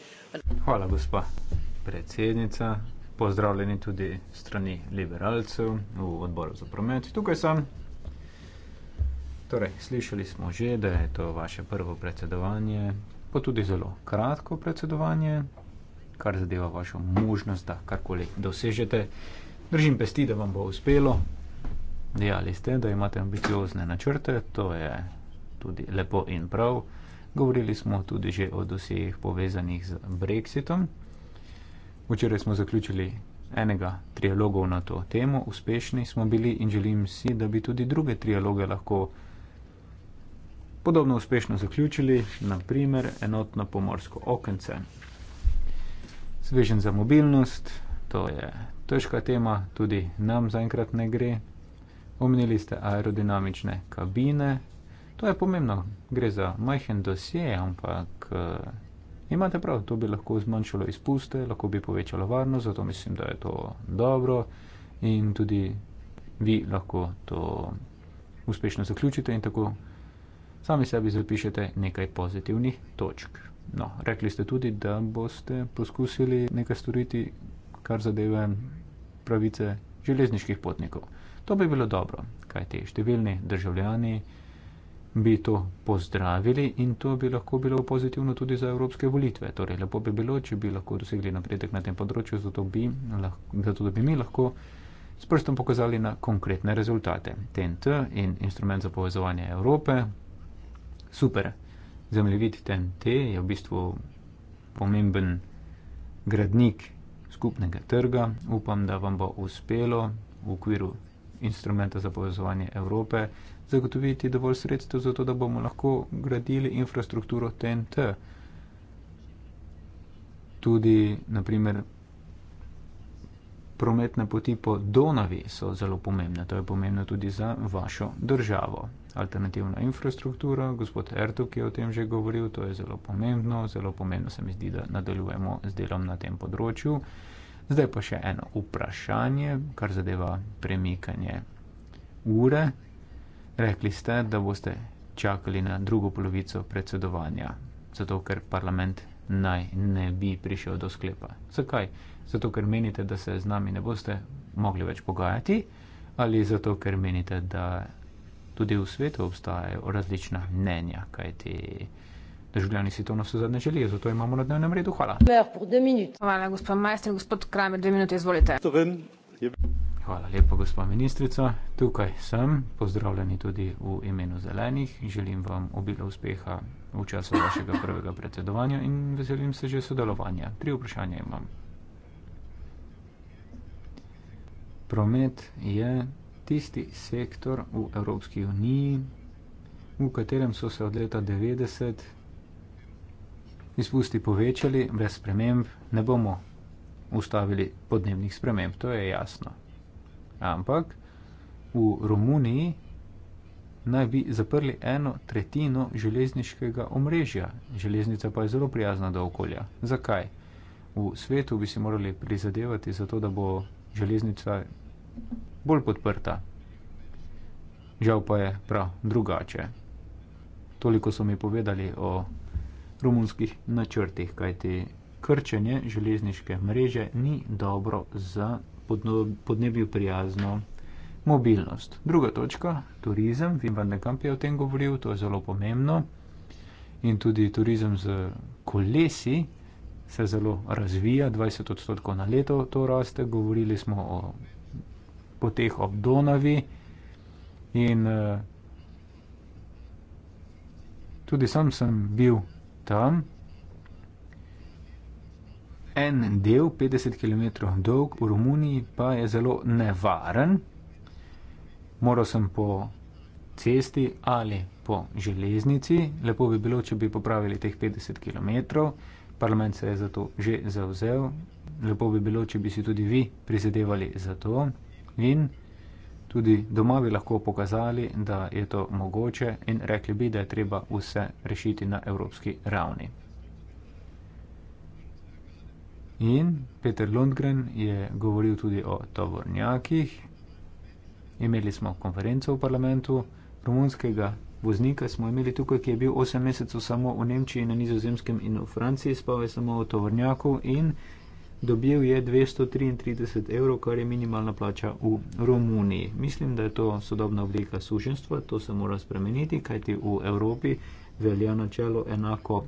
Hvala, gospa predsednica. Pozdravljeni tudi strani liberalcev v odboru za promet. Tukaj sem Torej, slišali smo že, da je to vaše prvo predsedovanje, pa tudi zelo kratko predsedovanje, kar zadeva vašo možnost, da karkoli dosežete. Držim pesti, da vam bo uspelo. Dejali ste, da imate ambiciozne načrte, to je tudi lepo in prav. Govorili smo tudi že o dosjejih povezanih z Brexitom. Včeraj smo zaključili enega trialogov na to temo, uspešni smo bili in želim si, da bi tudi druge trialoge lahko podobno uspešno zaključili, naprimer enotno pomorsko okence. Svežen za mobilnost, to je težka tema, tudi nam zaenkrat ne gre. Omenili ste aerodinamične kabine, to je pomembno, gre za majhen dosje, ampak uh, imate prav, to bi lahko zmanjšalo izpuste, lahko bi povečalo varnost, zato mislim, da je to dobro in tudi vi lahko to uspešno zaključite in tako sami sebi zapišete nekaj pozitivnih točk. No, rekli ste tudi, da boste poskusili nekaj storiti, kar zadeve pravice železniških potnikov. To bi bilo dobro, kaj ti številni državljani bi to pozdravili in to bi lahko bilo pozitivno tudi za evropske volitve. Torej, lepo bi bilo, če bi lahko dosegli napredek na tem področju, zato, bi, lahko, zato da bi mi lahko s prstom pokazali na konkretne rezultate. TNT in instrument za povezovanje Evrope, super. Zemljevid TNT je v bistvu pomemben gradnik skupnega trga. Upam, da vam bo uspelo v okviru instrumenta za povezovanje Evrope zagotoviti dovolj sredstev za to, da bomo lahko gradili infrastrukturo TNT. Tudi, naprimer, prometne poti po Donavi so zelo pomembne. To je pomembno tudi za vašo državo. Alternativna infrastruktura, gospod Ertu, ki je o tem že govoril, to je zelo pomembno. Zelo pomembno se mi zdi, da nadaljujemo z delom na tem področju. Zdaj pa še eno vprašanje, kar zadeva premikanje ure. Rekli ste, da boste čakali na drugo polovico predsedovanja, zato ker parlament naj ne bi prišel do sklepa. Zakaj? zato ker menite, da se z nami ne boste mogli več pogajati, ali zato ker menite, da tudi v svetu obstajajo različna mnenja, kajti državljani si to na vse zadnje želijo, zato imamo na dnevnem redu. Hvala. Hvala, gospod Majster, gospod Kramer, dve minute, izvolite. Hvala lepa, gospa ministrica. Tukaj sem, pozdravljeni tudi v imenu zelenih. Želim vam obilo uspeha v času vašega prvega predsedovanja in veselim se že sodelovanja. Tri vprašanja imam. Promet je tisti sektor v Evropski uniji, v katerem so se od leta 90 izpusti povečali brez sprememb, ne bomo ustavili podnebnih sprememb, to je jasno. Ampak v Romuniji naj bi zaprli eno tretjino železniškega omrežja. Železnica pa je zelo prijazna do okolja. Zakaj? V svetu bi si morali prizadevati za to, da bo železnica bolj podprta. Žal pa je prav drugače. Toliko so mi povedali o rumunskih načrtih, kajti krčenje železniške mreže ni dobro za podnebju prijazno mobilnost. Druga točka, turizem, Vim van den Kamp je o tem govoril, to je zelo pomembno. In tudi turizem z kolesi, se zelo razvija, 20 odstotkov na leto to raste. Govorili smo o poteh ob Donavi in eh, tudi sam sem bil tam. En del, 50 km dolg, v Romuniji pa je zelo nevaren. Moral sem po cesti ali po železnici. Lepo bi bilo, če bi popravili teh 50 km parlament se je za to že zauzel. Lepo bi bilo, če bi si tudi vi prizadevali za to in tudi doma bi lahko pokazali, da je to mogoče in rekli bi, da je treba vse rešiti na evropski ravni. In Peter Lundgren je govoril tudi o tovornjakih. Imeli smo konferenco v parlamentu romunskega voznika smo imeli tukaj, ki je bil 8 mesecev samo v Nemčiji, na Nizozemskem in v Franciji, spal je samo v tovornjaku in dobil je 233 evrov, kar je minimalna plača v Romuniji. Mislim, da je to sodobna oblika suženstva, to se mora spremeniti, kajti v Evropi velja načelo enako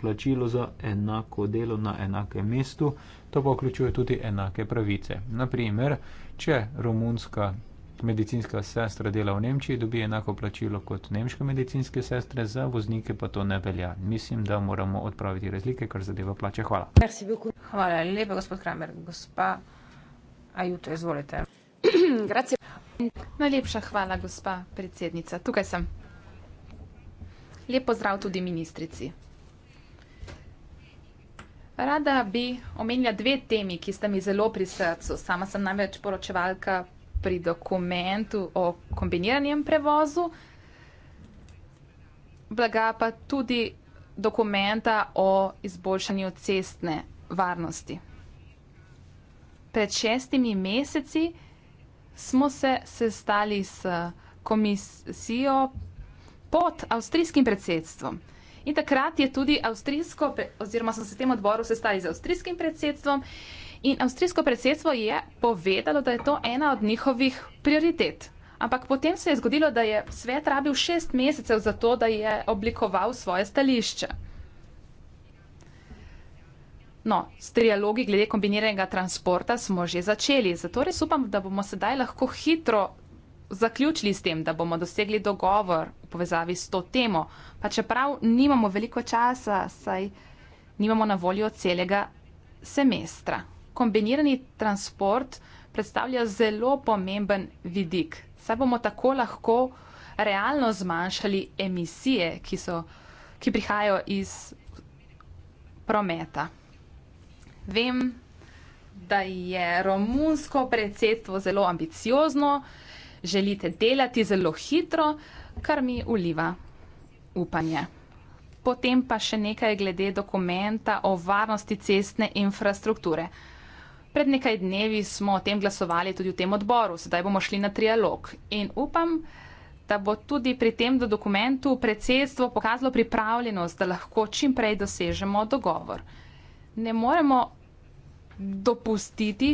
plačilo za enako delo na enakem mestu, to pa vključuje tudi enake pravice. Naprimer, če romunska medicinska sestra dela v Nemčiji, dobi enako plačilo kot nemške medicinske sestre, za voznike pa to ne velja. Mislim, da moramo odpraviti razlike, kar zadeva plače. Hvala. Hvala lepa, gospod Kramer. Gospa Ajuto, izvolite. [CLEARS THROAT] Najlepša hvala, gospa predsednica. Tukaj sem. Lepo zdrav tudi ministrici. Rada bi omenila dve temi, ki sta mi zelo pri srcu. Sama sem največ poročevalka pri dokumentu o kombiniranem prevozu, blaga pa tudi dokumenta o izboljšanju cestne varnosti. Pred šestimi meseci smo se sestali s komisijo pod avstrijskim predsedstvom. In takrat je tudi avstrijsko, oziroma smo se s tem odboru sestali z avstrijskim predsedstvom In avstrijsko predsedstvo je povedalo, da je to ena od njihovih prioritet. Ampak potem se je zgodilo, da je svet rabil šest mesecev za to, da je oblikoval svoje stališče. No, s trialogi glede kombiniranega transporta smo že začeli, zato res upam, da bomo sedaj lahko hitro zaključili s tem, da bomo dosegli dogovor v povezavi s to temo. Pa čeprav nimamo veliko časa, saj nimamo na voljo celega semestra kombinirani transport predstavlja zelo pomemben vidik. Saj bomo tako lahko realno zmanjšali emisije, ki, so, ki prihajajo iz prometa. Vem, da je romunsko predsedstvo zelo ambiciozno, želite delati zelo hitro, kar mi uliva upanje. Potem pa še nekaj glede dokumenta o varnosti cestne infrastrukture. Pred nekaj dnevi smo o tem glasovali tudi v tem odboru, sedaj bomo šli na trialog. In upam, da bo tudi pri tem do dokumentu predsedstvo pokazalo pripravljenost, da lahko čim prej dosežemo dogovor. Ne moremo dopustiti,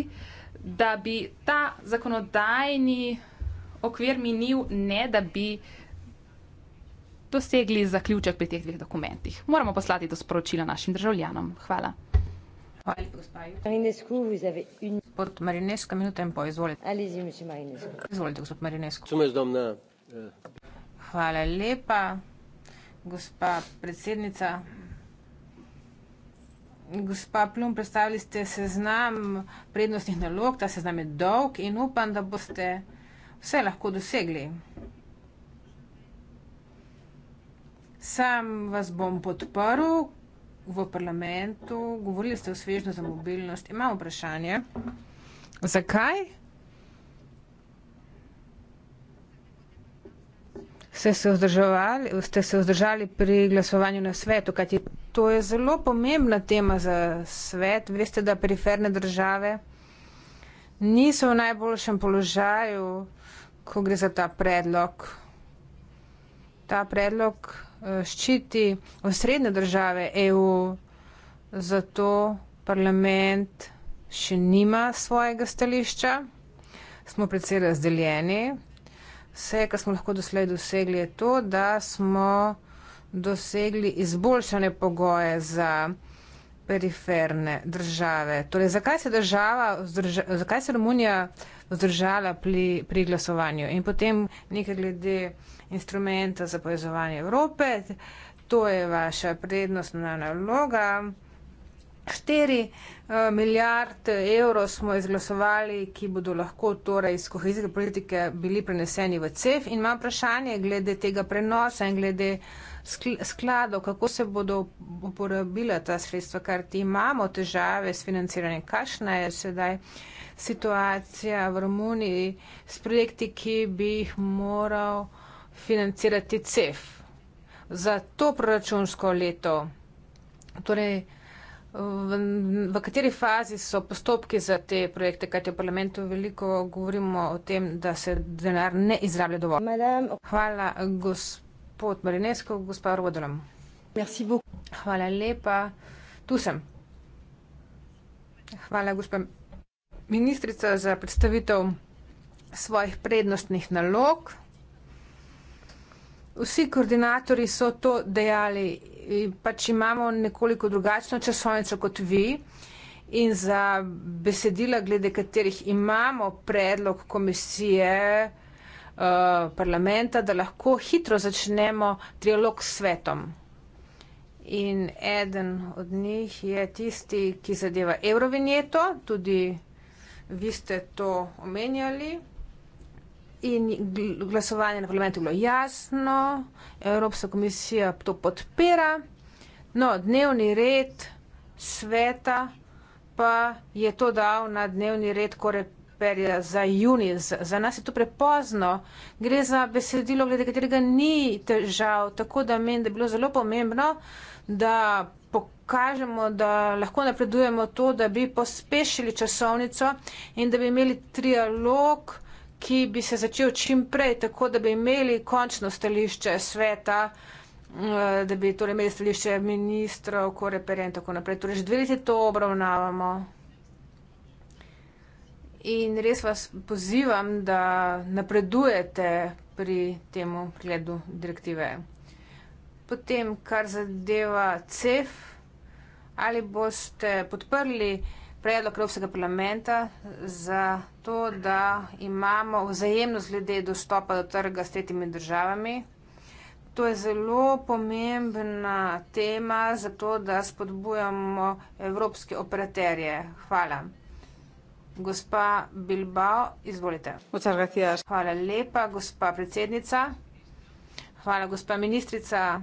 da bi ta zakonodajni okvir minil, ne da bi dosegli zaključek pri teh dveh dokumentih. Moramo poslati to sporočilo našim državljanom. Hvala. Gospod Marinesko, minuta in pol, izvolite. Izvolite, gospod Marinesko. Eh. Hvala lepa, gospa predsednica. Gospa Plum, predstavili ste seznam prednostnih nalog, ta seznam je dolg in upam, da boste vse lahko dosegli. Sam vas bom podporil, v parlamentu, govorili ste o svežnju za mobilnost. Imam vprašanje. Zakaj ste se, ste se vzdržali pri glasovanju na svetu? Kajti to je zelo pomembna tema za svet. Veste, da periferne države niso v najboljšem položaju, ko gre za ta predlog. Ta predlog Eh, ščiti osrednje države EU, zato parlament še nima svojega stališča, smo precej razdeljeni. Vse, kar smo lahko doslej dosegli, je to, da smo dosegli izboljšane pogoje za periferne države. Torej, zakaj se, država, zdrža, zakaj se Romunija vzdržala pri, pri glasovanju? In potem nekaj glede instrumenta za povezovanje Evrope. To je vaša prednostna naloga. 4 eh, milijard evrov smo izglasovali, ki bodo lahko torej iz kohezijske politike bili preneseni v CEF. In imam vprašanje glede tega prenosa in glede skladov, kako se bodo uporabila ta sredstva, kar ti imamo težave s financiranjem. Kakšna je sedaj situacija v Romuniji s projekti, ki bi jih moral financirati CEF za to proračunsko leto? Torej, v, v kateri fazi so postopki za te projekte, kajte v parlamentu veliko govorimo o tem, da se denar ne izrablja dovolj. Hvala, gospod Marinesko, gospod Rodolom. Hvala lepa. Tu sem. Hvala, gospod ministrica, za predstavitev svojih prednostnih nalog. Vsi koordinatori so to dejali, pač imamo nekoliko drugačno časovnico kot vi in za besedila, glede katerih imamo predlog komisije uh, parlamenta, da lahko hitro začnemo trialog s svetom. In eden od njih je tisti, ki zadeva eurovinjeto, tudi vi ste to omenjali in gl glasovanje na parlamentu je bilo jasno, Evropska komisija to podpira. No, dnevni red sveta pa je to dal na dnevni red koreperja za juni. Za nas je to prepozno. Gre za besedilo, glede katerega ni težav. Tako da menim, da je bilo zelo pomembno, da pokažemo, da lahko napredujemo to, da bi pospešili časovnico in da bi imeli trialog ki bi se začel čim prej, tako da bi imeli končno stališče sveta, eh, da bi torej imeli stališče ministrov, koreperen in tako naprej. Torej, že dve leti to obravnavamo. In res vas pozivam, da napredujete pri temu pregledu direktive. Potem, kar zadeva CEF, ali boste podprli predlog Evropskega parlamenta za to, da imamo vzajemnost glede dostopa do trga s tretjimi državami. To je zelo pomembna tema za to, da spodbujamo evropske operaterje. Hvala. Gospa Bilbao, izvolite. Hvala lepa, gospa predsednica. Hvala, gospa ministrica.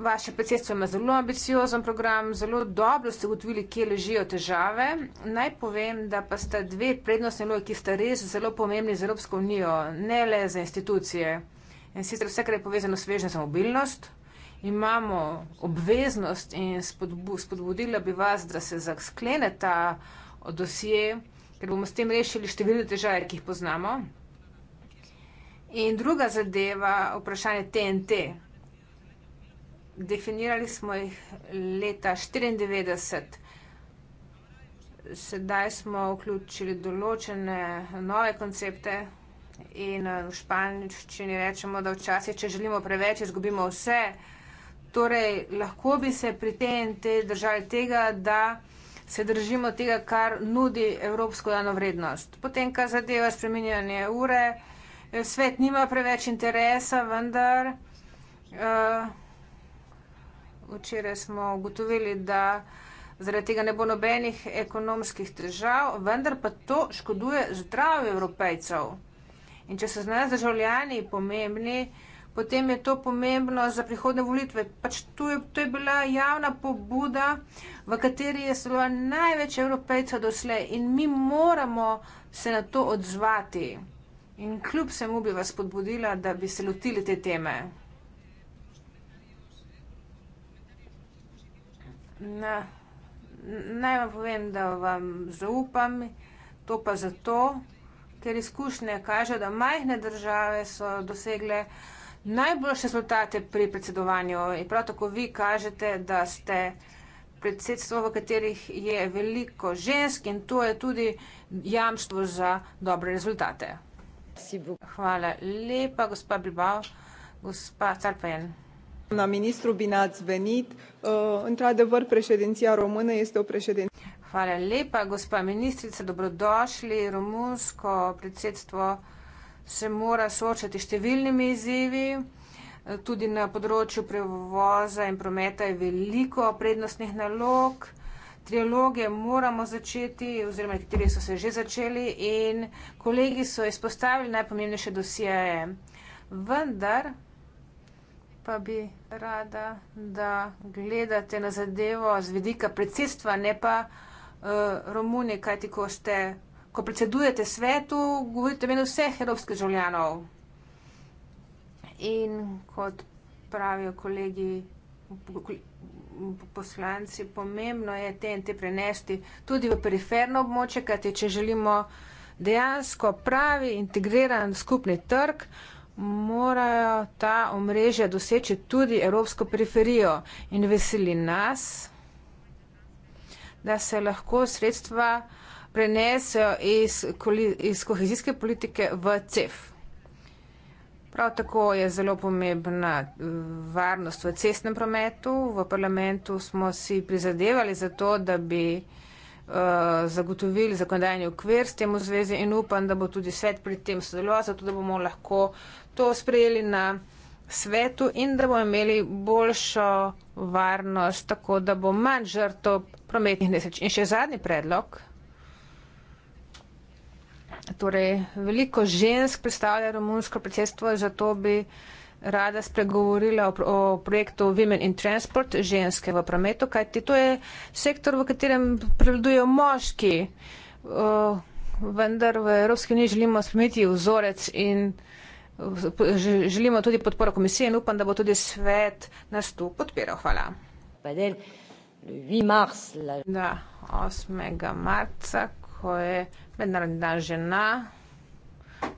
Vaše predsedstvo ima zelo ambiciozen program, zelo dobro ste ugotovili, kje ležijo težave. Naj povem, da pa sta dve prednostne loje, ki sta res zelo pomembni za Evropsko unijo, ne le za institucije. In sicer vse, kar je povezano s vežnjo za mobilnost, imamo obveznost in spodbu, spodbudila bi vas, da se sklene ta dosje, ker bomo s tem rešili številne težave, ki jih poznamo. In druga zadeva, vprašanje TNT definirali smo jih leta 1994. Sedaj smo vključili določene nove koncepte in eh, v španjolščini rečemo, da včasih, če želimo preveč, izgubimo vse. Torej, lahko bi se pri tej in tej državi tega, da se držimo tega, kar nudi evropsko dano vrednost. Potem, kar zadeva spreminjanje ure, svet nima preveč interesa, vendar. Uh, včeraj smo ugotovili, da zaradi tega ne bo nobenih ekonomskih težav, vendar pa to škoduje zdravju evropejcev. In če so za nas državljani pomembni, potem je to pomembno za prihodne volitve. Pač to je, to je bila javna pobuda, v kateri je slova največ evropejcev doslej in mi moramo se na to odzvati. In kljub se mu bi vas podbudila, da bi se lotili te teme. Na, naj vam povem, da vam zaupam, to pa zato, ker izkušnje kaže, da majhne države so dosegle najboljše rezultate pri predsedovanju. In prav tako vi kažete, da ste predsedstvo, v katerih je veliko žensk in to je tudi jamstvo za dobre rezultate. Hvala lepa, gospa Bilbao, gospa Carpen. Doamna ministru, bine ați venit. Uh, într-adevăr, președinția română este o președinție. Hvala lepa, gospa ministrica, dobrodošli. Romunsko predsedstvo se mora soočati s številnimi izzivi. Tudi na področju prevoza in prometa je veliko prednostnih nalog. Trialoge moramo začeti, oziroma nekateri so se že začeli in kolegi so izpostavili najpomembnejše dosije. Vendar pa bi rada, da gledate na zadevo z vidika predsedstva, ne pa uh, Romunije, kajti ko, ste, ko predsedujete svetu, govorite meni vseh evropskih državljanov. In kot pravijo kolegi poslanci, pomembno je TNT prenesti tudi v periferno območje, kajti če želimo dejansko pravi integriran skupni trg, morajo ta omrežja doseči tudi evropsko periferijo in veseli nas, da se lahko sredstva prenesejo iz, iz kohezijske politike v CEF. Prav tako je zelo pomembna eh, varnost v cestnem prometu. V parlamentu smo si prizadevali za to, da bi uh, zagotovili zakonodajni okvir s tem v zvezi in upam, da bo tudi svet pri tem sodeloval, zato da bomo lahko uh, to sprejeli na svetu in da bomo imeli boljšo varnost, tako da bo manj žrtov prometnih nesreč. In še zadnji predlog. Torej, veliko žensk predstavlja romunsko predsedstvo, zato bi rada spregovorila o, o projektu Women in Transport, ženske v prometu, kajti to je sektor, v katerem prevladujejo moški, uh, vendar v Evropski uniji želimo spremeniti vzorec in uh, želimo tudi podporo komisije in upam, da bo tudi svet nas tu podpiral. Hvala. Da, 8. marca, ko je mednarodni dan žena,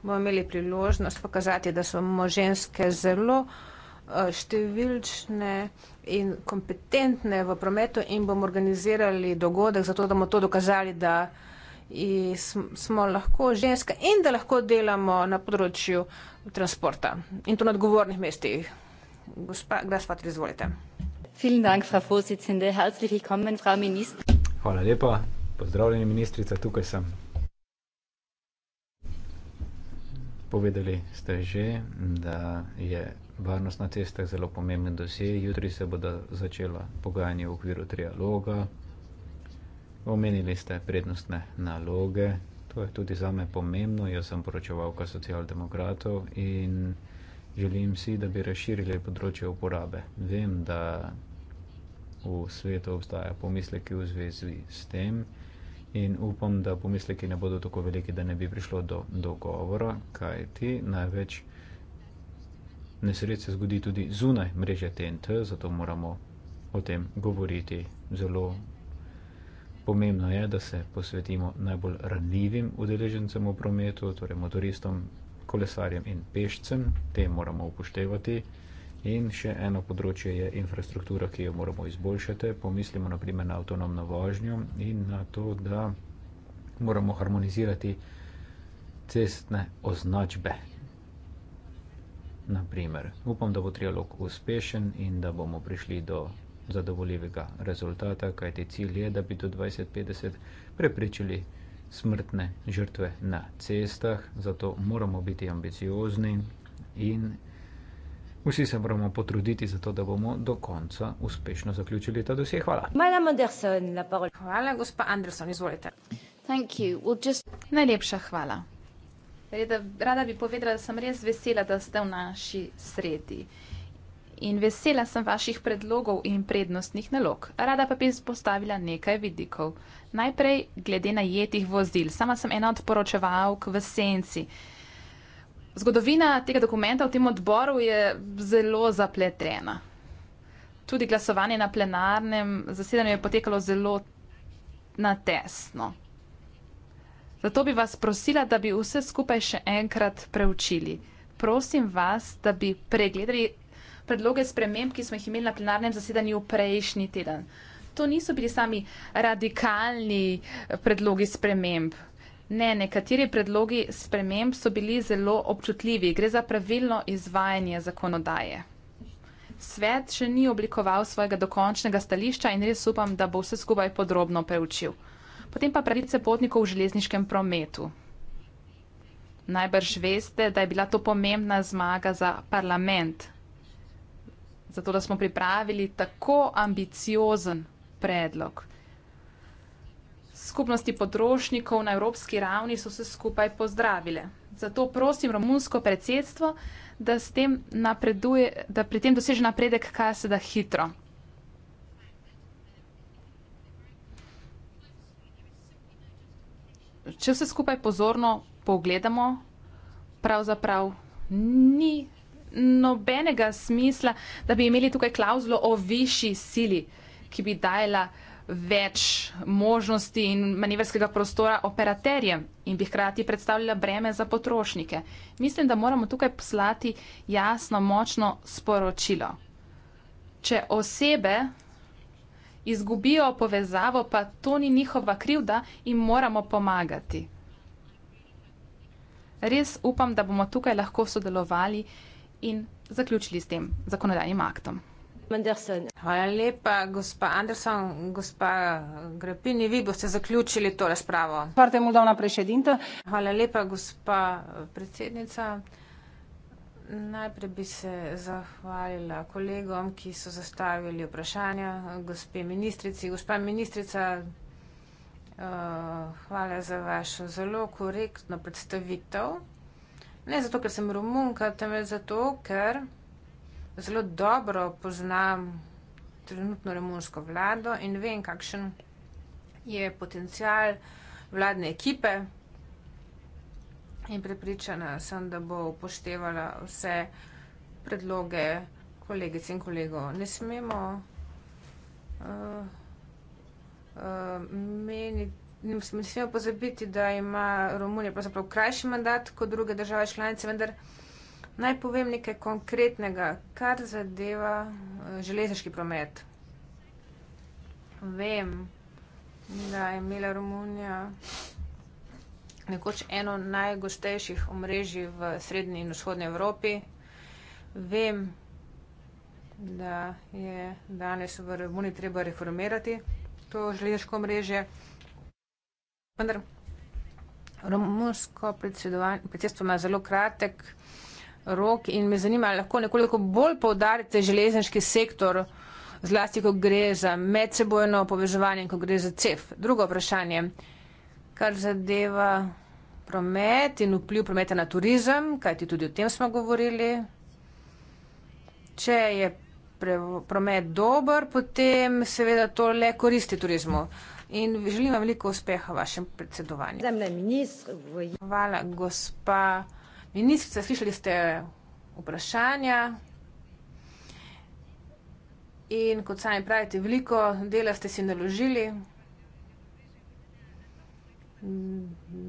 bomo imeli priložnost pokazati, da smo ženske zelo eh, številčne in kompetentne v prometu in bomo organizirali dogodek, zato da bomo to dokazali, da smo lahko ženska in da lahko delamo na področju transporta in to na odgovornih mestih. Gospa Grasvatri, izvolite. Dank, willkommen, Frau Hvala lepa, pozdravljeni ministrica, tukaj sem. Povedali ste že, da je varnost na cestah zelo pomemben dosje. Jutri se bodo začela pogajanja v okviru trialoga, Omenili ste prednostne naloge, to je tudi zame pomembno, jaz sem poročevalka socialdemokratov in želim si, da bi razširili področje uporabe. Vem, da v svetu obstaja pomisleki v zvezi s tem in upam, da pomisleki ne bodo tako veliki, da ne bi prišlo do dogovora, kaj ti največ nesreč se zgodi tudi zunaj mreže TNT, zato moramo o tem govoriti zelo Pomembno je, da se posvetimo najbolj ranljivim udeležencem v prometu, torej motoristom, kolesarjem in pešcem. Te moramo upoštevati. In še eno področje je infrastruktura, ki jo moramo izboljšati. Pomislimo naprimer na avtonomno vožnjo in na to, da moramo harmonizirati cestne označbe. Naprimer, upam, da bo trialog uspešen in da bomo prišli do zadovoljivega rezultata, kajti cilj je, da bi do 2050 preprečili smrtne žrtve na cestah, zato moramo biti ambiciozni in vsi se moramo potruditi za to, da bomo do konca uspešno zaključili ta dosje. Hvala. Hvala, gospa Anderson, izvolite. Thank you. We'll just... Najlepša hvala. Reda, rada bi povedala, da sem res vesela, da ste v naši sredi in vesela sem vaših predlogov in prednostnih nalog. Rada pa bi izpostavila nekaj vidikov. Najprej glede najetih vozil. Sama sem ena od poročevalk v senci. Zgodovina tega dokumenta v tem odboru je zelo zapletena. Tudi glasovanje na plenarnem zasedanju je potekalo zelo natesno. Zato bi vas prosila, da bi vse skupaj še enkrat preučili. Prosim vas, da bi pregledali predloge sprememb, ki smo jih imeli na plenarnem zasedanju prejšnji teden. To niso bili sami radikalni eh, predlogi sprememb. Ne, nekateri predlogi sprememb so bili zelo občutljivi. Gre za pravilno izvajanje zakonodaje. Svet še ni oblikoval svojega dokončnega stališča in res upam, da bo vse skupaj podrobno preučil. Potem pa pravice potnikov v železniškem prometu. Najbrž veste, da je bila to pomembna zmaga za parlament zato da smo pripravili tako ambiciozen predlog. Skupnosti potrošnikov na evropski ravni so se skupaj pozdravile. Zato prosim romunsko predsedstvo, da, tem napreduje, da pri tem doseže napredek, kar se da hitro. Če vse skupaj pozorno pogledamo, pravzaprav ni nobenega smisla, da bi imeli tukaj klauzulo o višji sili, ki bi dajala več možnosti in manevrskega prostora operaterjem in bi hkrati predstavljala breme za potrošnike. Mislim, da moramo tukaj poslati jasno, močno sporočilo. Če osebe izgubijo povezavo, pa to ni njihova krivda in moramo pomagati. Res upam, da bomo tukaj lahko sodelovali in zaključili s tem zakonodajnim aktom. Anderson. Hvala lepa, gospa Anderson, gospa Grapini, vi boste zaključili to razpravo. Hvala lepa, gospa predsednica. Najprej bi se zahvalila kolegom, ki so zastavili vprašanja, gospe ministrici. Gospa ministrica, eh, hvala za vašo zelo korektno predstavitev. Ne zato, ker sem Romunka, temveč zato, ker zelo dobro poznam trenutno romunsko vlado in vem, kakšen je potencial vladne ekipe. In prepričana sem, da bo upoštevala vse predloge kolegic in kolegov. Ne smemo uh, uh, meniti. Ne smemo pozabiti, da ima Romunija pravzaprav krajši mandat kot druge države članice, vendar naj povem nekaj konkretnega, kar zadeva eh, železniški promet. Vem, da je imela Romunija nekoč eno najgostejših omrežij v srednji in vzhodnji Evropi. Vem, da je danes v Romuniji treba reformirati to železniško omrežje vendar romunsko predsedstvo ima zelo kratek rok in me zanima, ali lahko nekoliko bolj povdarite železniški sektor, zlasti, ko gre za medsebojno povezovanje in ko gre za CEF. Drugo vprašanje, kar zadeva promet in vpliv prometa na turizem, kajti tudi o tem smo govorili. Če je promet dober, potem seveda to le koristi turizmu in želim vam veliko uspeha v vašem predsedovanju. Hvala, gospa ministrica. Slišali ste vprašanja. In kot sami pravite, veliko dela ste si naložili.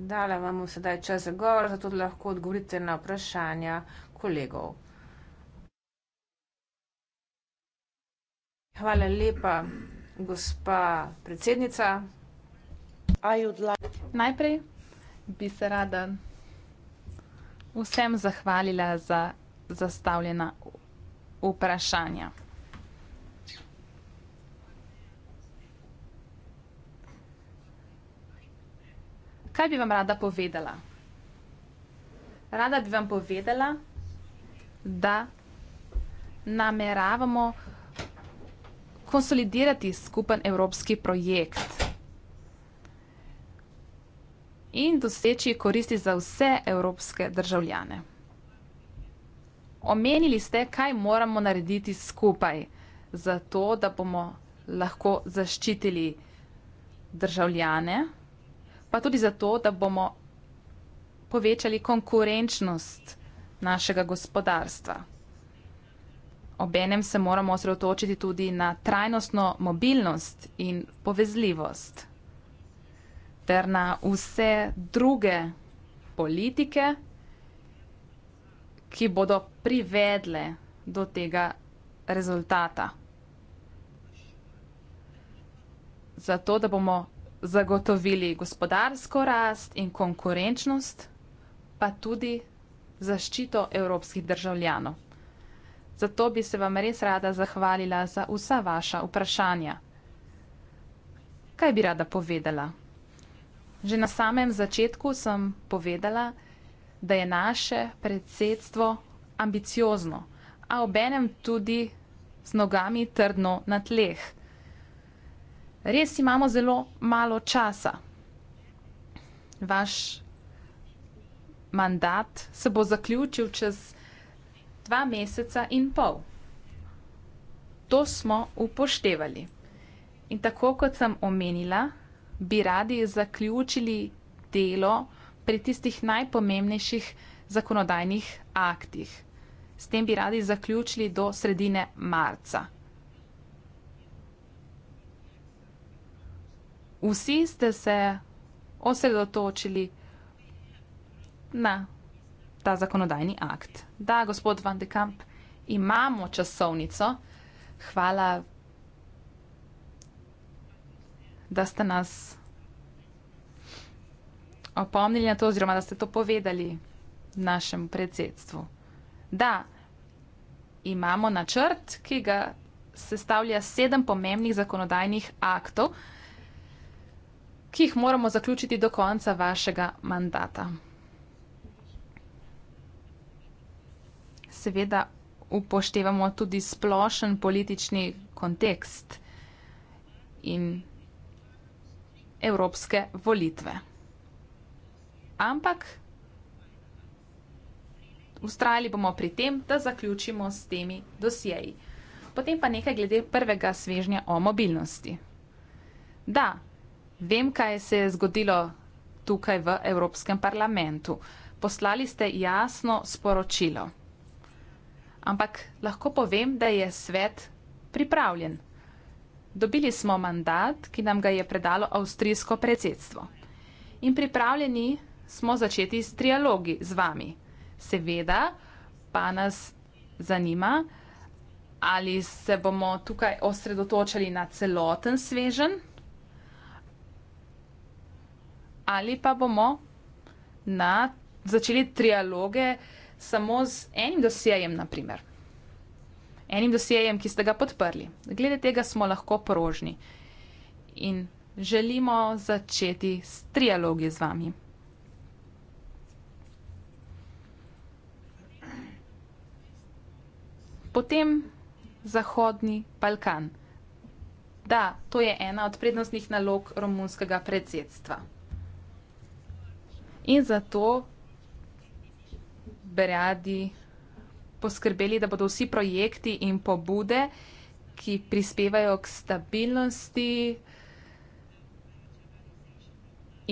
Dala vam sedaj čas za govor, zato da lahko odgovorite na vprašanja kolegov. Hvala lepa gospa predsednica. Najprej bi se rada vsem zahvalila za zastavljena vprašanja. Kaj bi vam rada povedala? Rada bi vam povedala, da nameravamo konsolidirati skupen evropski projekt in doseči koristi za vse evropske državljane. Omenili ste, kaj moramo narediti skupaj, zato da bomo lahko zaščitili državljane, pa tudi zato, da bomo povečali konkurenčnost našega gospodarstva obenem se moramo osredotočiti tudi na trajnostno mobilnost in povezljivost ter na vse druge politike, ki bodo privedle do tega rezultata. Zato, da bomo zagotovili gospodarsko rast in konkurenčnost, pa tudi zaščito evropskih državljanov. Zato bi se vam res rada zahvalila za vsa vaša vprašanja. Kaj bi rada povedala? Že na samem začetku sem povedala, da je naše predsedstvo ambiciozno, a obenem tudi z nogami trdno na tleh. Res imamo zelo malo časa. Vaš mandat se bo zaključil čez nekaj dva meseca in pol. To smo upoštevali. In tako kot sem omenila, bi radi zaključili delo pri tistih najpomembnejših zakonodajnih aktih. S tem bi radi zaključili do sredine marca. Vsi ste se osredotočili na ta zakonodajni akt. Da, gospod Van de Kamp, imamo časovnico. Hvala, da ste nas opomnili na to, oziroma da ste to povedali našemu predsedstvu. Da, imamo načrt, ki ga sestavlja sedem pomembnih zakonodajnih aktov, ki jih moramo zaključiti do konca vašega mandata. seveda upoštevamo tudi splošen politični kontekst in evropske volitve. Ampak ustrajali bomo pri tem, da zaključimo s temi dosjeji. Potem pa nekaj glede prvega svežnja o mobilnosti. Da, vem, kaj se je zgodilo tukaj v Evropskem parlamentu. Poslali ste jasno sporočilo ampak lahko povem, da je svet pripravljen. Dobili smo mandat, ki nam ga je predalo avstrijsko predsedstvo. In pripravljeni smo začeti s trialogi z vami. Seveda pa nas zanima, ali se bomo tukaj osredotočali na celoten svežen ali pa bomo na, začeli trialoge samo z enim dosjejem, naprimer. Enim dosjejem, ki ste ga podprli. Glede tega smo lahko prožni in želimo začeti s trialogi z vami. Potem Zahodni Balkan. Da, to je ena od prednostnih nalog romunskega predsedstva. In zato beradi poskrbeli, da bodo vsi projekti in pobude, ki prispevajo k stabilnosti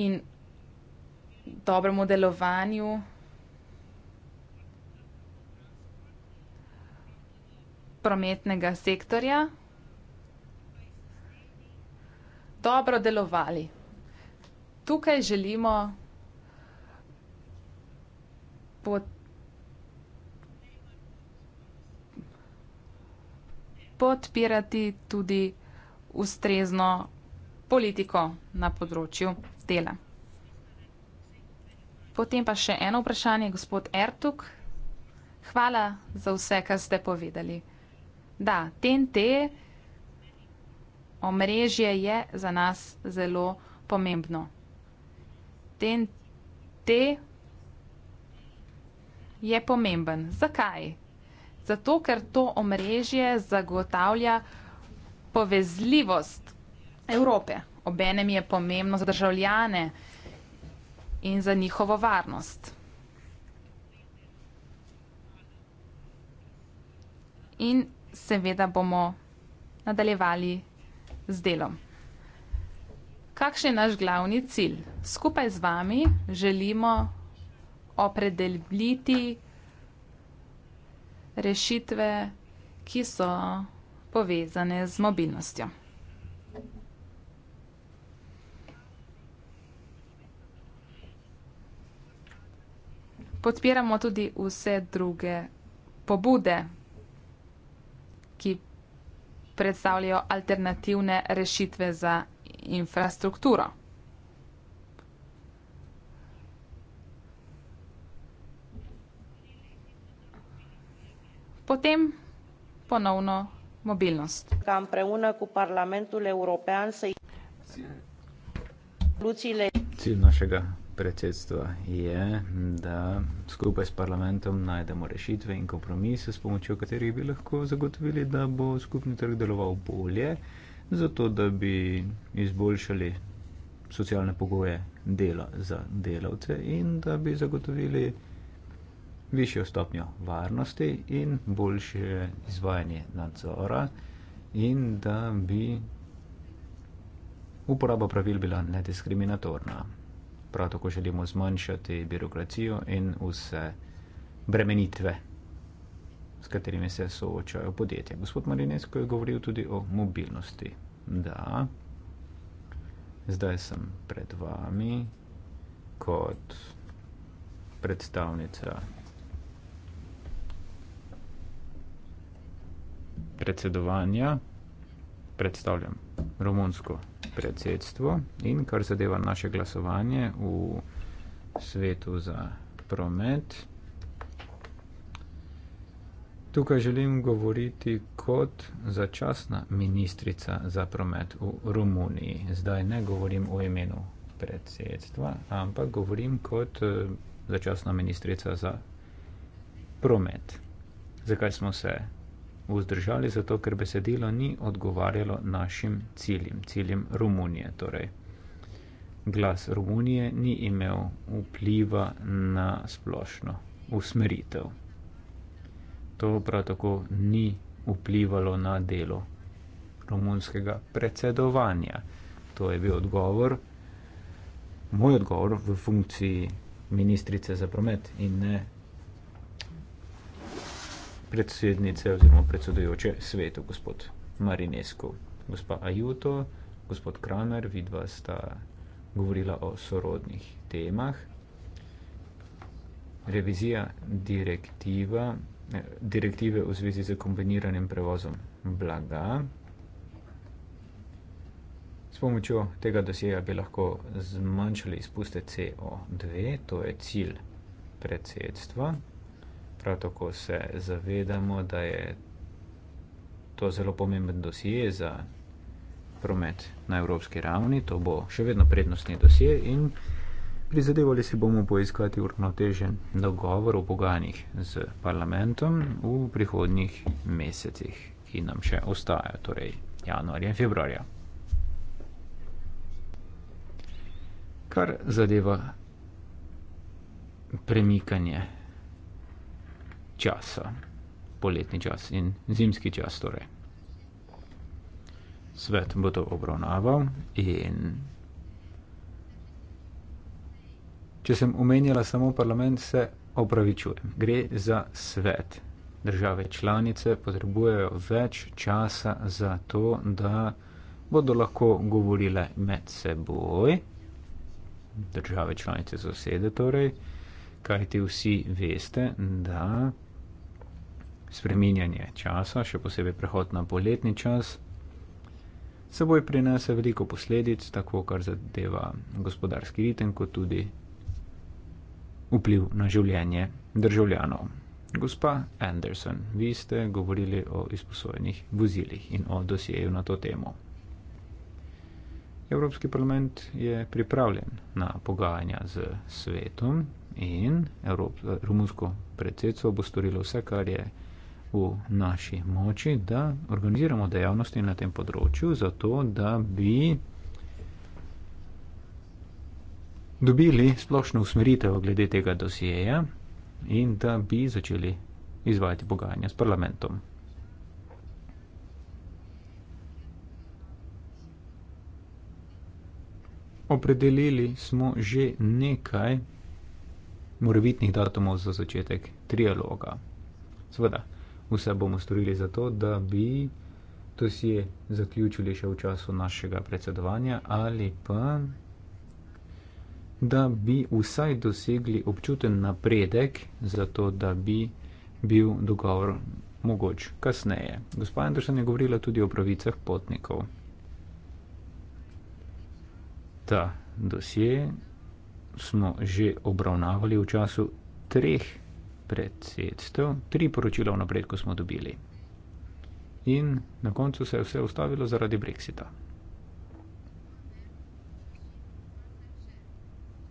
in dobremu delovanju, prometnega sektorja dobro delovali. Tukaj želimo podpirati tudi ustrezno politiko na področju dela. Potem pa še eno vprašanje, gospod Ertug. Hvala za vse, kar ste povedali. Da, TNT omrežje je za nas zelo pomembno. TNT je pomemben. Zakaj? Zato, ker to omrežje zagotavlja povezljivost Evrope. Obenem je pomembno za državljane in za njihovo varnost. In seveda bomo nadaljevali z delom. Kakšen je naš glavni cilj? Skupaj z vami želimo opredeliti rešitve, ki so povezane z mobilnostjo. Podpiramo tudi vse druge pobude, ki predstavljajo alternativne rešitve za infrastrukturo. potem ponovno mobilnost. Cilj našega predsedstva je, da skupaj s parlamentom najdemo rešitve in kompromise, s pomočjo katerih bi lahko zagotovili, da bo skupni trg deloval bolje, zato da bi izboljšali socialne pogoje dela za delavce in da bi zagotovili višjo stopnjo varnosti in boljše izvajanje nadzora, in da bi uporaba pravil bila nediskriminatorna. Prav tako želimo zmanjšati birokracijo in vse bremenitve, s katerimi se soočajo podjetja. Gospod Marinesko je govoril tudi o mobilnosti. Da, zdaj sem pred vami kot predstavnica predsedovanja predstavljam romunsko predsedstvo in kar zadeva naše glasovanje v svetu za promet. Tukaj želim govoriti kot začasna ministrica za promet v Romuniji. Zdaj ne govorim o imenu predsedstva, ampak govorim kot eh, začasna ministrica za promet. Zakaj smo se vzdržali, zato ker besedilo ni odgovarjalo našim ciljem, ciljem Romunije. Torej, glas Romunije ni imel vpliva na splošno usmeritev. To prav tako ni vplivalo na delo romunskega predsedovanja. To je bil odgovor, moj odgovor v funkciji ministrice za promet in ne predsednice oziroma predsedujoče svetu, gospod Marinesko, gospa Ajuto, gospod Kramer, vidva sta govorila o sorodnih temah. Revizija direktiva, direktive v zvezi z kombiniranim prevozom blaga. S pomočjo tega dosjeja bi lahko zmanjšali izpuste CO2, to je cilj predsedstva prav tako se zavedamo, da je to zelo pomemben dosje za promet na evropski ravni, to bo še vedno prednostni dosje in prizadevali si bomo poiskati uravnotežen dogovor o pogajanjih z parlamentom v prihodnjih mesecih, ki nam še ostajajo, torej januarja in februarja. Kar zadeva premikanje časa. Poletni čas in zimski čas torej. Svet bo to obravnaval in če sem omenjala samo parlament, se opravičujem. Gre za svet. Države članice potrebujejo več časa za to, da bodo lahko govorile med seboj. Države članice zasede torej, kajti vsi veste, da Spreminjanje časa, še posebej prehod na poletni čas, seboj prinese veliko posledic, tako kar zadeva gospodarski ritem, kot tudi vpliv na življenje državljanov. Gospa Anderson, vi ste govorili o izposojenih vozilih in o dosjeju na to temo. Evropski parlament je pripravljen na pogajanja z svetom in Evrop, romunsko predsedstvo bo storilo vse, kar je potrebno v naši moči, da organiziramo dejavnosti na tem področju, zato da bi dobili splošno usmeritev glede tega dosjeja in da bi začeli izvajati pogajanja s parlamentom. Opredelili smo že nekaj morebitnih datumov za začetek trialoga. Seveda, vse bomo storili za to, da bi to si je zaključili še v času našega predsedovanja ali pa da bi vsaj dosegli občuten napredek za to, da bi bil dogovor mogoč kasneje. Gospa Andersen je govorila tudi o pravicah potnikov. Ta dosje smo že obravnavali v času treh predsedstev, tri poročila o napredku smo dobili. In na koncu se je vse ustavilo zaradi Brexita.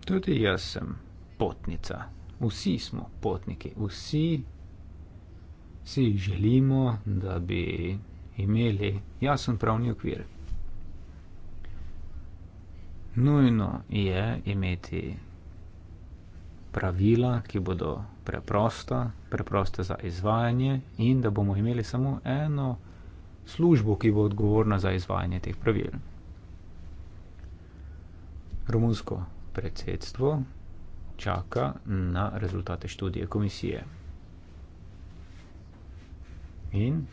Tudi jaz sem potnica. Vsi smo potniki. Vsi si želimo, da bi imeli jasen pravni okvir. Nujno je imeti pravila, ki bodo preprosta, preprosta za izvajanje in da bomo imeli samo eno službo, ki bo odgovorna za izvajanje teh pravil. Romunsko predsedstvo čaka na rezultate študije komisije. In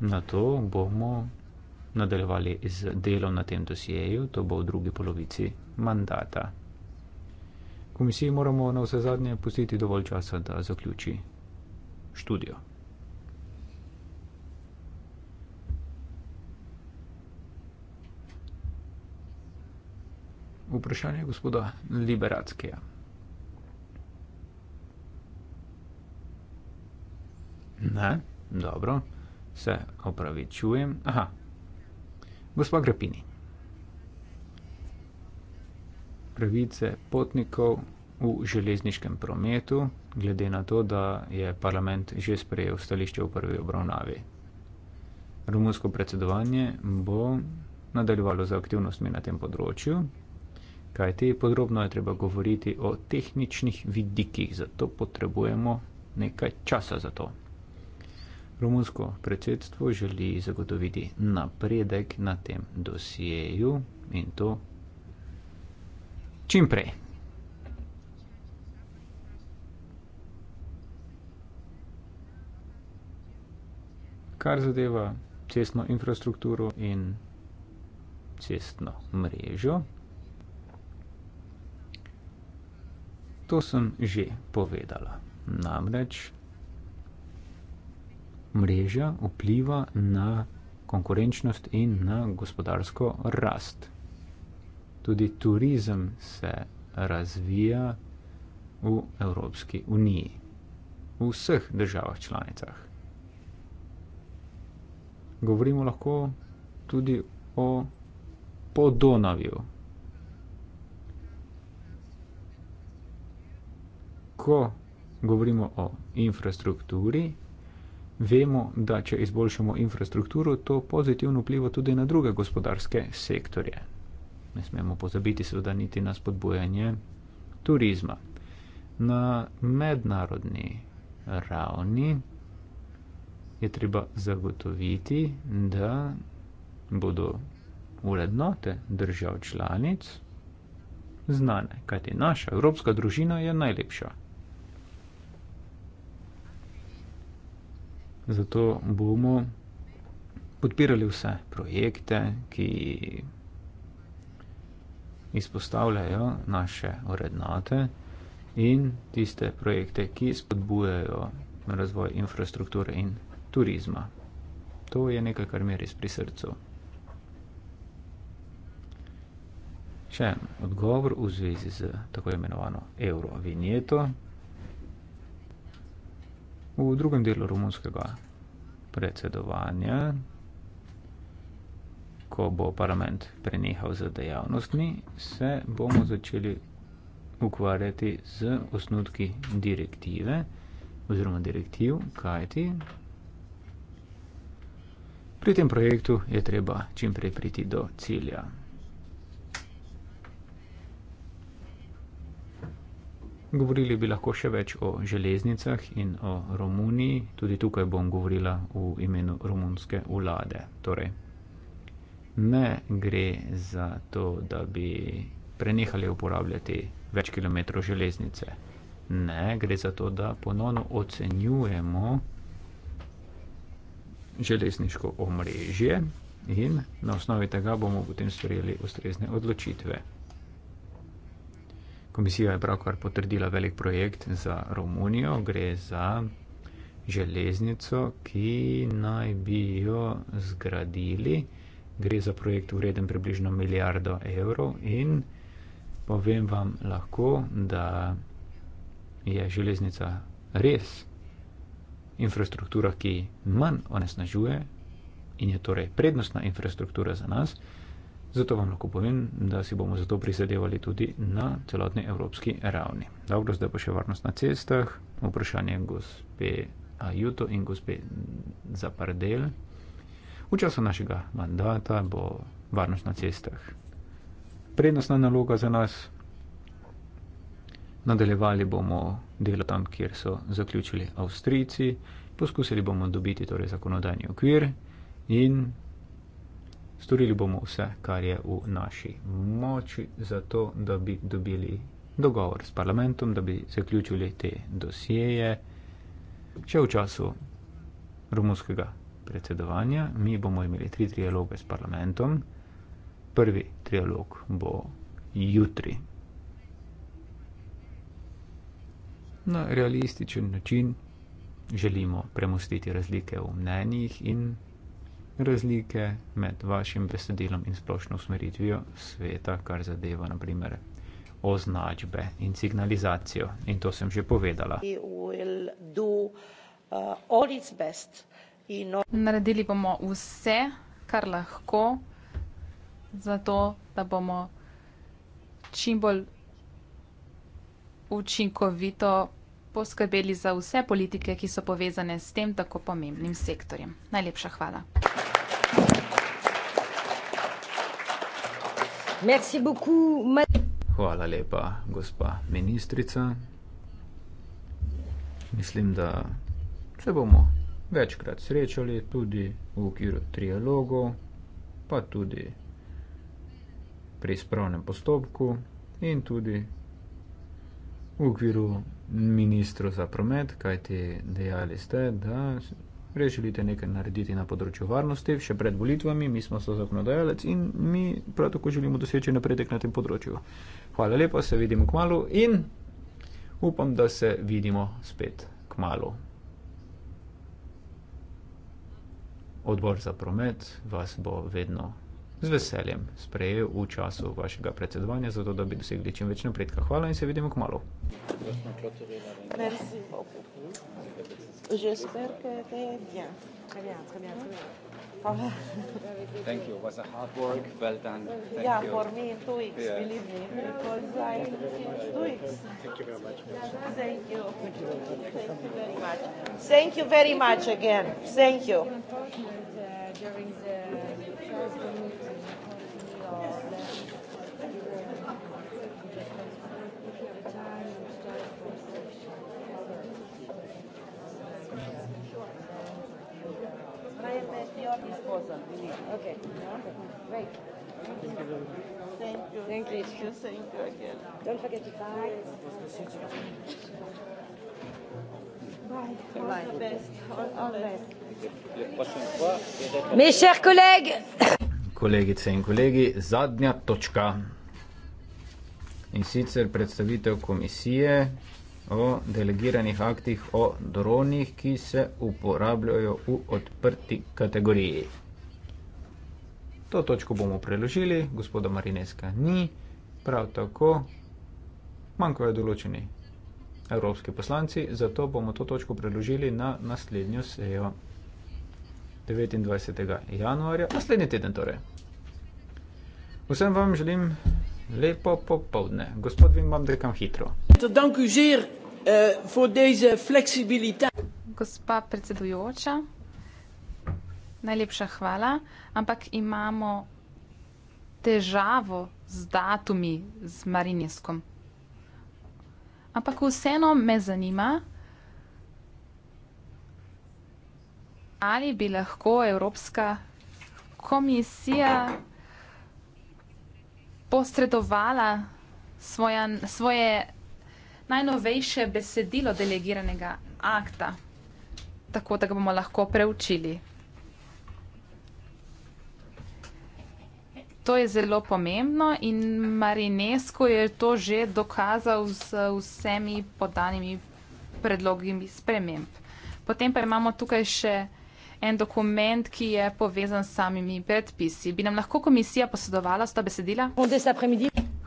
na to bomo nadaljevali z delom na tem dosjeju, to bo v drugi polovici mandata komisiji moramo na vse zadnje pustiti dovolj časa, da zaključi študijo. Vprašanje gospoda Liberackeja. Ne, dobro, se opravičujem. Aha, gospa Grepini. pravice potnikov v železniškem prometu, glede na to, da je parlament že sprejel stališče v prvi obravnavi. Romunsko predsedovanje bo nadaljevalo z aktivnostmi na tem področju, kajti podrobno je treba govoriti o tehničnih vidikih, zato potrebujemo nekaj časa za to. Romunsko predsedstvo želi zagotoviti napredek na tem dosjeju in to čim prej. Kar zadeva cestno infrastrukturo in cestno mrežo, to sem že povedala. Namreč mreža vpliva na konkurenčnost in na gospodarsko rast tudi turizem se razvija v Evropski uniji, v vseh državah članicah. Govorimo lahko tudi o Podonavju. Ko govorimo o infrastrukturi, vemo, da če izboljšamo infrastrukturo, to pozitivno vpliva tudi na druge gospodarske sektorje ne smemo pozabiti seveda niti na spodbujanje turizma. Na mednarodni ravni je treba zagotoviti, da bodo urednote držav članic znane, kajti naša evropska družina je najlepša. Zato bomo podpirali vse projekte, ki izpostavljajo naše vrednote in tiste projekte, ki spodbujajo razvoj infrastrukture in turizma. To je nekaj, kar mi res pri srcu. Še en odgovor v zvezi z tako imenovano eurovinjeto. V drugem delu romunskega predsedovanja ko bo parlament prenehal z dejavnostmi, se bomo začeli ukvarjati z osnutki direktive oziroma direktiv, kajti pri tem projektu je treba čim prej priti do cilja. Govorili bi lahko še več o železnicah in o Romuniji, tudi tukaj bom govorila v imenu romunske vlade. Torej, ne gre za to, da bi prenehali uporabljati več kilometrov železnice. Ne, gre za to, da ponovno ocenjujemo železniško omrežje in na osnovi tega bomo potem sprejeli ustrezne odločitve. Komisija je pravkar potrdila velik projekt za Romunijo, gre za železnico, ki naj bi jo zgradili gre za projekt vreden približno milijardo evrov in povem vam lahko, da je železnica res infrastruktura, ki manj onesnažuje in je torej prednostna infrastruktura za nas, zato vam lahko povem, da si bomo zato prizadevali tudi na celotni evropski ravni. Dobro, zdaj pa še varnost na cestah, vprašanje gospe Ajuto in gospe Zapardel. V času našega mandata bo varnost na cestah prednostna naloga za nas. Nadaljevali bomo delo tam, kjer so zaključili Avstrijci, poskusili bomo dobiti torej zakonodajni okvir in storili bomo vse, kar je v naši moči, zato da bi dobili dogovor s parlamentom, da bi zaključili te dosjeje, če v času romunskega predsedovanja. Mi bomo imeli tri dialoge s parlamentom. Prvi dialog bo jutri. Na realističen način želimo premustiti razlike v mnenjih in razlike med vašim besedilom in splošno usmeritvijo sveta, kar zadeva naprimer označbe in signalizacijo. In to sem že povedala. We will do, uh, all its best. Naredili bomo vse, kar lahko, zato da bomo čim bolj učinkovito poskrbeli za vse politike, ki so povezane s tem tako pomembnim sektorjem. Najlepša hvala. Hvala lepa, gospa ministrica. Mislim, da se bomo večkrat srečali, tudi v okviru trialogov, pa tudi pri spravnem postopku in tudi v okviru ministru za promet, kajti dejali ste, da res želite nekaj narediti na področju varnosti, še pred volitvami, mi smo so zakonodajalec in mi prav tako želimo doseči napredek na tem področju. Hvala lepa, se vidimo k malu in upam, da se vidimo spet k malu. odbor za promet vas bo vedno z veseljem sprejel v času vašega predsedovanja, zato da bi dosegli čim več napredka. Hvala in se vidimo kmalo. Merci. Je espère que tu es bien. Très bien, très bien, très bien. Thank you. It was a hard work. Well done. Thank yeah, you. for me in two weeks, yeah. believe me. Because I in two weeks. Thank you very much. Thank you. Thank you very much. Thank you very much again. Thank you. Unfortunately, uh, during the Mes chers collègues, kolegice in kolegi, zadnja točka in sicer predstavitev komisije, o delegiranih aktih o dronih, ki se uporabljajo v odprti kategoriji. To točko bomo preložili, gospoda Marineska ni, prav tako manjkajo določeni evropski poslanci, zato bomo to točko preložili na naslednjo sejo 29. januarja, naslednji teden torej. Vsem vam želim lepo popovdne. Gospod Vim, vam drekam hitro voorzitter, dank u zeer uh, voor deze flexibiliteit. Gospa predsedujoča, najlepša hvala, ampak imamo težavo z datumi z Marineskom. Ampak vseeno me zanima, ali bi lahko Evropska komisija posredovala svoja, svoje najnovejše besedilo delegiranega akta, tako da ga bomo lahko preučili. To je zelo pomembno in Marinesko je to že dokazal z vsemi podanimi predlogi sprememb. Potem pa imamo tukaj še en dokument, ki je povezan s samimi predpisi. Bi nam lahko komisija posedovala sta besedila?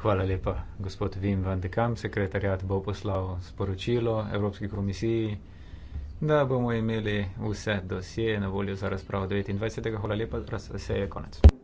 Hvala lepa. Gospod Vim van de Kamp, sekretarjat, bo poslal sporočilo Evropski komisiji, da bomo imeli vse dosje na voljo za razpravo 29. Hvala lepa, vse je konec.